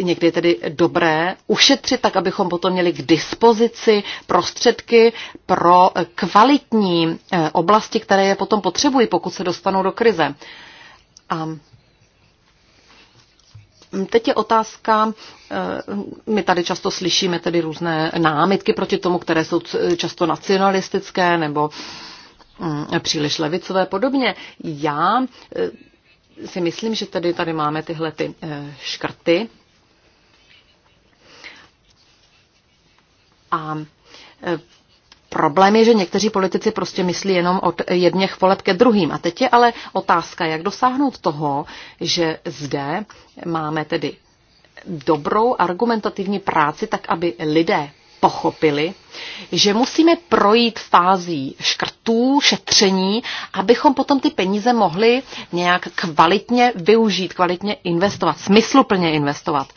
někdy je tedy dobré ušetřit tak, abychom potom měli k dispozici prostředky pro kvalitní oblasti, které je potom potřebují, pokud se dostanou do krize. A Teď je otázka, eh, my tady často slyšíme tedy různé námitky proti tomu, které jsou často nacionalistické nebo mm, příliš levicové podobně. Já eh, si myslím, že tady, tady máme tyhle ty eh, škrty. A Problém je, že někteří politici prostě myslí jenom od jedněch voleb ke druhým. A teď je ale otázka, jak dosáhnout toho, že zde máme tedy dobrou argumentativní práci, tak aby lidé pochopili, že musíme projít fází škrtů, šetření, abychom potom ty peníze mohli nějak kvalitně využít, kvalitně investovat, smysluplně investovat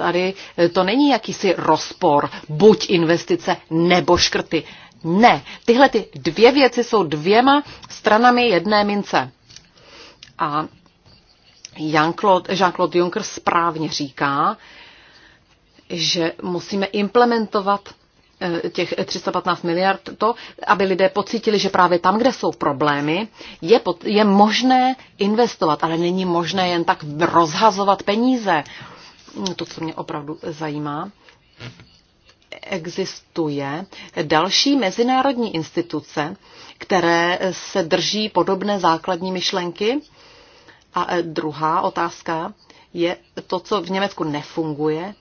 tady eh, to není jakýsi rozpor, buď investice nebo škrty. Ne, tyhle ty dvě věci jsou dvěma stranami jedné mince. A Jean-Claude, jean Juncker správně říká, že musíme implementovat eh, těch 315 miliard to, aby lidé pocítili, že právě tam, kde jsou problémy, je, pot, je možné investovat, ale není možné jen tak rozhazovat peníze. Uh, to, co mě opravdu zajímá, existuje další mezinárodní instituce, které se drží podobné základní myšlenky. A e, druhá otázka je to, co v Německu nefunguje,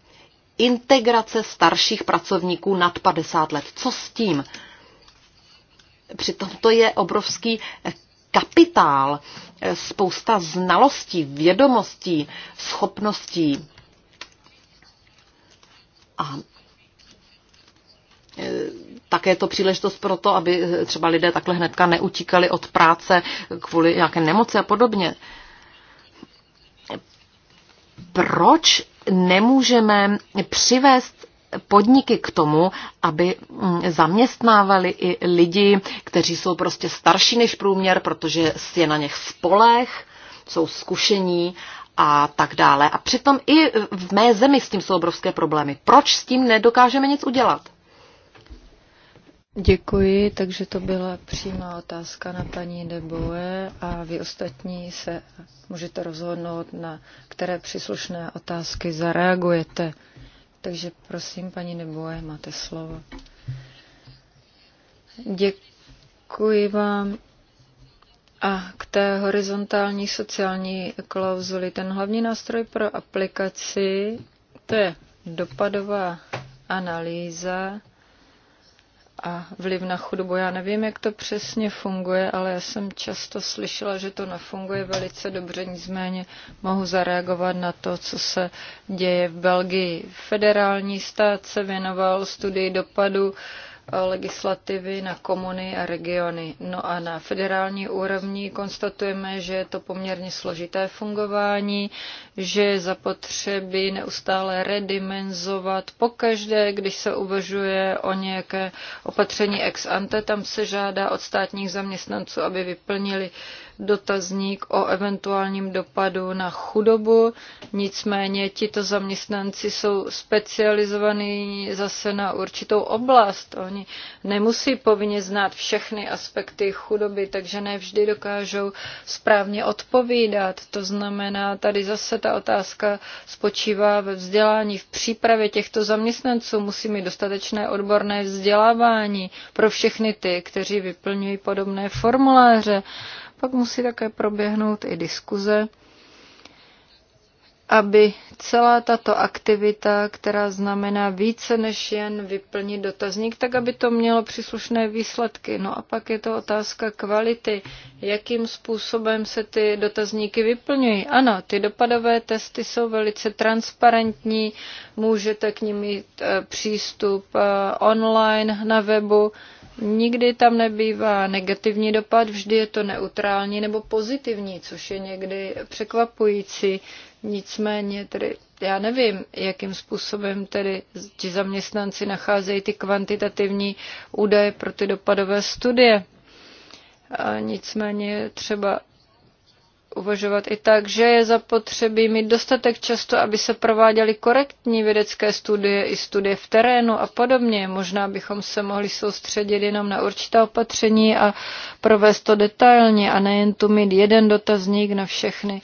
integrace starších pracovníků nad 50 let. Co s tím? Přitom to je obrovský e, kapitál, e, spousta znalostí, vědomostí, schopností. A e, také je to příležitost pro to, aby e, třeba lidé takhle hnedka neutíkali od práce kvůli nějaké nemoci a podobně. Proč nemůžeme přivést podniky k tomu, aby mm, zaměstnávali i lidi, kteří jsou prostě starší než průměr, protože je na něch spolech, jsou zkušení a tak dále. A přitom i v mé zemi s tím jsou obrovské problémy. Proč s tím nedokážeme nic udělat? Děkuji, takže to byla přímá otázka na paní Deboe a vy ostatní se můžete rozhodnout, na které příslušné otázky zareagujete. Takže prosím, paní Deboe, máte slovo. Děkuji vám a k té horizontální sociální klauzuli, ten hlavní nástroj pro aplikaci, to je dopadová analýza a vliv na chudobu. Já nevím, jak to přesně funguje, ale já jsem často slyšela, že to nefunguje velice dobře, nicméně mohu zareagovat na to, co se děje v Belgii. Federální stát se věnoval studii dopadu uh, legislativy na komuny a regiony. No a na federální úrovni konstatujeme, že je to poměrně složité fungování, že je zapotřebí neustále redimenzovat. Pokaždé, když se uvažuje o nějaké opatření ex ante, tam se žádá od státních zaměstnanců, aby vyplnili uh, dotazník o eventuálním dopadu na chudobu. Nicméně tito zaměstnanci jsou specializovaní zase na určitou oblast. Oni nemusí povinně znát všechny aspekty chudoby, takže ne vždy dokážou správně odpovídat. To znamená, tady zase ta otázka spočívá ve vzdělání, v přípravě těchto zaměstnanců. Musí mít dostatečné odborné vzdělávání pro všechny ty, kteří vyplňují podobné formuláře. Pak musí také proběhnout i diskuze, aby celá tato aktivita, která znamená více než jen vyplnit dotazník, tak aby to mělo příslušné výsledky. No a pak je to otázka kvality, jakým způsobem se ty dotazníky vyplňují. Ano, ty dopadové testy jsou velice transparentní, můžete k nimi mít eh, přístup eh, online na webu, Nikdy tam nebývá negativní dopad, vždy je to neutrální nebo pozitivní, což je někdy překvapující. Nicméně tedy já nevím, jakým způsobem tedy ti zaměstnanci nacházejí ty kvantitativní údaje pro ty dopadové studie. A nicméně třeba uvažovat i tak, že je zapotřebí mít dostatek často, aby se prováděly korektní vědecké studie i studie v terénu a podobně. Možná bychom se mohli soustředit jenom na určitá opatření a provést to detailně a nejen tu mít jeden dotazník na všechny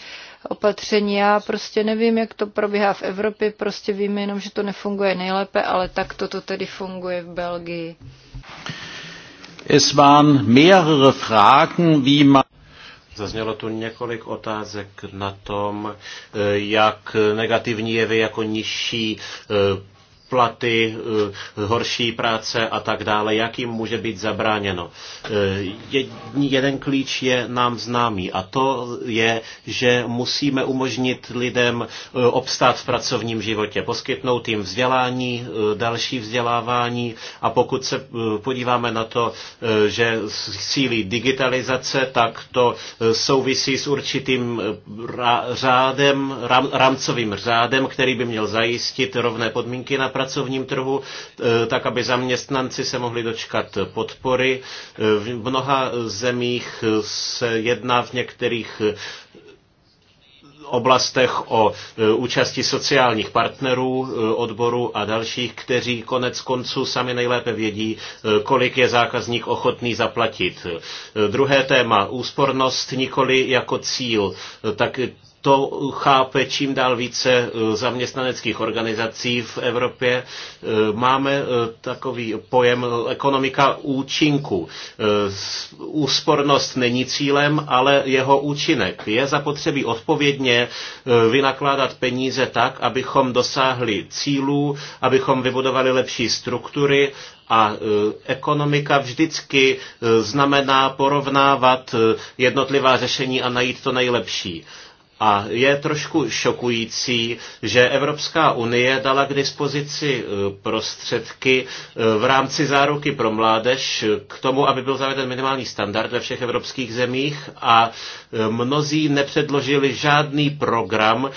opatření. Já prostě nevím, jak to probíhá v Evropě, prostě vím jenom, že to nefunguje nejlépe, ale tak toto tedy funguje v Belgii. Es waren mehrere Fragen, wie man Zaznělo tu několik otázek na tom, eh, jak negativní jevy jako nižší eh, platy, eh, horší práce a tak dále, jak jim může být zabráněno. Eh, jeden klíč je nám známý a to je, že musíme umožnit lidem eh, obstát v pracovním životě, poskytnout jim vzdělání, další vzdělávání a pokud se podíváme na to, že sílí digitalizace, tak to souvisí s určitým řádem, rámcovým řádem, který by měl zajistit rovné podmínky na pracovním trhu, eh, tak aby zaměstnanci se mohli dočkat podpory. Eh, v mnoha zemích eh, se jedná v některých oblastech o účasti sociálních partnerů, odboru a dalších, kteří konec konců sami nejlépe vědí, kolik je zákazník ochotný zaplatit. Druhé téma, úspornost nikoli jako cíl, tak to chápe čím dál více eh, zaměstnaneckých organizací v Evropě. Eh, máme eh, takový pojem ekonomika účinku. Úspornost není cílem, ale jeho účinek. Je zapotřebí odpovědně vynakládat peníze tak, abychom dosáhli cílů, abychom vybudovali lepší struktury a ekonomika vždycky znamená porovnávat jednotlivá řešení a najít to nejlepší. A je trošku šokující, že Evropská unie dala k dispozici e, prostředky e, v rámci záruky pro mládež k tomu, aby byl zaveden minimální standard ve všech evropských zemích a e, mnozí nepředložili žádný program,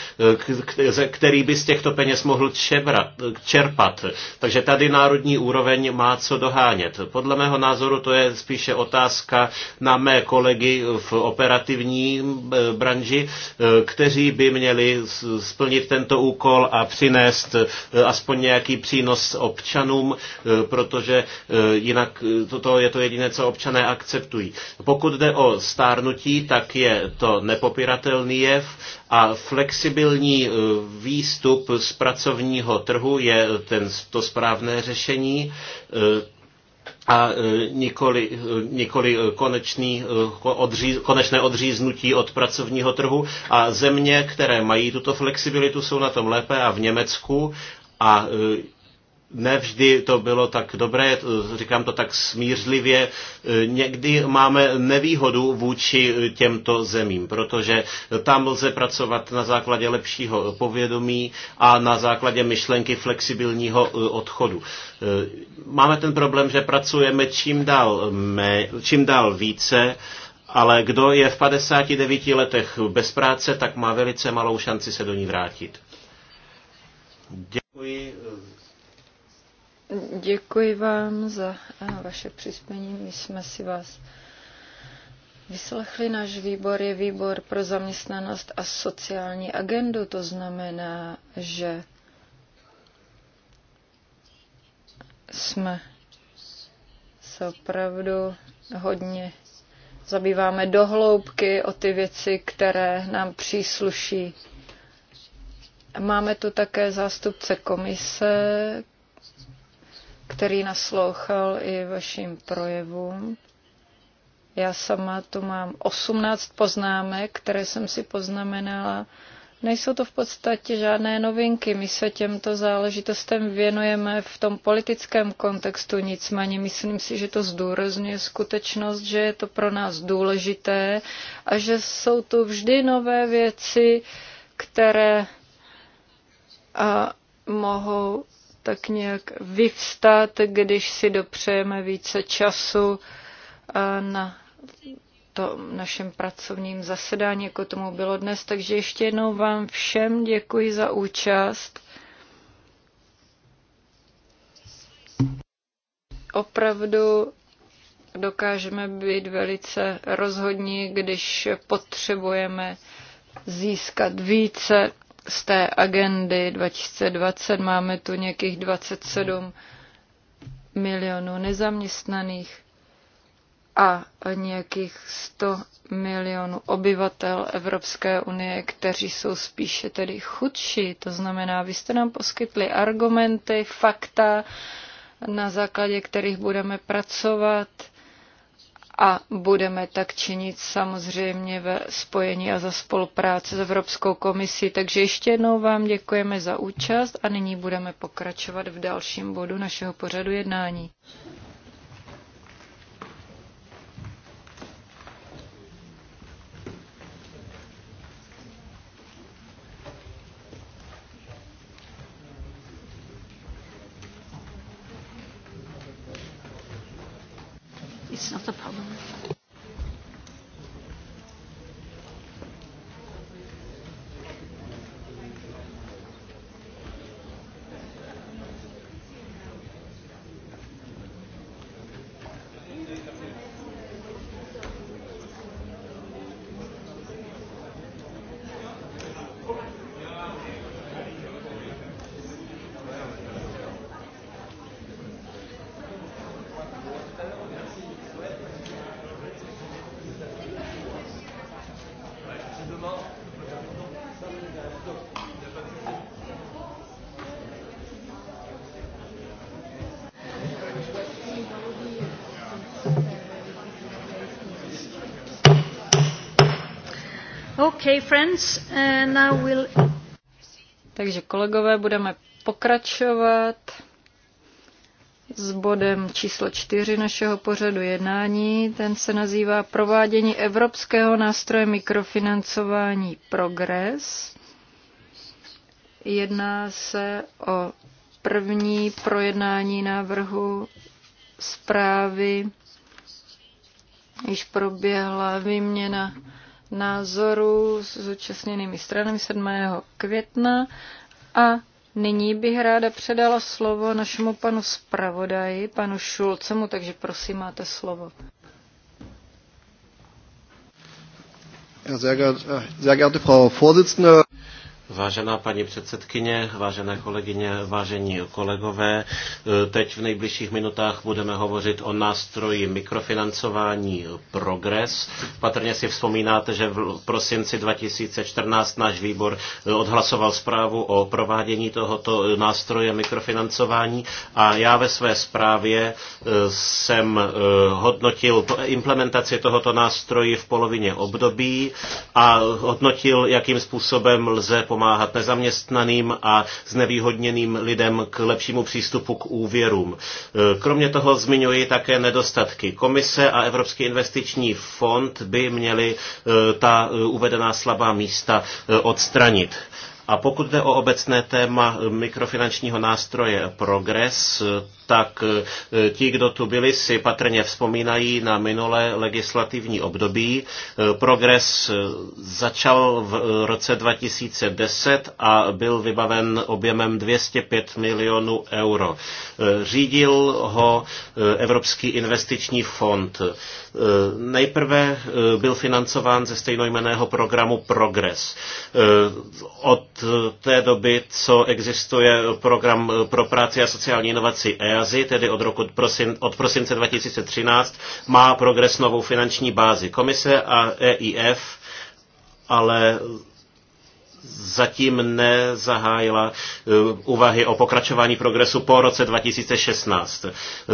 který by z těchto peněz mohl čerpat. Takže tady národní úroveň má co dohánět. Podle mého názoru to je spíše otázka na mé kolegy v operativní branži, kteří by měli splnit tento úkol a přinést eh, aspoň nějaký přínos občanům, eh, protože eh, jinak toto je to jediné, co občané akceptují. Pokud jde o stárnutí, tak je to nepopiratelný jev a flexibilní výstup z pracovního trhu je ten, to správné řešení a e, nikoli, e, nikoli e, konečný, odří, konečné odříznutí od pracovního trhu. A země, které mají tuto flexibilitu, jsou na tom lépe a v Německu a nevždy to bylo tak dobré, říkám to tak smířlivě, někdy máme nevýhodu vůči těmto zemím, protože tam lze pracovat na základě lepšího povědomí a na základě myšlenky flexibilního e, odchodu. E, máme ten problém, že pracujeme čím dál, mé, čím dál více, ale kdo je v 59 letech bez práce, tak má velice malou šanci se do ní vrátit. Děkuji. Děkuji vám za eh, vaše přispění. My jsme si vás vyslechli. Náš výbor je výbor pro zaměstnanost a sociální agendu. To znamená, že jsme se opravdu hodně zabýváme dohloubky o ty věci, které nám přísluší. Máme tu také zástupce komise, který naslouchal i vašim projevům. Já sama tu mám 18 poznámek, které jsem si poznamenala. Nejsou to v podstatě žádné novinky. My se těmto záležitostem věnujeme v tom politickém kontextu, nicméně myslím si, že to zdůrazňuje skutečnost, že je to pro nás důležité a že jsou tu vždy nové věci, které a mohou tak nějak vyvstat, když si dopřejeme více času eh, na tom našem pracovním zasedání, jako tomu bylo dnes. Takže ještě jednou vám všem děkuji za účast. Opravdu dokážeme být velice rozhodní, když potřebujeme získat více z té agendy 2020 máme tu nějakých 27 milionů nezaměstnaných a nějakých 100 milionů obyvatel Evropské unie, kteří jsou spíše tedy chudší. To znamená, vy jste nám poskytli argumenty, fakta, na základě kterých budeme pracovat a budeme tak činit samozřejmě ve spojení a za spolupráce s Evropskou komisí. Takže ještě jednou vám děkujeme za účast a nyní budeme pokračovat v dalším bodu našeho pořadu jednání. that's not the problem. Okay, friends, uh, now we'll... Takže kolegové, budeme pokračovat s bodem číslo čtyři našeho pořadu jednání. Ten se nazývá Provádění Evropského nástroje mikrofinancování Progres. Jedná se o první projednání návrhu zprávy. Již proběhla výměna názorů s zúčastněnými stranami 7. května a nyní bych ráda předala slovo našemu panu zpravodaji, panu Šulcemu, takže prosím, máte slovo. Äh, frau Vážená paní předsedkyně, vážené kolegyně, vážení kolegové, teď v nejbližších minutách budeme hovořit o nástroji mikrofinancování Progres. Patrně si vzpomínáte, že v prosinci 2014 náš výbor odhlasoval zprávu o provádění tohoto nástroje mikrofinancování a já ve své zprávě eh, jsem eh, hodnotil implementaci tohoto nástroji v polovině období a hodnotil, jakým způsobem lze pomáhat nezaměstnaným a znevýhodněným lidem k lepšímu přístupu k úvěrům. E, kromě toho zmiňuji také nedostatky. Komise a Evropský investiční fond by měli e, ta e, uvedená slabá místa odstranit. A pokud jde o obecné téma mikrofinančního nástroje Progress, tak e, ti, kdo tu byli, si patrně vzpomínají na minulé legislativní období. E, progres e, začal v roce 2010 a byl vybaven objemem 205 milionů euro. Řídil ho Evropský investiční fond. Nejprve byl financován ze stejnojmeného programu Progress. Od té doby, co existuje program pro práci a sociální inovaci EU, EASY, tedy od, roku, prosin, od prosince 2013, má progres novou finanční bázi. Komise a EIF ale zatím nezahájila eh, úvahy o pokračování progresu po roce 2016.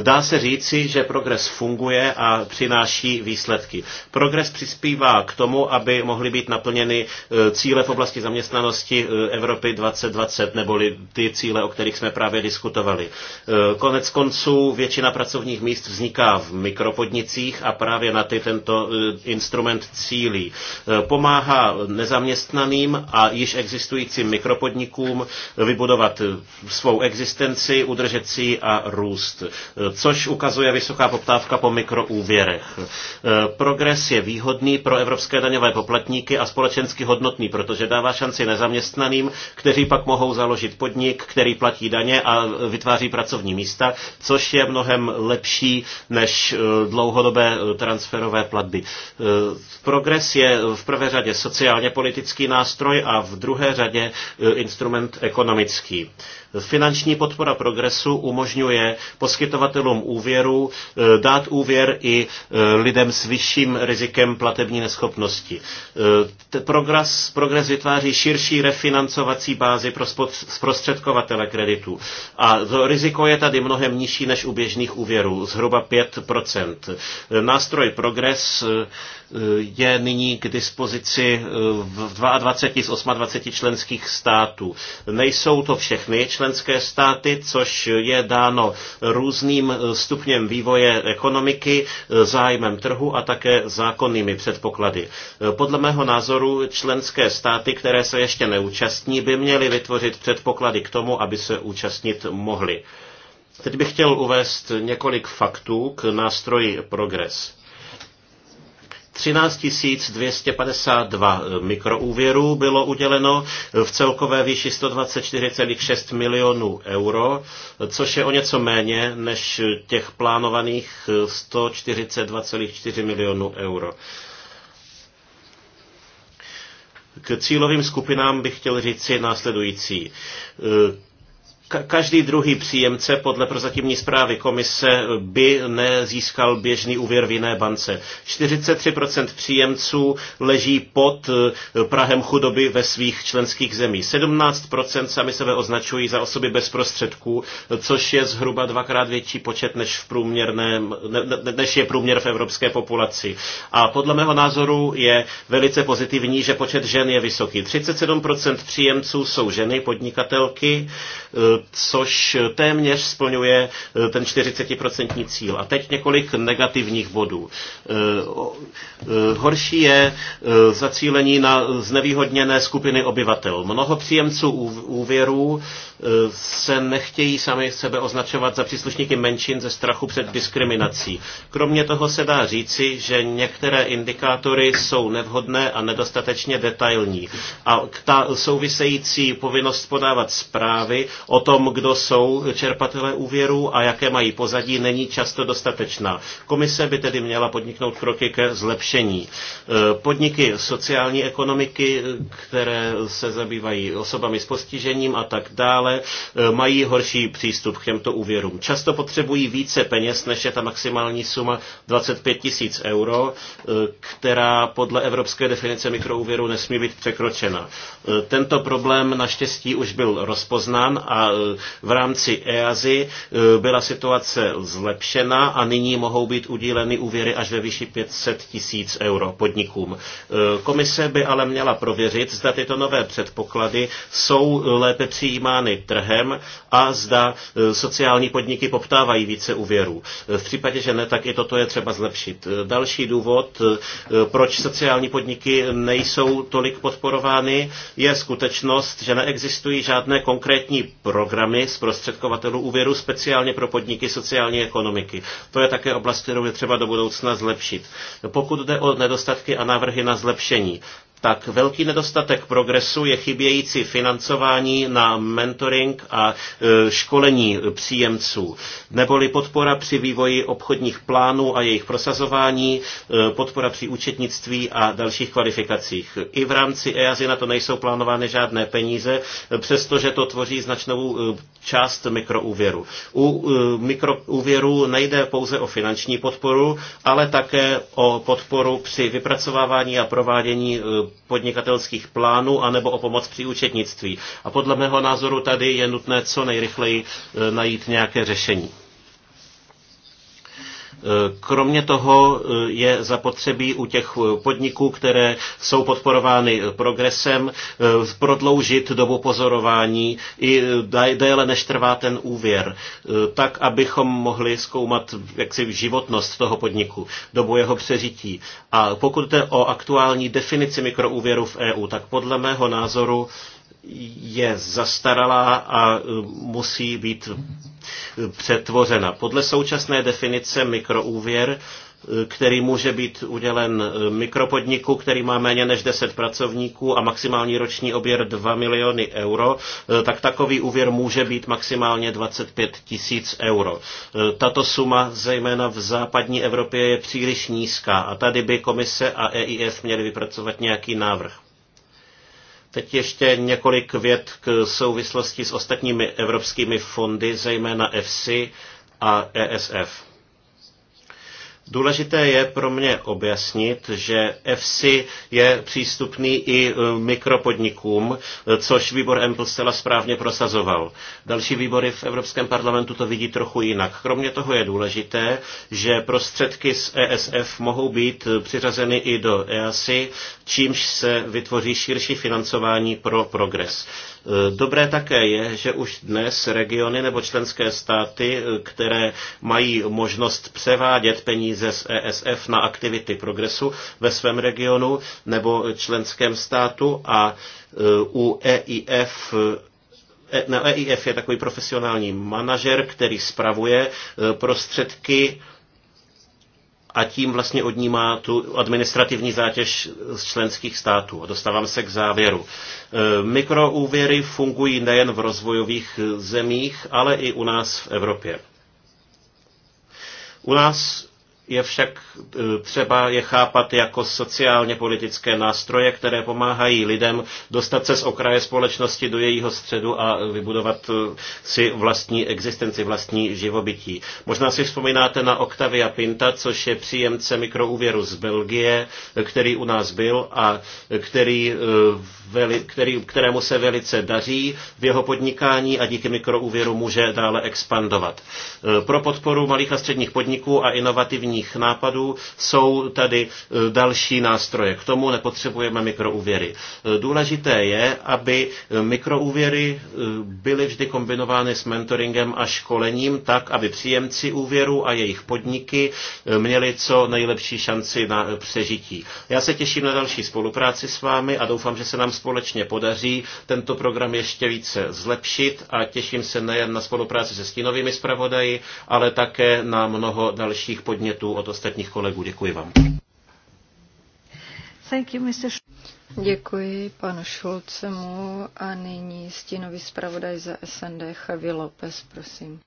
Dá se říci, že progres funguje a přináší výsledky. Progres přispívá k tomu, aby mohly být naplněny eh, cíle v oblasti zaměstnanosti eh, Evropy 2020, neboli ty cíle, o kterých jsme právě diskutovali. Konec konců většina pracovních míst vzniká v mikropodnicích a právě na ty tento instrument cílí. Pomáhá nezaměstnaným a již existujícím mikropodnikům vybudovat svou existenci, udržet si a růst, což ukazuje vysoká poptávka po mikroúvěrech. Progres je výhodný pro evropské daňové poplatníky a společensky hodnotný, protože dává šanci nezaměstnaným, kteří pak mohou založit podnik, který platí daně a vytváří pracovní místa, což je mnohem lepší než eh, dlouhodobé eh, transferové platby. Eh, Progres je v prvé řadě sociálně politický nástroj a v druhé řadě eh, instrument ekonomický. Finanční podpora progresu umožňuje poskytovatelům úvěru eh, dát úvěr i eh, lidem s vyšším rizikem platební neschopnosti. Eh, progres, progres vytváří širší refinancovací bázi pro zprostředkovatele kreditu A riziko je tady mnohem nižší než u běžných úvěrů, zhruba 5%. Nástroj progres je nyní k dispozici v 22 z 28 členských států. Nejsou to všechny členské členské státy, což je dáno různým eh, stupněm vývoje ekonomiky, eh, zájmem trhu a také zákonnými předpoklady. Eh, podle mého názoru členské státy, které se ještě neúčastní, by měly vytvořit předpoklady k tomu, aby se účastnit mohly. Teď bych chtěl uvést několik faktů k nástroji Progress. 13 252 eh, mikroúvěrů bylo uděleno eh, v celkové výši 124,6 milionů euro, eh, což je o něco méně než těch plánovaných 142,4 milionů euro. K cílovým skupinám bych chtěl říci následující každý druhý příjemce podle prozatímní zprávy komise by nezískal běžný úvěr v jiné bance. 43% příjemců leží pod eh, Prahem chudoby ve svých členských zemích. 17% sami sebe označují za osoby bez prostředků, což je zhruba dvakrát větší počet, než, v průměrném, než je průměr v evropské populaci. A podle mého názoru je velice pozitivní, že počet žen je vysoký. 37% příjemců jsou ženy, podnikatelky, eh, což téměř splňuje eh, ten 40% cíl. A teď několik negativních bodů. Eh, eh, horší je zacílení na znevýhodněné skupiny obyvatel. Mnoho příjemců úvěrů Eh, se nechtějí sami sebe označovat za příslušníky menšin ze strachu před diskriminací. Kromě toho se dá říci, že některé indikátory jsou nevhodné a nedostatečně detailní. A ta související povinnost podávat zprávy o tom, kdo jsou čerpatelé úvěru a jaké mají pozadí, není často dostatečná. Komise by tedy měla podniknout kroky ke zlepšení. Eh, podniky sociální ekonomiky, které se zabývají osobami s postižením a tak dále, ale eh, mají horší přístup k těmto úvěrům. Často potřebují více peněz, než je ta maximální suma 25 tisíc euro, eh, která podle evropské definice mikroúvěru nesmí být překročena. Eh, tento problém naštěstí už byl rozpoznán a v rámci EASY byla situace zlepšena a nyní mohou být udíleny úvěry až ve výši 500 tisíc euro podnikům. Komise by ale měla prověřit, zda tyto nové předpoklady jsou lépe přijímány trhem a zda e, sociální podniky poptávají více úvěrů. E, v případě, že ne, tak i toto je třeba zlepšit. E, další důvod, proč sociální podniky nejsou tolik podporovány, je skutečnost, že neexistují žádné konkrétní programy zprostředkovatelů úvěru speciálně pro podniky sociální ekonomiky. To je také oblast, kterou je třeba do budoucna zlepšit. Pokud jde o nedostatky a návrhy na zlepšení, tak velký nedostatek progresu je chybějící financování na mentoring a e, školení příjemců, neboli podpora při vývoji obchodních plánů a jejich prosazování, e, podpora při účetnictví a dalších kvalifikacích. I v rámci EASY na to nejsou plánovány žádné peníze, e, přestože to tvoří značnou část mikroúvěru. U mikroúvěru nejde pouze o finanční podporu, ale také o podporu při vypracovávání a provádění podnikatelských plánů anebo o pomoc při účetnictví. A podle mého názoru tady je nutné co nejrychleji e, najít nějaké řešení. Kromě toho eh, je zapotřebí u těch eh, podniků, které jsou podporovány eh, progresem, prodloužit dobu pozorování i déle než trvá ten úvěr, tak, abychom mohli zkoumat jaksi životnost toho podniku, dobu jeho přežití. A pokud jde o aktuální definici mikroúvěru v EU, tak podle mého názoru je zastaralá a musí být přetvořena. Podle současné definice mikroúvěr eh, který může být udělen eh, mikropodniku, který má méně než 10 pracovníků a maximální roční oběr 2 miliony euro, eh, tak takový úvěr může být maximálně 25 tisíc euro. Tato suma, zejména v západní Evropě, je příliš nízká a tady by komise a EIF měly vypracovat nějaký návrh. Teď ještě několik věd k souvislosti s ostatními evropskými fondy, zejména EFSI a ESF. Důležité je pro mě objasnit, že EFSI je přístupný i e, mikropodnikům, e, což výbor EMPL zcela správně prosazoval. Další výbory v Evropském parlamentu to vidí trochu jinak. Kromě toho je důležité, že prostředky z ESF mohou být e, přiřazeny i do EASI, čímž se vytvoří širší financování pro progres. Eh, dobré také je, že už dnes regiony nebo členské státy, eh, které mají možnost převádět peníze z ESF na aktivity progresu ve svém regionu nebo členském státu a eh, u EIF na EIF je takový profesionální manažer, který spravuje prostředky a tím vlastně odnímá tu administrativní zátěž z členských států. A dostávám se k závěru. E, mikroúvěry fungují nejen v rozvojových zemích, ale i u nás v Evropě. U nás je však e, třeba je chápat jako sociálně politické nástroje, které pomáhají lidem dostat se z okraje společnosti do jejího středu a e, vybudovat e, si vlastní existenci, vlastní živobytí. Možná si vzpomínáte na Octavia Pinta, což je příjemce mikroúvěru z Belgie, který u nás byl a který, který, kterému se velice daří v jeho podnikání a díky mikroúvěru může dále expandovat. Pro podporu malých a středních podniků a inovativní kreativních nápadů, jsou tady e, další nástroje. K tomu nepotřebujeme mikroúvěry. E, důležité je, aby e, mikroúvěry byly vždy kombinovány s mentoringem a školením tak, aby příjemci úvěru a jejich podniky měli co nejlepší šanci na přežití. Já se těším na další spolupráci s vámi a doufám, že se nám společně podaří tento program ještě více zlepšit a těším se nejen na spolupráci se stínovými zpravodaji, ale také na mnoho dalších podnětů námětů od ostatních kolegů. Děkuji vám. Thank you, Mr. Děkuji panu Šulcemu a nyní stínový zpravodaj za SND Javi López, prosím.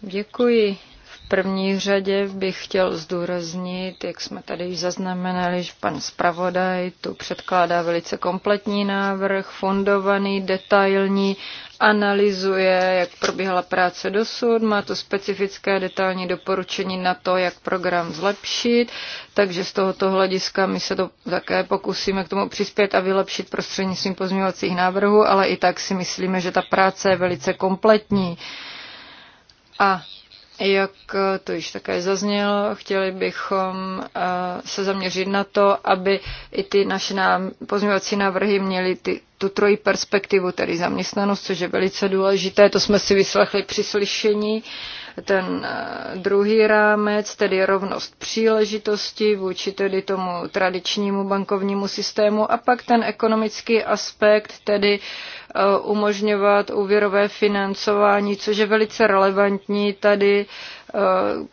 Děkuji. V první řadě bych chtěl zdůraznit, jak jsme tady již zaznamenali, že pan zpravodaj tu předkládá velice kompletní návrh, fundovaný, detailní analyzuje, jak probíhala práce dosud, má to specifické detailní doporučení na to, jak program zlepšit, takže z tohoto hlediska my se to také pokusíme k tomu přispět a vylepšit prostřednictvím pozměňovacích návrhů, ale i tak si myslíme, že ta práce je velice kompletní. A jak to již také zaznělo, chtěli bychom eh, se zaměřit na to, aby i ty naše pozměňovací návrhy měly ty tu trojí perspektivu, tedy zaměstnanost, což je velice důležité, to jsme si vyslechli při slyšení, ten eh, druhý rámec, tedy rovnost příležitosti vůči tedy tomu tradičnímu bankovnímu systému a pak ten ekonomický aspekt, tedy eh, umožňovat úvěrové financování, což je velice relevantní tady, eh,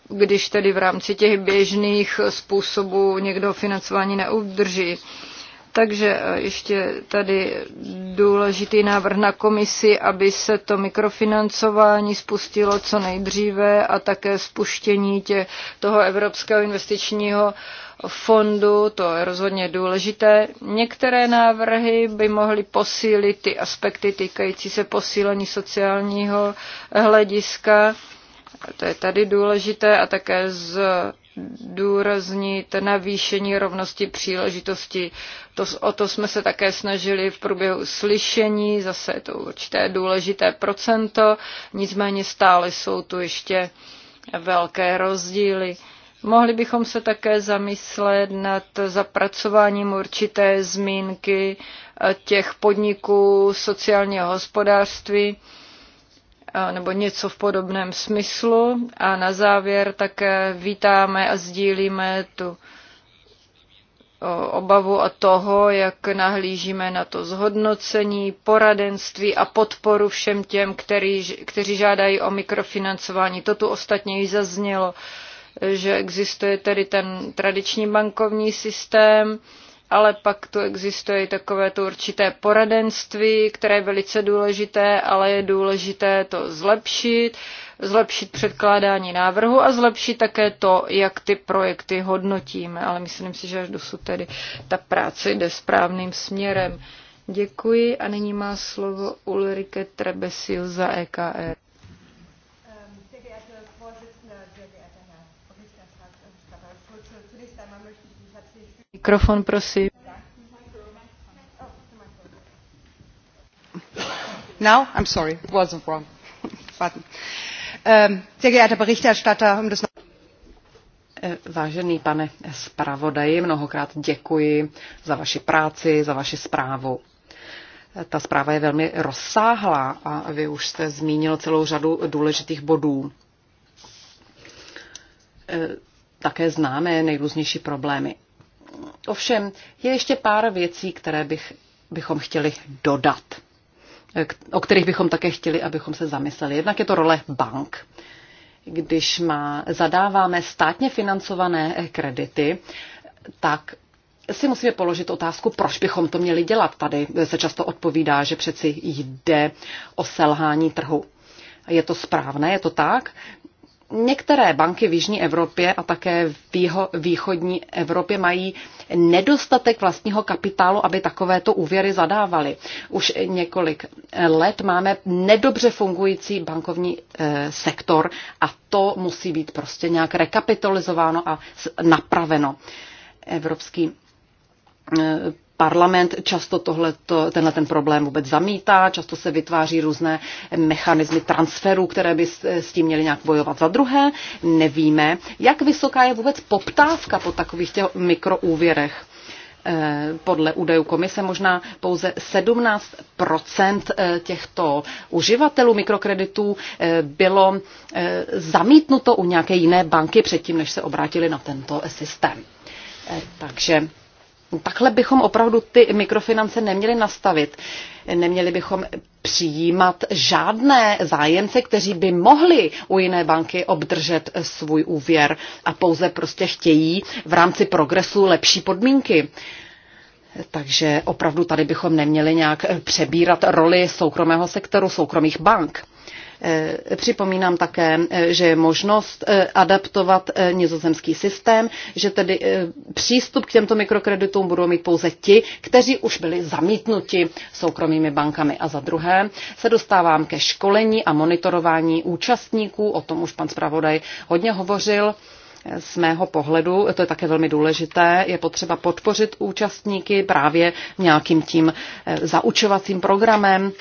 když tedy v rámci těch běžných způsobů někdo financování neudrží. Takže eh, ještě tady důležitý návrh na komisi, aby se to mikrofinancování spustilo co nejdříve a také spuštění tě, toho Evropského investičního fondu, to je rozhodně důležité. Některé návrhy by mohly posílit ty aspekty týkající se posílení sociálního hlediska, to je tady důležité, a také z zdůraznit navýšení rovnosti příležitosti. To, o to jsme se také snažili v průběhu slyšení, zase je to určité důležité procento, nicméně stále jsou tu ještě velké rozdíly. Mohli bychom se také zamyslet nad zapracováním určité zmínky eh, těch podniků sociálního hospodářství, nebo něco v podobném smyslu. A na závěr také vítáme a sdílíme tu obavu a toho, jak nahlížíme na to zhodnocení, poradenství a podporu všem těm, který, kteří žádají o mikrofinancování. To tu ostatně i zaznělo, že existuje tedy ten tradiční bankovní systém, ale pak tu existuje takové to určité poradenství, které je velice důležité, ale je důležité to zlepšit, zlepšit předkládání návrhu a zlepšit také to, jak ty projekty hodnotíme. Ale myslím si, že až dosud tedy ta práce jde správným směrem. Děkuji a nyní má slovo Ulrike Trebesil za EKR. E. Mikrofon, prosím. Now? I'm sorry, it wasn't wrong. Button. <laughs> Um, sehr geehrter Berichterstatter, um das eh, Vážený pane zpravodaji, mnohokrát děkuji za vaši práci, za vaši zprávu. Eh, ta zpráva je velmi rozsáhlá a vy už jste zmínil celou řadu důležitých bodů. Eh, také známe nejrůznější problémy. Ovšem je ještě pár věcí, které bych, bychom chtěli dodat, o kterých bychom také chtěli, abychom se zamysleli. Jednak je to role bank. Když má, zadáváme státně financované eh, kredity, tak si musíme položit otázku, proč bychom to měli dělat. Tady se často odpovídá, že přeci jde o selhání trhu. Je to správné, je to tak, Některé banky v Jižní Evropě a také v jeho východní Evropě mají nedostatek vlastního kapitálu, aby takovéto úvěry zadávaly. Už několik let máme nedobře fungující bankovní e, sektor a to musí být prostě nějak rekapitalizováno a napraveno. Evropský eh, Parlament často tohleto, tenhle ten problém vůbec zamítá, často se vytváří různé mechanismy transferu, které by s tím měly nějak bojovat. Za druhé, nevíme, jak vysoká je vůbec poptávka po takových těch mikroúvěrech eh, podle údajů komise možná pouze 17 eh, těchto uživatelů mikrokreditů eh, bylo zamítnuto u nějaké jiné banky předtím, než se obrátili na tento systém. Takže takhle bychom opravdu ty mikrofinance neměli nastavit. Neměli bychom přijímat žádné zájemce, kteří by mohli u jiné banky obdržet svůj úvěr a pouze prostě chtějí v rámci progresu lepší podmínky. Takže opravdu tady bychom neměli nějak přebírat roli soukromého sektoru, soukromých bank. Eh, připomínám také, eh, že je možnost eh, adaptovat nizozemský systém, že tedy přístup k těmto mikrokreditům budou mít pouze ti, kteří už byli zamítnuti soukromými bankami. A za druhé se dostávám ke školení a monitorování účastníků, o tom už pan zpravodaj hodně hovořil z mého pohledu, to je také velmi důležité, je potřeba podpořit účastníky právě nějakým tím zaučovacím programem,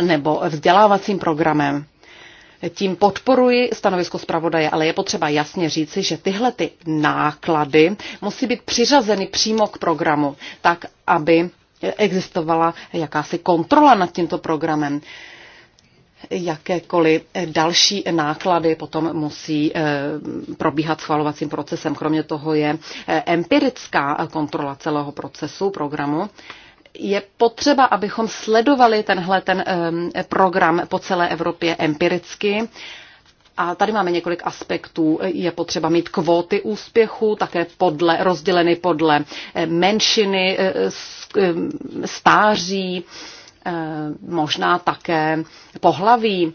nebo vzdělávacím programem. Tím podporuji stanovisko zpravodaje, ale je potřeba jasně říci, že tyhle ty náklady musí být přiřazeny přímo k programu, tak aby existovala jakási kontrola nad tímto programem. Jakékoliv další náklady potom musí eh, probíhat schvalovacím procesem. Kromě toho je eh, empirická kontrola celého procesu programu je potřeba, abychom sledovali tenhle ten program po celé Evropě empiricky. A tady máme několik aspektů. Je potřeba mít kvóty úspěchu, také podle, rozděleny podle menšiny, e, stáří, e, možná také pohlaví.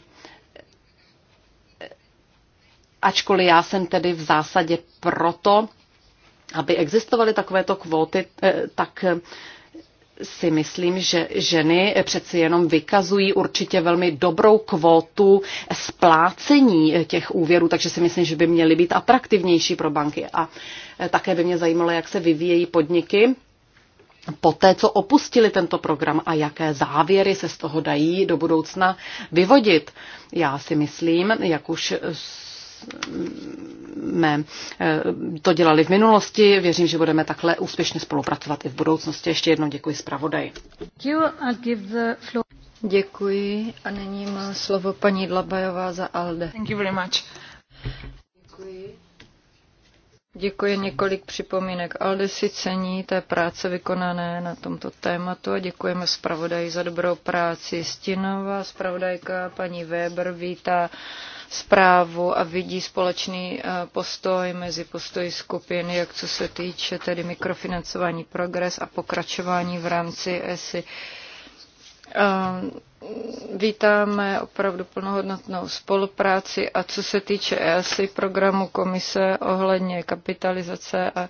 Ačkoliv já jsem tedy v zásadě proto, aby existovaly takovéto kvóty, e, tak si myslím, že ženy přeci jenom vykazují určitě velmi dobrou kvotu splácení těch úvěrů, takže si myslím, že by měly být atraktivnější pro banky. A e, také by mě zajímalo, jak se vyvíjejí podniky po té, co opustili tento program a jaké závěry se z toho dají do budoucna vyvodit. Já si myslím, jak už jsme eh, to dělali v minulosti. Věřím, že budeme takhle úspěšně spolupracovat i v budoucnosti. Ještě jednou děkuji zpravodaji. Děkuji a nyní má slovo paní Dlabajová za ALDE. Thank you very much. Děkuji. Děkuji několik připomínek. Alde si cení té práce vykonané na tomto tématu a děkujeme zpravodaji za dobrou práci. Stinová zpravodajka paní Weber vítá zprávu a vidí společný eh, postoj mezi postoji skupin, jak co se týče tedy mikrofinancování progres a pokračování v rámci ESI. Ehm, vítáme opravdu plnohodnotnou spolupráci a co se týče EASI programu komise ohledně kapitalizace a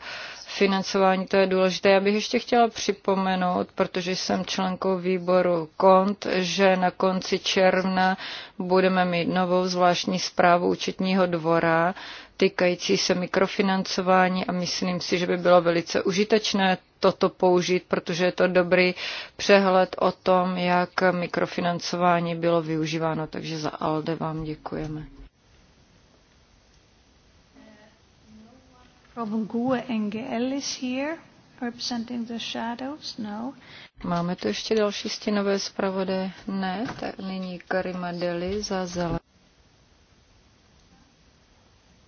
financování, to je důležité. Já bych ještě chtěla připomenout, protože jsem členkou výboru KONT, že na konci června budeme mít novou zvláštní zprávu účetního dvora, týkající se mikrofinancování a myslím si, že by bylo velice užitečné toto použít, protože je to dobrý přehled o tom, jak mikrofinancování bylo využíváno. Takže za ALDE vám děkujeme. Robin Gue NGL is here, representing the shadows. No. Máme tu ještě další stěnové zpravodaje? Ne, tak nyní Karima Deli za zelené.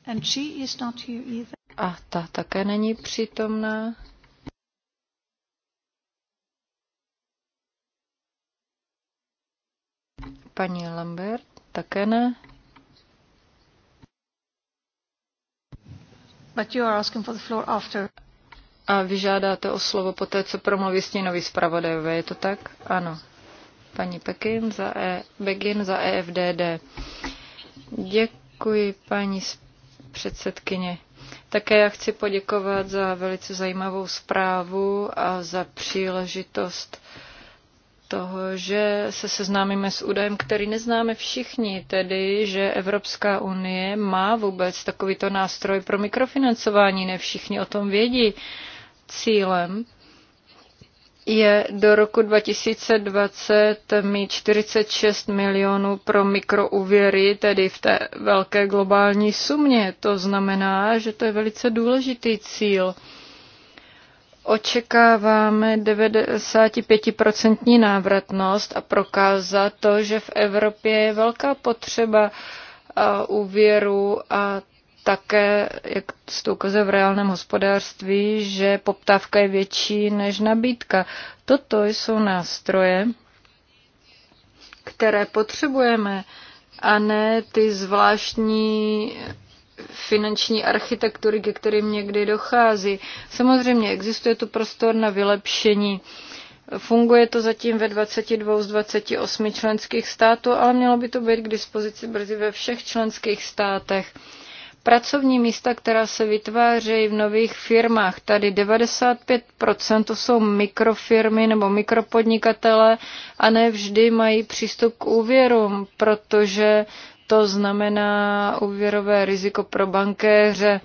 And she is not here either. A ta také není přítomná. Paní Lambert také ne. But you are asking for the floor after. A vyžádáte o slovo po té, co promluví stínový zpravodajové, je to tak? Ano. Paní Pekin za, e, Begin za EFDD. Děkuji, paní zpravodajové předsedkyně. Také já chci poděkovat za velice zajímavou zprávu a za příležitost toho, že se seznámíme s údajem, který neznáme všichni, tedy, že Evropská unie má vůbec takovýto nástroj pro mikrofinancování, ne všichni o tom vědí. Cílem je do roku 2020 mít 46 milionů pro mikroúvěry, tedy v té velké globální sumě. To znamená, že to je velice důležitý cíl. Očekáváme 95% návratnost a prokázat to, že v Evropě je velká potřeba úvěru a také, jak to ukazuje v reálném hospodářství, že poptávka je větší než nabídka. Toto jsou nástroje, které potřebujeme, a ne ty zvláštní finanční architektury, ke kterým někdy dochází. Samozřejmě existuje tu prostor na vylepšení. Funguje to zatím ve 22 z 28 členských států, ale mělo by to být k dispozici brzy ve všech členských státech. Pracovní místa, která se vytvářejí v nových firmách, tady 95% to jsou mikrofirmy nebo mikropodnikatele a ne vždy mají přístup k úvěrům, protože to znamená úvěrové riziko pro bankéře.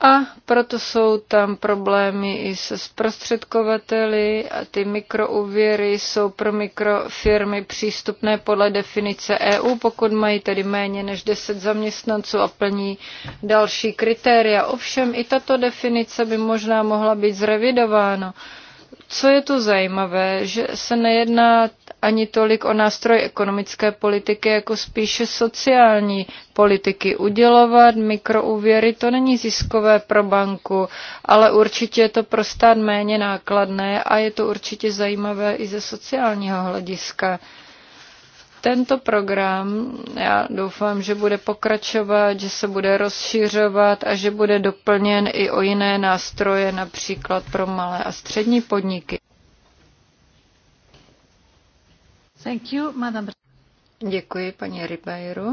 A proto jsou tam problémy i se zprostředkovateli a ty mikrouvěry jsou pro mikrofirmy přístupné podle definice EU, pokud mají tedy méně než 10 zaměstnanců a plní další kritéria. Ovšem i tato definice by možná mohla být zrevidována co je tu zajímavé, že se nejedná ani tolik o nástroj ekonomické politiky, jako spíše sociální politiky. Udělovat mikroúvěry to není ziskové pro banku, ale určitě je to pro stát méně nákladné a je to určitě zajímavé i ze sociálního hlediska. Tento program, já doufám, že bude pokračovat, že se bude rozšiřovat a že bude doplněn i o jiné nástroje, například pro malé a střední podniky. Thank you, madam. Děkuji, paní Ribeiro.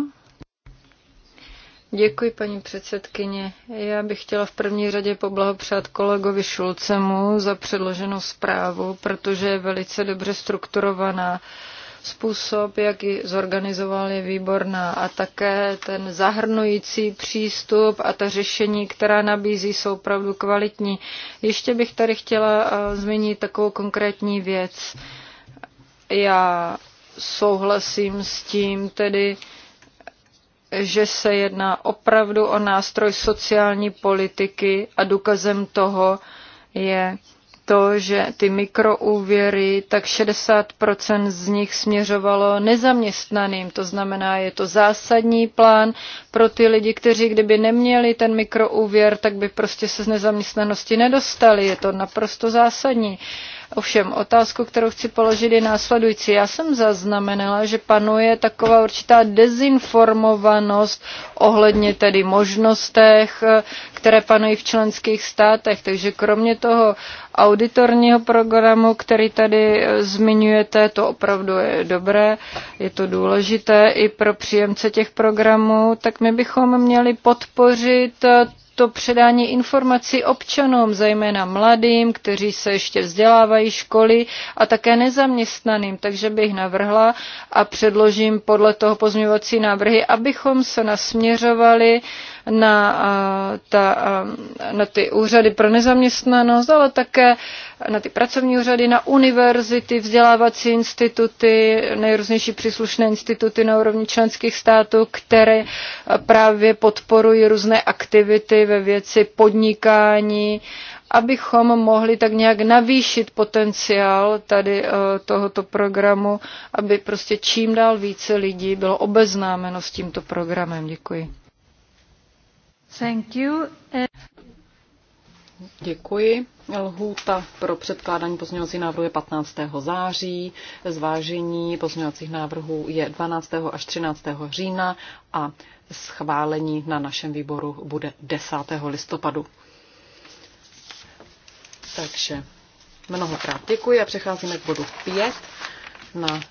Děkuji, paní předsedkyně. Já bych chtěla v první řadě poblahopřát kolegovi Šulcemu za předloženou zprávu, protože je velice dobře strukturovaná. Způsob, jak ji zorganizoval, je výborná a také ten zahrnující přístup a ta řešení, která nabízí, jsou opravdu kvalitní. Ještě bych tady chtěla eh, zmínit takovou konkrétní věc. Já souhlasím s tím tedy, že se jedná opravdu o nástroj sociální politiky a důkazem toho je to, že ty mikroúvěry, tak 60% z nich směřovalo nezaměstnaným. To znamená, je to zásadní plán pro ty lidi, kteří kdyby neměli ten mikroúvěr, tak by prostě se z nezaměstnanosti nedostali. Je to naprosto zásadní. Uh, Ovšem, otázku, kterou chci položit, je následující. Já jsem zaznamenala, že panuje taková určitá dezinformovanost ohledně tedy možnostech, které panují v členských státech. Takže kromě toho auditorního programu, který tady eh, zmiňujete, to opravdu je dobré, je to důležité i pro příjemce těch programů, tak my bychom měli podpořit eh, to předání informací občanům, zejména mladým, kteří se ještě vzdělávají školy a také nezaměstnaným. Takže bych navrhla a předložím podle toho pozměňovací návrhy, abychom se nasměřovali uh, na, ta, na ty úřady pro nezaměstnanost, ale také na ty pracovní úřady, na univerzity, vzdělávací instituty, nejrůznější příslušné instituty na úrovni členských států, které právě podporují různé aktivity ve věci podnikání abychom mohli tak nějak navýšit potenciál tady e, tohoto programu, aby prostě čím dál více lidí bylo obeznámeno s tímto programem. Děkuji. Děkuji. Lhůta pro předkládání pozměňovacích návrhů je 15. září. Zvážení pozměňovacích návrhů je 12. až 13. října a schválení na našem výboru bude 10. listopadu. Takže mnohokrát děkuji a přecházíme k bodu 5 na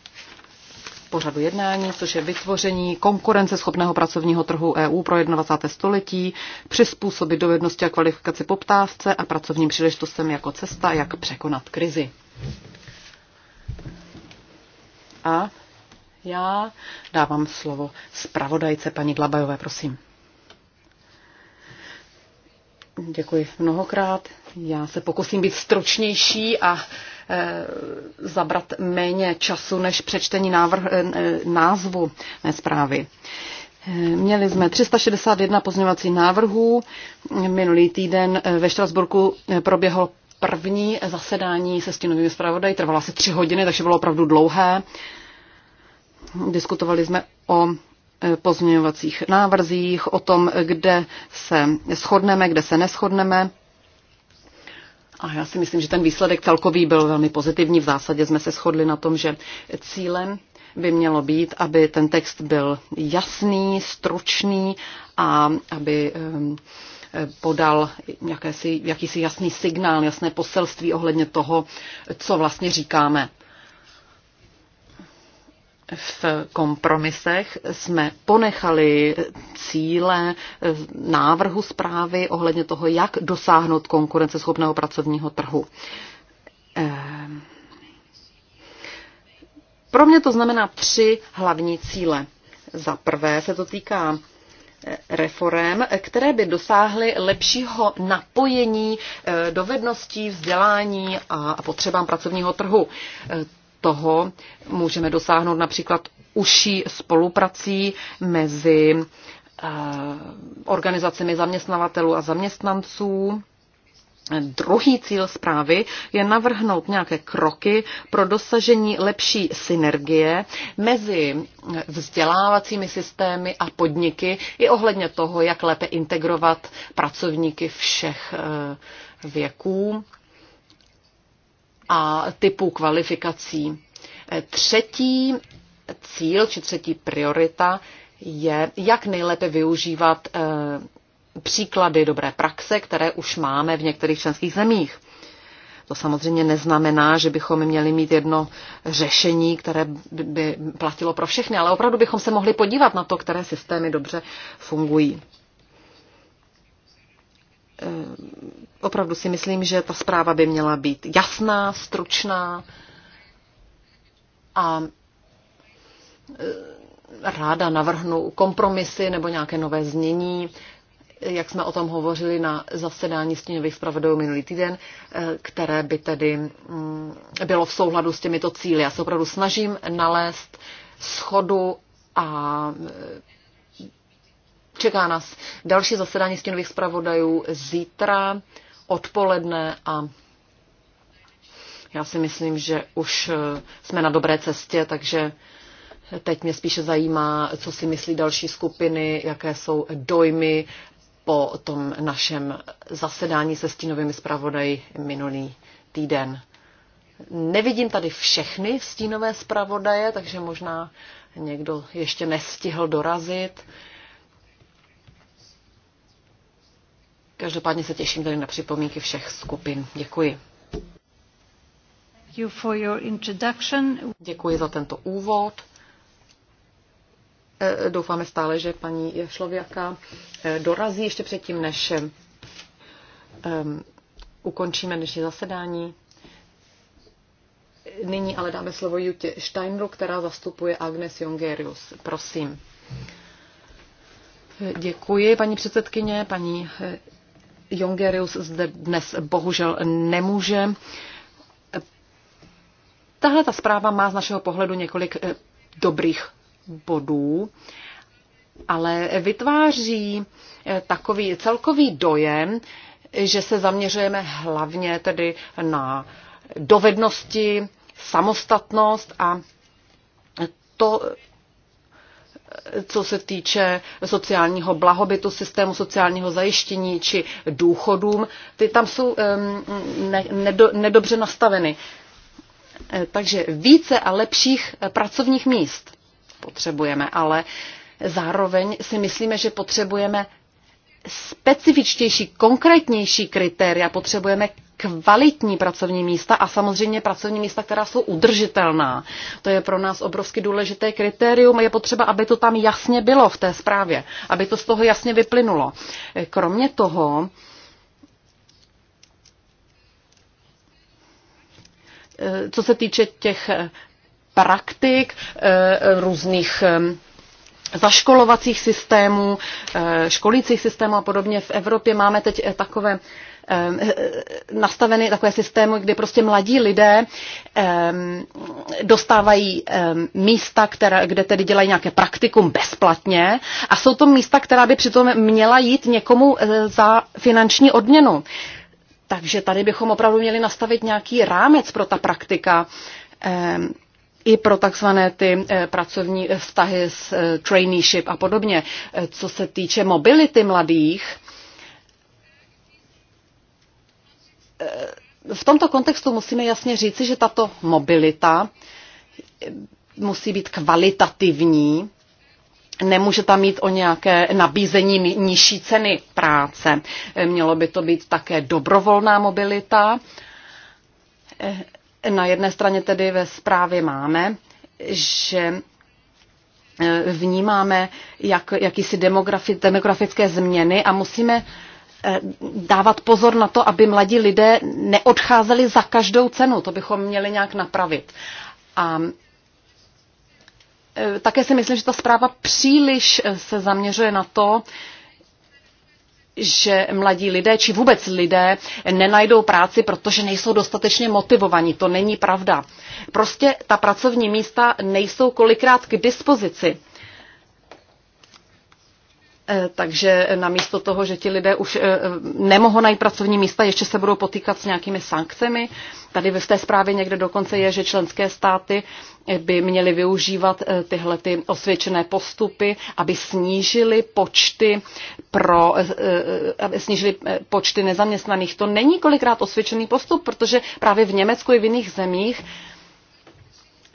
pořadu jednání, což je vytvoření konkurenceschopného pracovního trhu EU pro 21. století, přizpůsobit dovednosti a kvalifikaci poptávce a pracovním příležitostem jako cesta, jak překonat krizi. A já dávám slovo zpravodajce paní Glabajové, prosím. Děkuji mnohokrát. Já se pokusím být stručnější a e, zabrat méně času než přečtení návrh, e, názvu mé zprávy. E, měli jsme 361 pozměňovacích návrhů. Minulý týden e, ve Štrasburku e, proběhlo první zasedání se stínovými zpravodaji. Trvalo asi tři hodiny, takže bylo opravdu dlouhé. Diskutovali jsme o Eh, pozměňovacích návrzích, o tom, kde se shodneme, kde se neschodneme. A já si myslím, že ten výsledek celkový byl velmi pozitivní. V zásadě jsme se shodli na tom, že cílem by mělo být, aby ten text byl jasný, stručný a aby ehm, eh, podal jakési, jakýsi jasný signál, jasné poselství ohledně toho, co vlastně říkáme v kompromisech jsme ponechali cíle eh, návrhu zprávy ohledně toho, jak dosáhnout konkurenceschopného pracovního trhu. Eh, pro mě to znamená tři hlavní cíle. Za prvé se to týká eh, reform, které by dosáhly lepšího napojení dovedností, vzdělání a potřebám pracovního trhu toho můžeme dosáhnout například užší spoluprací mezi eh, organizacemi zaměstnavatelů a zaměstnanců. Druhý cíl zprávy je navrhnout nějaké kroky pro dosažení lepší synergie mezi vzdělávacími systémy a podniky i ohledně toho, jak lépe integrovat pracovníky všech eh, věků a typů kvalifikací. Eh, třetí cíl či třetí priorita je, jak nejlépe využívat eh, příklady dobré praxe, které už máme v některých členských zemích. To samozřejmě neznamená, že bychom měli mít jedno řešení, které by platilo pro všechny, ale opravdu bychom se mohli podívat na to, které systémy dobře fungují. Eh, opravdu si myslím, že ta zpráva by měla být jasná, stručná a eh, ráda navrhnu kompromisy nebo nějaké nové znění, eh, jak jsme o tom hovořili na zasedání stínových zpravodajů minulý týden, které by tedy mm, bylo v souhladu s těmito cíly. Já se opravdu snažím nalézt schodu a Čeká nás další zasedání stínových zpravodajů zítra odpoledne a já si myslím, že už eh, jsme na dobré cestě, takže teď mě spíše zajímá, co si myslí další skupiny, jaké jsou dojmy po tom našem zasedání se stínovými zpravodaji minulý týden. Nevidím tady všechny stínové zpravodaje, takže možná někdo ještě nestihl dorazit. Každopádně se těším tady na připomínky všech skupin. Děkuji. Děkuji za tento úvod. Eh, doufáme stále, že paní Šlověka eh, dorazí ještě předtím, než eh, ukončíme dnešní zasedání. Nyní ale dáme slovo Jutě Steinru, která zastupuje Agnes Jongerius. Prosím. Děkuji, paní předsedkyně, paní Jongerius zde dnes bohužel nemůže. Tahle ta zpráva má z našeho pohledu několik eh, dobrých bodů, ale vytváří eh, takový celkový dojem, že se zaměřujeme hlavně tedy na dovednosti, samostatnost a to co se týče sociálního blahobytu, systému sociálního zajištění či důchodům, ty tam jsou ne, nedo, nedobře nastaveny. E, takže více a lepších pracovních míst potřebujeme, ale zároveň si myslíme, že potřebujeme specifičtější, konkrétnější kritéria, potřebujeme kvalitní pracovní místa a samozřejmě pracovní místa, která jsou udržitelná. To je pro nás obrovsky důležité kritérium a je potřeba, aby to tam jasně bylo v té zprávě, aby to z toho jasně vyplynulo. Kromě toho, eh, co se týče těch eh, praktik, eh, různých zaškolovacích systémů, školících systémů a podobně. V Evropě máme teď takové Ehm, eh, nastaveny takové systémy, kdy prostě mladí lidé ehm, dostávají ehm, místa, která, kde tedy dělají nějaké praktikum bezplatně a jsou to místa, která by přitom měla jít někomu eh, za finanční odměnu. Takže tady bychom opravdu měli nastavit nějaký rámec pro ta praktika i pro takzvané ty eh, pracovní vztahy s traineeship a podobně. Co se týče mobility mladých, v tomto kontextu musíme jasně říci, že tato mobilita musí být kvalitativní, nemůže tam mít o nějaké nabízení nižší ceny práce. Mělo by to být také dobrovolná mobilita. Na jedné straně tedy ve zprávě máme, že eh, vnímáme jak, jakýsi demografi, demografické změny a musíme Eh, dávat pozor na to, aby mladí lidé neodcházeli za každou cenu. To bychom měli nějak napravit. A eh, také si myslím, že ta zpráva příliš eh, se zaměřuje na to, že mladí lidé, či vůbec lidé, nenajdou práci, protože nejsou dostatečně motivovaní. To není pravda. Prostě ta pracovní místa nejsou kolikrát k dispozici. Eh, takže namísto toho, že ti lidé už eh, nemohou najít pracovní místa, ještě se budou potýkat s nějakými sankcemi. Tady v té zprávě někde dokonce je, že členské státy eh, by měly využívat tyhle ty osvědčené postupy, aby snížili počty pro, aby snížili počty nezaměstnaných. To není kolikrát osvědčený postup, protože právě v Německu i v jiných zemích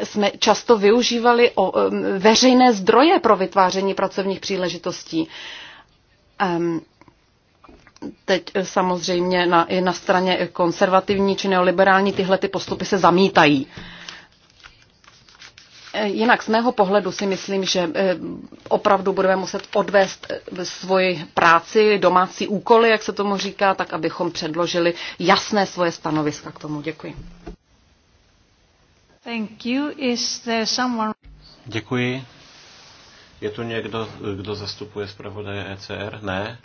jsme často využívali o, veřejné zdroje pro vytváření pracovních příležitostí. Um, teď e, samozřejmě na, i na straně konzervativní či neoliberální tyhle ty postupy se zamítají. E, jinak z mého pohledu si myslím, že e, opravdu budeme muset odvést svoji práci, domácí úkoly, jak se tomu říká, tak abychom předložili jasné svoje stanoviska k tomu. Děkuji. Thank you. Is there someone... Děkuji. Je tu někdo, kdo zastupuje zpravodaje ECR? Ne.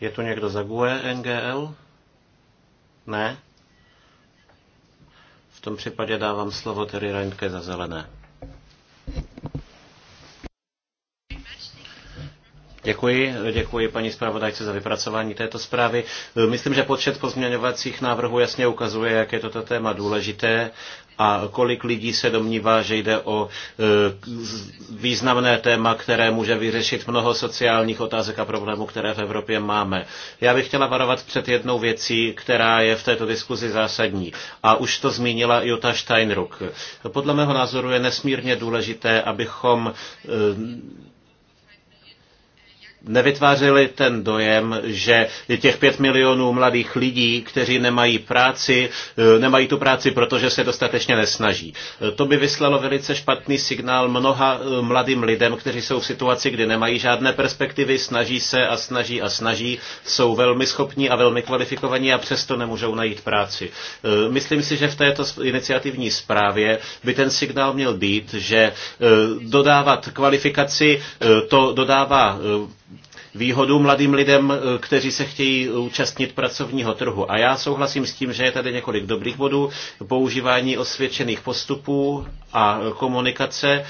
Je tu někdo za GUE NGL? Ne. V tom případě dávám slovo Terry Reinke za zelené. Děkuji, děkuji paní zpravodajce za vypracování této zprávy. Myslím, že počet pozměňovacích návrhů jasně ukazuje, jak je toto téma důležité a kolik lidí se domnívá, že jde o e, významné téma, které může vyřešit mnoho sociálních otázek a problémů, které v Evropě máme. Já bych chtěla varovat před jednou věcí, která je v této diskuzi zásadní. A už to zmínila Jutta Steinruck. Podle mého názoru je nesmírně důležité, abychom e, nevytvářeli ten dojem, že těch pět milionů mladých lidí, kteří nemají práci, eh, nemají tu práci, protože se dostatečně nesnaží. Eh, to by vyslalo velice špatný signál mnoha eh, mladým lidem, kteří jsou v situaci, kdy nemají žádné perspektivy, snaží se a snaží a snaží, jsou velmi schopní a velmi kvalifikovaní a přesto nemůžou najít práci. Myslím si, že v této iniciativní zprávě by ten signál měl být, že dodávat kvalifikaci, to dodává výhodu mladým lidem, eh, kteří se chtějí účastnit pracovního trhu. A já souhlasím s tím, že je tady několik dobrých bodů. Používání osvědčených postupů a komunikace, eh,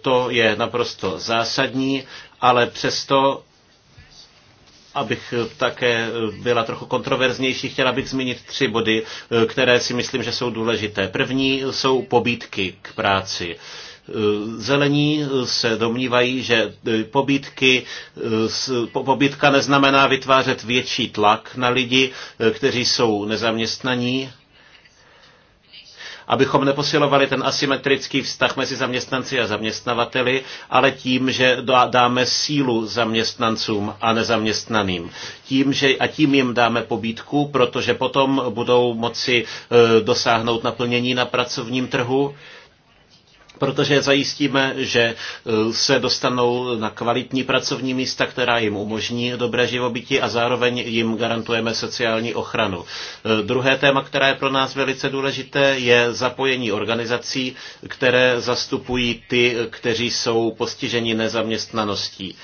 to je naprosto zásadní, ale přesto abych také eh, byla trochu kontroverznější, chtěla bych zmínit tři body, které si myslím, že jsou důležité. První jsou pobídky k práci. Eh, zelení eh, se domnívají, že eh, pobytky, pobytka neznamená vytvářet větší tlak na lidi, kteří jsou nezaměstnaní, abychom neposilovali ten asymetrický vztah mezi zaměstnanci a zaměstnavateli, ale tím, že dáme sílu zaměstnancům a nezaměstnaným. Tím, že a tím jim dáme pobídku, protože potom budou moci dosáhnout naplnění na pracovním trhu protože zajistíme, že e, se dostanou na kvalitní pracovní místa, která jim umožní dobré živobytí a zároveň jim garantujeme sociální ochranu. E, druhé téma, které je pro nás velice důležité, je zapojení organizací, které zastupují ty, kteří jsou postiženi nezaměstnaností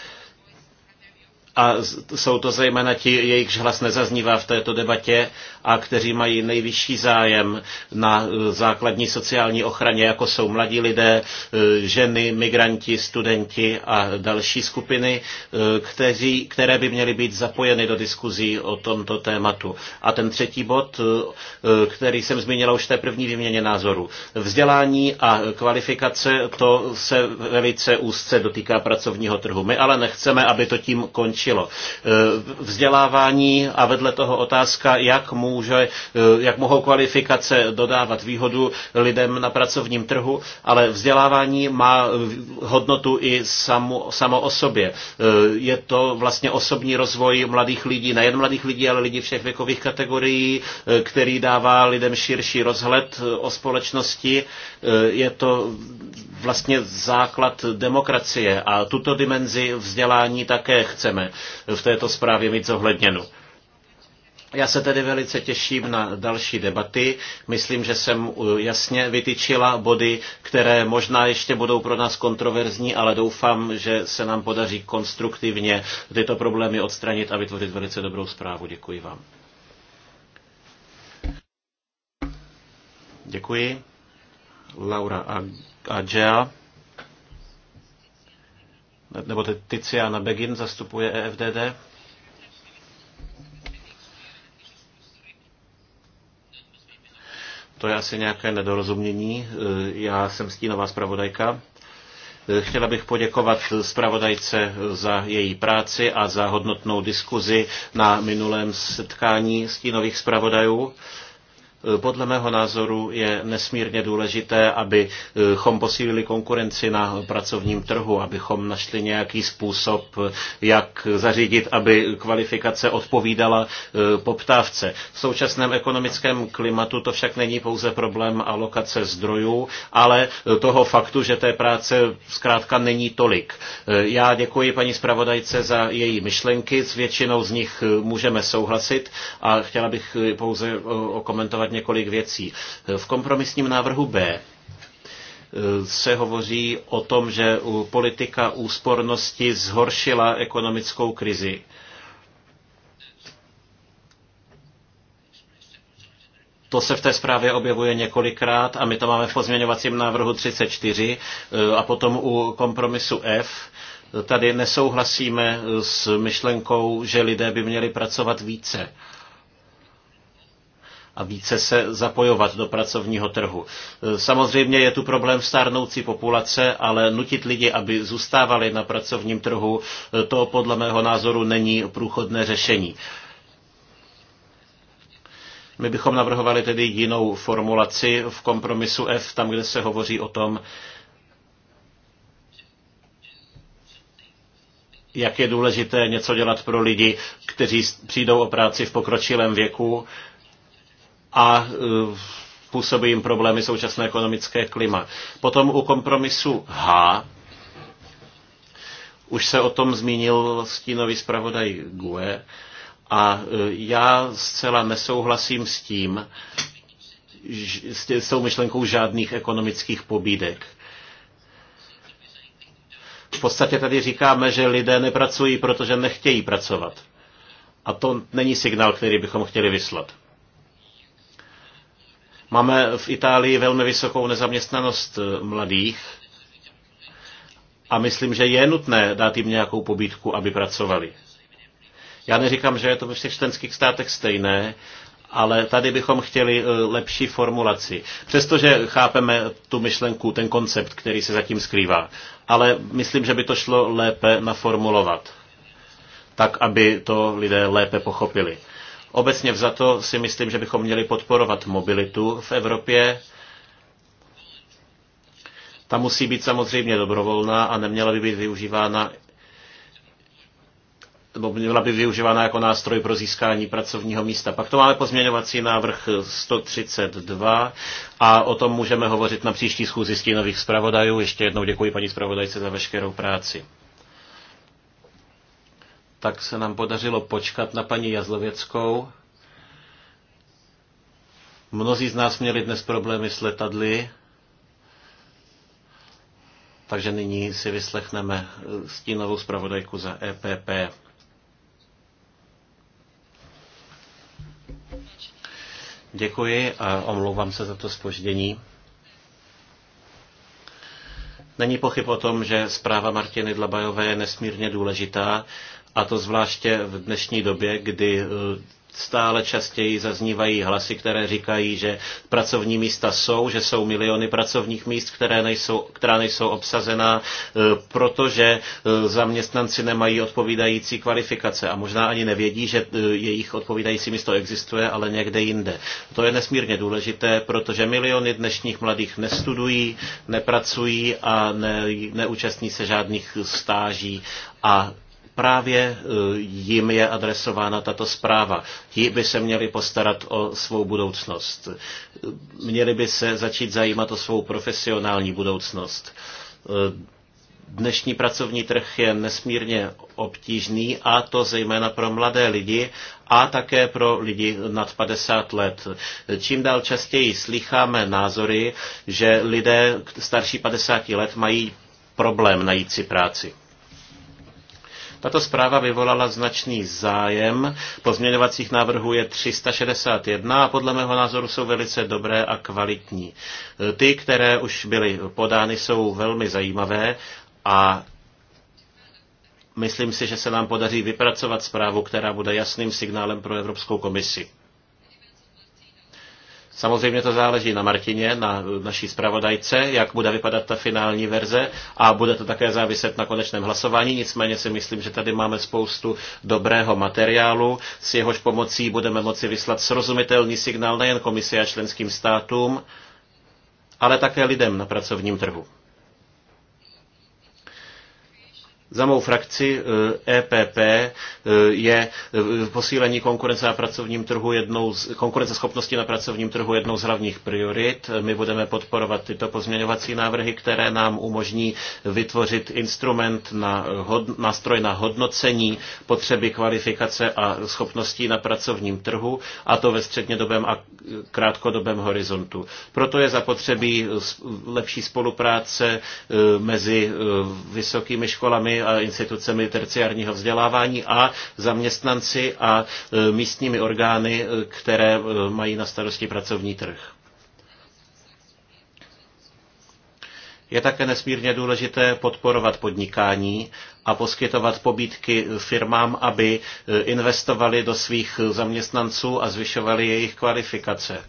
a jsou to zejména ti, jejichž hlas nezaznívá v této debatě a kteří mají nejvyšší zájem na e, základní sociální ochraně, jako jsou mladí lidé, e, ženy, migranti, studenti a další skupiny, e, kteří, které by měly být zapojeny do diskuzí o tomto tématu. A ten třetí bod, který jsem zmínila už v té první výměně názorů. Vzdělání a kvalifikace, to se velice úzce dotýká pracovního trhu. My ale nechceme, aby to tím končilo řešilo. Eh, vzdělávání a vedle toho otázka, jak, může, eh, jak mohou kvalifikace dodávat výhodu lidem na pracovním trhu, ale vzdělávání má eh, hodnotu i samo, samo o sobě. Je to vlastně osobní rozvoj mladých lidí, nejen mladých lidí, ale lidí všech věkových kategorií, který dává lidem širší rozhled o společnosti. Je to vlastně základ demokracie a tuto dimenzi vzdělání také chceme v této zprávě mít zohledněnu. Já se tedy velice těším na další debaty. Myslím, že jsem uh, jasně vytyčila body, které možná ještě budou pro nás kontroverzní, ale doufám, že se nám podaří konstruktivně tyto problémy odstranit a vytvořit velice dobrou zprávu. Děkuji vám. Děkuji. Laura Agea, nebo Tiziana Begin zastupuje EFDD. To je asi nějaké nedorozumění. Já jsem stínová zpravodajka. Chtěla bych poděkovat zpravodajce za její práci a za hodnotnou diskuzi na minulém setkání stínových zpravodajů. Podle mého názoru je nesmírně důležité, abychom posílili konkurenci na pracovním trhu, abychom našli nějaký způsob, jak zařídit, aby kvalifikace odpovídala eh, poptávce. V současném ekonomickém klimatu to však není pouze problém alokace zdrojů, ale toho faktu, že té práce zkrátka není tolik. Eh, já děkuji paní zpravodajce za její myšlenky, s většinou z nich eh, můžeme souhlasit a chtěla bych pouze okomentovat několik věcí. V kompromisním návrhu B eh, se hovoří o tom, že politika úspornosti zhoršila ekonomickou krizi. To se v té zprávě objevuje několikrát a my to máme v pozměňovacím návrhu 34 eh, a potom u kompromisu F. Tady nesouhlasíme s myšlenkou, že lidé by měli pracovat více a více se zapojovat do pracovního trhu. Samozřejmě je tu problém stárnoucí populace, ale nutit lidi, aby zůstávali na pracovním trhu, to podle mého názoru není průchodné řešení. My bychom navrhovali tedy jinou formulaci v kompromisu F, tam, kde se hovoří o tom, jak je důležité něco dělat pro lidi, kteří přijdou o práci v pokročilém věku a e, působí jim problémy současné ekonomické klima. Potom u kompromisu H, už se o tom zmínil stínový zpravodaj GUE, a e, já zcela nesouhlasím s tím, s tou myšlenkou žádných ekonomických pobídek. V podstatě tady říkáme, že lidé nepracují, protože nechtějí pracovat. A to není signál, který bychom chtěli vyslat. Máme v Itálii velmi vysokou nezaměstnanost eh, mladých a myslím, že je nutné dát jim nějakou pobídku, aby pracovali. Já neříkám, že je to ve všech členských státech stejné, ale tady bychom chtěli eh, lepší formulaci. Přestože chápeme tu myšlenku, ten koncept, který se zatím skrývá. Ale myslím, že by to šlo lépe naformulovat, tak aby to lidé lépe pochopili. Obecně vzato si myslím, že bychom měli podporovat mobilitu v Evropě. Ta musí být samozřejmě dobrovolná a neměla by být využívána nebo měla by využívána jako nástroj pro získání pracovního místa. Pak to máme pozměňovací návrh 132 a o tom můžeme hovořit na příští schůzi stínových zpravodajů. Ještě jednou děkuji paní zpravodajce za veškerou práci tak se nám podařilo počkat na paní Jazlověckou. Mnozí z nás měli dnes problémy s letadly, takže nyní si vyslechneme stínovou zpravodajku za EPP. Děkuji a omlouvám se za to spoždění. Není pochyb o tom, že zpráva Martiny Dlabajové je nesmírně důležitá a to zvláště v dnešní době, kdy eh, stále častěji zaznívají hlasy, které říkají, že pracovní místa jsou, že jsou miliony pracovních míst, které nejsou, která nejsou obsazená, eh, protože eh, zaměstnanci nemají odpovídající kvalifikace a možná ani nevědí, že jejich odpovídající místo existuje, ale někde jinde. To je nesmírně důležité, protože miliony dnešních mladých nestudují, nepracují a ne, neúčastní se žádných stáží a Právě e, jim je adresována tato zpráva. Ti by se měli postarat o svou budoucnost. E, měli by se začít zajímat o svou profesionální budoucnost e, dnešní pracovní trh je nesmírně obtížný a to zejména pro mladé lidi a také pro lidi nad 50 let. Čím dál častěji slycháme názory, že lidé starší 50 let mají problém najít si práci. Tato zpráva vyvolala značný zájem. Pozměňovacích návrhů je 361 a podle mého názoru jsou velice dobré a kvalitní. E, ty, které už byly podány, jsou velmi zajímavé a myslím si, že se nám podaří vypracovat zprávu, která bude jasným signálem pro Evropskou komisi. Samozřejmě to záleží na Martině, na naší zpravodajce, jak bude vypadat ta finální verze a bude to také záviset na konečném hlasování. Nicméně si myslím, že tady máme spoustu dobrého materiálu, s jehož pomocí budeme moci vyslat srozumitelný signál nejen komisi a členským státům, ale také lidem na pracovním trhu. Za mou frakci EPP eh, e eh, je eh, posílení konkurence na pracovním trhu jednou z, konkurenceschopnosti na pracovním trhu jednou z hlavních priorit. My budeme podporovat tyto pozměňovací návrhy, které nám umožní vytvořit instrument na hod, nástroj na hodnocení potřeby kvalifikace a schopností na pracovním trhu, a to ve střednědobém a krátkodobém horizontu. Proto je zapotřebí lepší spolupráce mezi vysokými školami a institucemi terciárního vzdělávání a zaměstnanci a e, místními orgány, e, které e, mají na starosti pracovní trh. Je také nesmírně důležité podporovat podnikání a poskytovat pobídky firmám, aby investovali do svých zaměstnanců a zvyšovali jejich kvalifikace.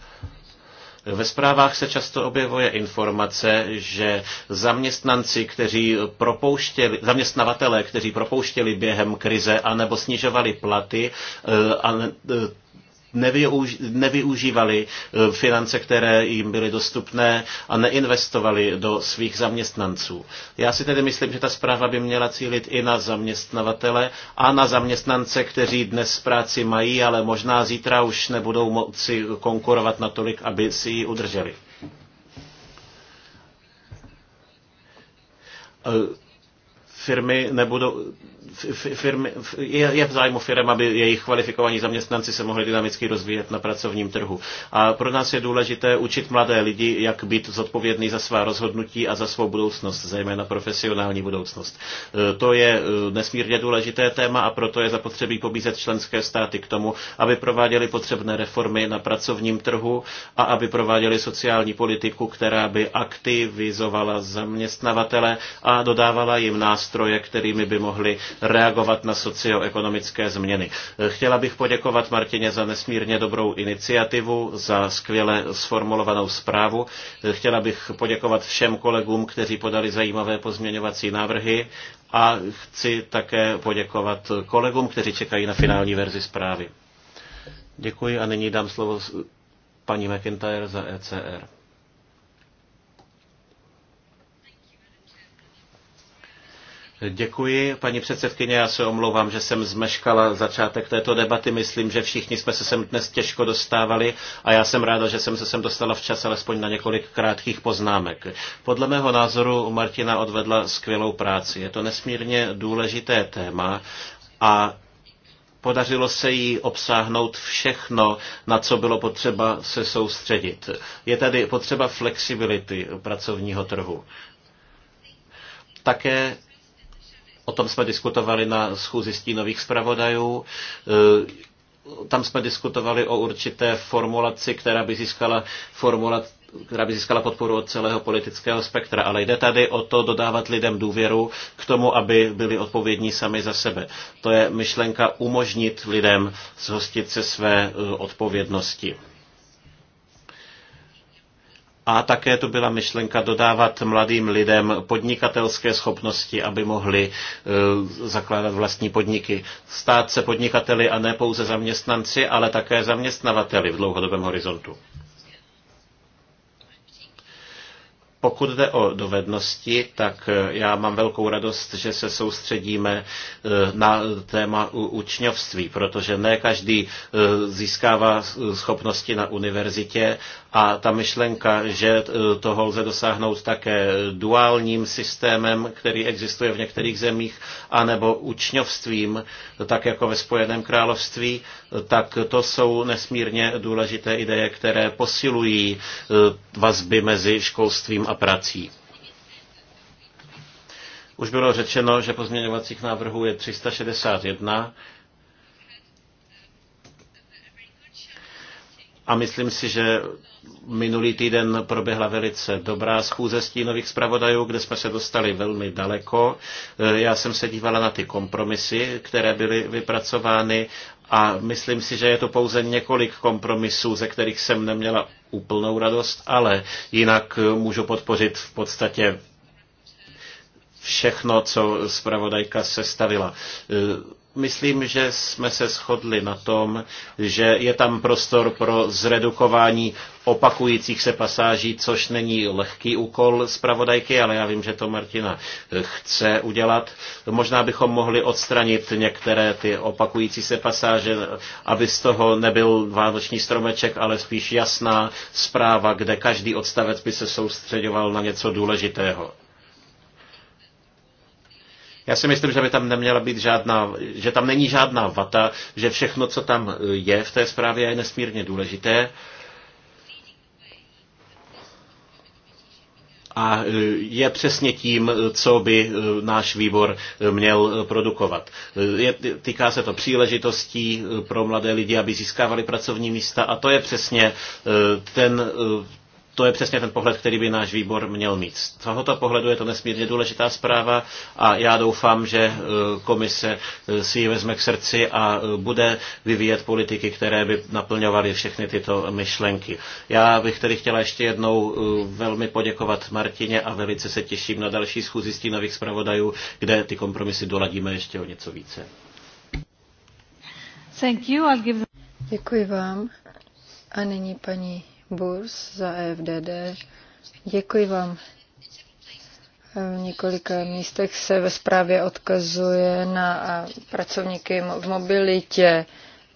Ve zprávách se často objevuje informace, že zaměstnanci, kteří propouštěli, zaměstnavatele, kteří propouštěli během krize anebo snižovali platy, eh, a eh, nevyuž, nevyužívali eh, finance, které jim byly dostupné a neinvestovali do svých zaměstnanců. Já si tedy myslím, že ta zpráva by měla cílit i na zaměstnavatele a na zaměstnance, kteří dnes práci mají, ale možná zítra už nebudou moci konkurovat natolik, aby si ji udrželi. Uh firmy nebudou, firmy, je, v zájmu firm, aby jejich kvalifikovaní zaměstnanci se mohli dynamicky rozvíjet na pracovním trhu. A pro nás je důležité učit mladé lidi, jak být zodpovědný za svá rozhodnutí a za svou budoucnost, zejména profesionální budoucnost. E, to je e, nesmírně důležité téma a proto je zapotřebí pobízet členské státy k tomu, aby prováděly potřebné reformy na pracovním trhu a aby prováděly sociální politiku, která by aktivizovala zaměstnavatele a dodávala jim nástroje, nástroje, kterými by mohli reagovat na socioekonomické změny. Chtěla bych poděkovat Martině za nesmírně dobrou iniciativu, za skvěle sformulovanou zprávu. Chtěla bych poděkovat všem kolegům, kteří podali zajímavé pozměňovací návrhy a chci také poděkovat kolegům, kteří čekají na finální verzi zprávy. Děkuji a nyní dám slovo paní McIntyre za ECR. Děkuji, paní předsedkyně, já se omlouvám, že jsem zmeškala začátek této debaty. Myslím, že všichni jsme se sem dnes těžko dostávali a já jsem ráda, že jsem se sem dostala včas alespoň na několik krátkých poznámek. Podle mého názoru Martina odvedla skvělou práci. Je to nesmírně důležité téma a podařilo se jí obsáhnout všechno, na co bylo potřeba se soustředit. Je tady potřeba flexibility pracovního trhu. Také O tom jsme diskutovali na schůzi stínových zpravodajů. E, tam jsme diskutovali o určité formulaci, která by získala formulaci která by získala podporu od celého politického spektra, ale jde tady o to dodávat lidem důvěru k tomu, aby byli odpovědní sami za sebe. To je myšlenka umožnit lidem zhostit se své e, odpovědnosti. A také to byla myšlenka dodávat mladým lidem podnikatelské schopnosti, aby mohli e, zakládat vlastní podniky. Stát se podnikateli a ne pouze zaměstnanci, ale také zaměstnavateli v dlouhodobém horizontu. Pokud jde o dovednosti, tak e, já mám velkou radost, že se soustředíme e, na téma učňovství, protože ne každý získává schopnosti na univerzitě a ta myšlenka, že eh, toho lze dosáhnout také duálním systémem, který existuje v některých zemích, anebo učňovstvím, tak jako ve Spojeném království, tak to jsou nesmírně důležité ideje, které posilují eh, vazby mezi školstvím a prací. Už bylo řečeno, že pozměňovacích návrhů je 361 A myslím si, že minulý týden proběhla velice dobrá schůze stínových zpravodajů, kde jsme se dostali velmi daleko. E, já jsem se dívala na ty kompromisy, které byly vypracovány a myslím si, že je to pouze několik kompromisů, ze kterých jsem neměla úplnou radost, ale jinak můžu podpořit v podstatě všechno, co zpravodajka sestavila. E, Myslím, že jsme se shodli na tom, že je tam prostor pro zredukování opakujících se pasáží, což není lehký úkol zpravodajky, ale já vím, že to Martina chce udělat. Možná bychom mohli odstranit některé ty opakující se pasáže, aby z toho nebyl vánoční stromeček, ale spíš jasná zpráva, kde každý odstavec by se soustředoval na něco důležitého. Já si myslím, že by tam neměla být žádná, že tam není žádná vata, že všechno, co tam e, je v té zprávě, je nesmírně důležité. a e, je přesně tím, e, co by náš výbor měl produkovat. Je, týká se to příležitostí pro mladé lidi, aby získávali pracovní místa a to je přesně ten to je přesně ten pohled, který by náš výbor měl mít. Z tohoto pohledu je to nesmírně důležitá zpráva a já doufám, že e, komise e, si ji vezme k srdci a e, bude vyvíjet politiky, které by naplňovaly všechny tyto myšlenky. Já bych tedy chtěla ještě jednou velmi poděkovat Martině a velice se těším na další schůzi nových zpravodajů, kde ty kompromisy doladíme ještě o něco více. Thank you. I'll give the... Děkuji vám. A nyní paní Burs za EFDD. Děkuji vám. V několika místech se ve zprávě odkazuje na pracovníky v mobilitě.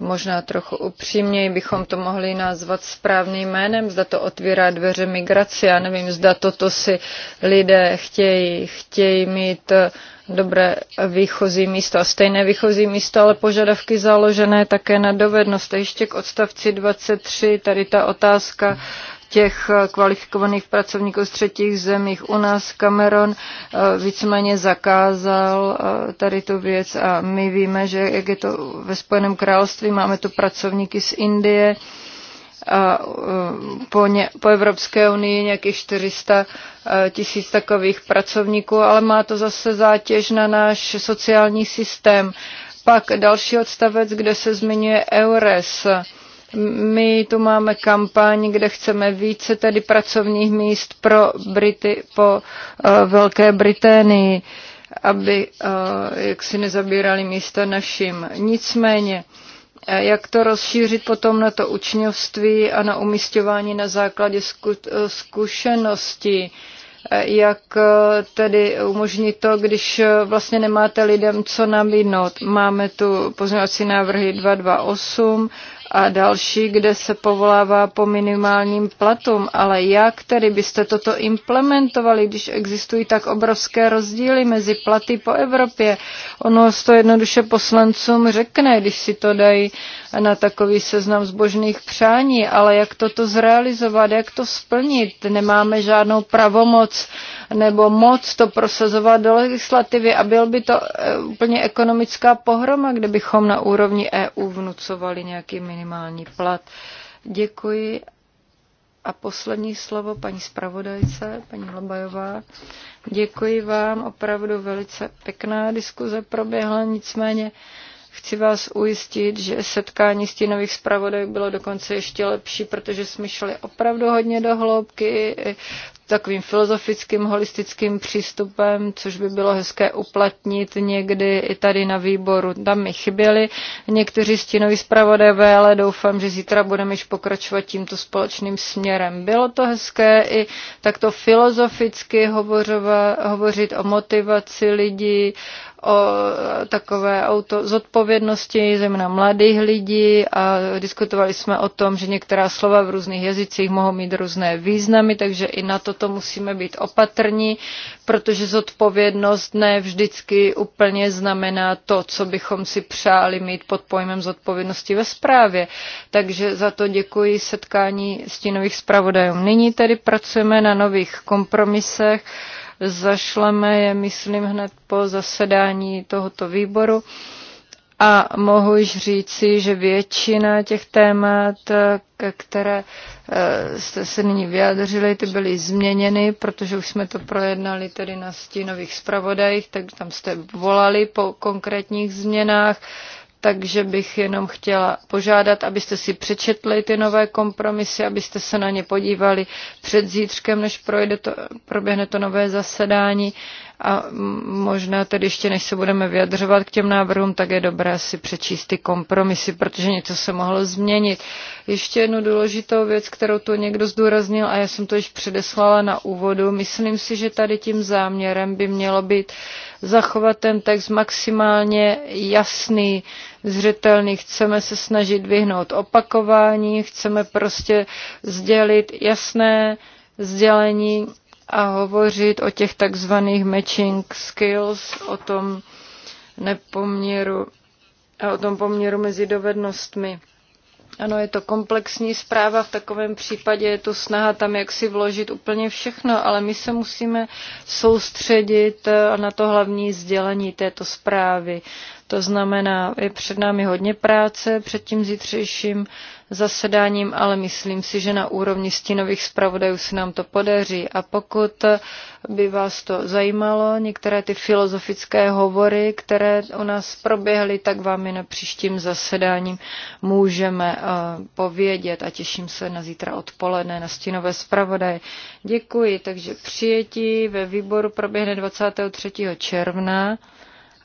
Možná trochu upřímněji bychom to mohli nazvat správným jménem, zda to otvírá dveře migraci. Já nevím, zda toto si lidé chtějí, chtějí mít eh, dobré výchozí místo a stejné výchozí místo, ale požadavky založené také na dovednost. A ještě k odstavci 23, tady ta otázka těch eh, kvalifikovaných pracovníků z třetích zemích. U nás Cameron eh, víceméně zakázal eh, tady tu věc a my víme, že jak je to ve Spojeném království, máme tu pracovníky z Indie, a po, ně, po Evropské unii nějakých 400 tisíc takových pracovníků, ale má to zase zátěž na náš sociální systém. Pak další odstavec, kde se zmiňuje EURES. My tu máme kampaň, kde chceme více tedy pracovních míst pro Brity po uh, Velké Británii, aby uh, jak si nezabírali místa našim. Nicméně, eh, jak to rozšířit potom na to učňovství a na umístování na základě zku, jak tedy umožnit to, když vlastně nemáte lidem co nabídnout. Máme tu pozměňovací návrhy 228 a další, kde se povolává po minimálním platům. Ale jak tedy byste toto implementovali, když existují tak obrovské rozdíly mezi platy po Evropě? Ono to jednoduše poslancům řekne, když si to dají na takový seznam zbožných přání, ale jak toto zrealizovat, jak to splnit? Nemáme žádnou pravomoc nebo moc to prosazovat do legislativy a byl by to eh, úplně ekonomická pohroma, kdybychom na úrovni EU vnucovali nějaký minimální plat. Děkuji. A poslední slovo paní zpravodajce, paní Hlobajová. Děkuji vám, opravdu velice pěkná diskuze proběhla, nicméně Chci vás ujistit, že setkání stínových zpravodajů bylo dokonce ještě lepší, protože jsme šli opravdu hodně do hloubky takovým filozofickým, holistickým přístupem, což by bylo hezké uplatnit někdy i tady na výboru. Tam mi chyběli někteří stínoví zpravodajové, ale doufám, že zítra budeme již pokračovat tímto společným směrem. Bylo to hezké i takto filozoficky hovořovat, hovořit o motivaci lidí, o takové auto zodpovědnosti, zejména mladých lidí a diskutovali jsme o tom, že některá slova v různých jazycích mohou mít různé významy, takže i na toto musíme být opatrní, protože zodpovědnost ne vždycky úplně znamená to, co bychom si přáli mít pod pojmem zodpovědnosti ve správě. Takže za to děkuji setkání stínových zpravodajů. Nyní tedy pracujeme na nových kompromisech Zašleme je, myslím, hned po zasedání tohoto výboru. A mohu již říci, že většina těch témat, které eh, jste se nyní vyjádřili, ty byly změněny, protože už jsme to projednali tedy na stínových zpravodajích, tak tam jste volali po konkrétních změnách takže bych jenom chtěla požádat, abyste si přečetli ty nové kompromisy, abyste se na ně podívali před zítřkem, než projde to, proběhne to nové zasedání a možná tedy ještě než se budeme vyjadřovat k těm návrhům, tak je dobré si přečíst ty kompromisy, protože něco se mohlo změnit. Ještě jednu důležitou věc, kterou tu někdo zdůraznil a já jsem to již předeslala na úvodu. Myslím si, že tady tím záměrem by mělo být zachovat ten text maximálně jasný, zřetelný. Chceme se snažit vyhnout opakování, chceme prostě sdělit jasné sdělení a hovořit o těch takzvaných matching skills, o tom nepoměru, o tom poměru mezi dovednostmi. Ano, je to komplexní zpráva, v takovém případě je to snaha tam jak si vložit úplně všechno, ale my se musíme soustředit eh, na to hlavní sdělení této zprávy. To znamená, je před námi hodně práce před tím zítřejším zasedáním, ale myslím si, že na úrovni stínových zpravodajů se nám to podaří. A pokud by vás to zajímalo, některé ty filozofické hovory, které u nás proběhly, tak vám je na příštím zasedáním můžeme eh, povědět a těším se na zítra odpoledne na stínové zpravodaje. Děkuji, takže přijetí ve výboru proběhne 23. června.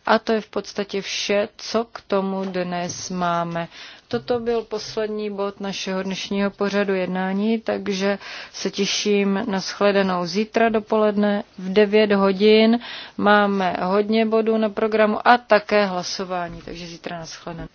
A to je v podstatě vše, co k tomu dnes máme. Toto byl poslední bod našeho dnešního pořadu jednání, takže se těším na shledanou zítra dopoledne v 9 hodin. Máme hodně bodů na programu a také hlasování, takže zítra na shledanou.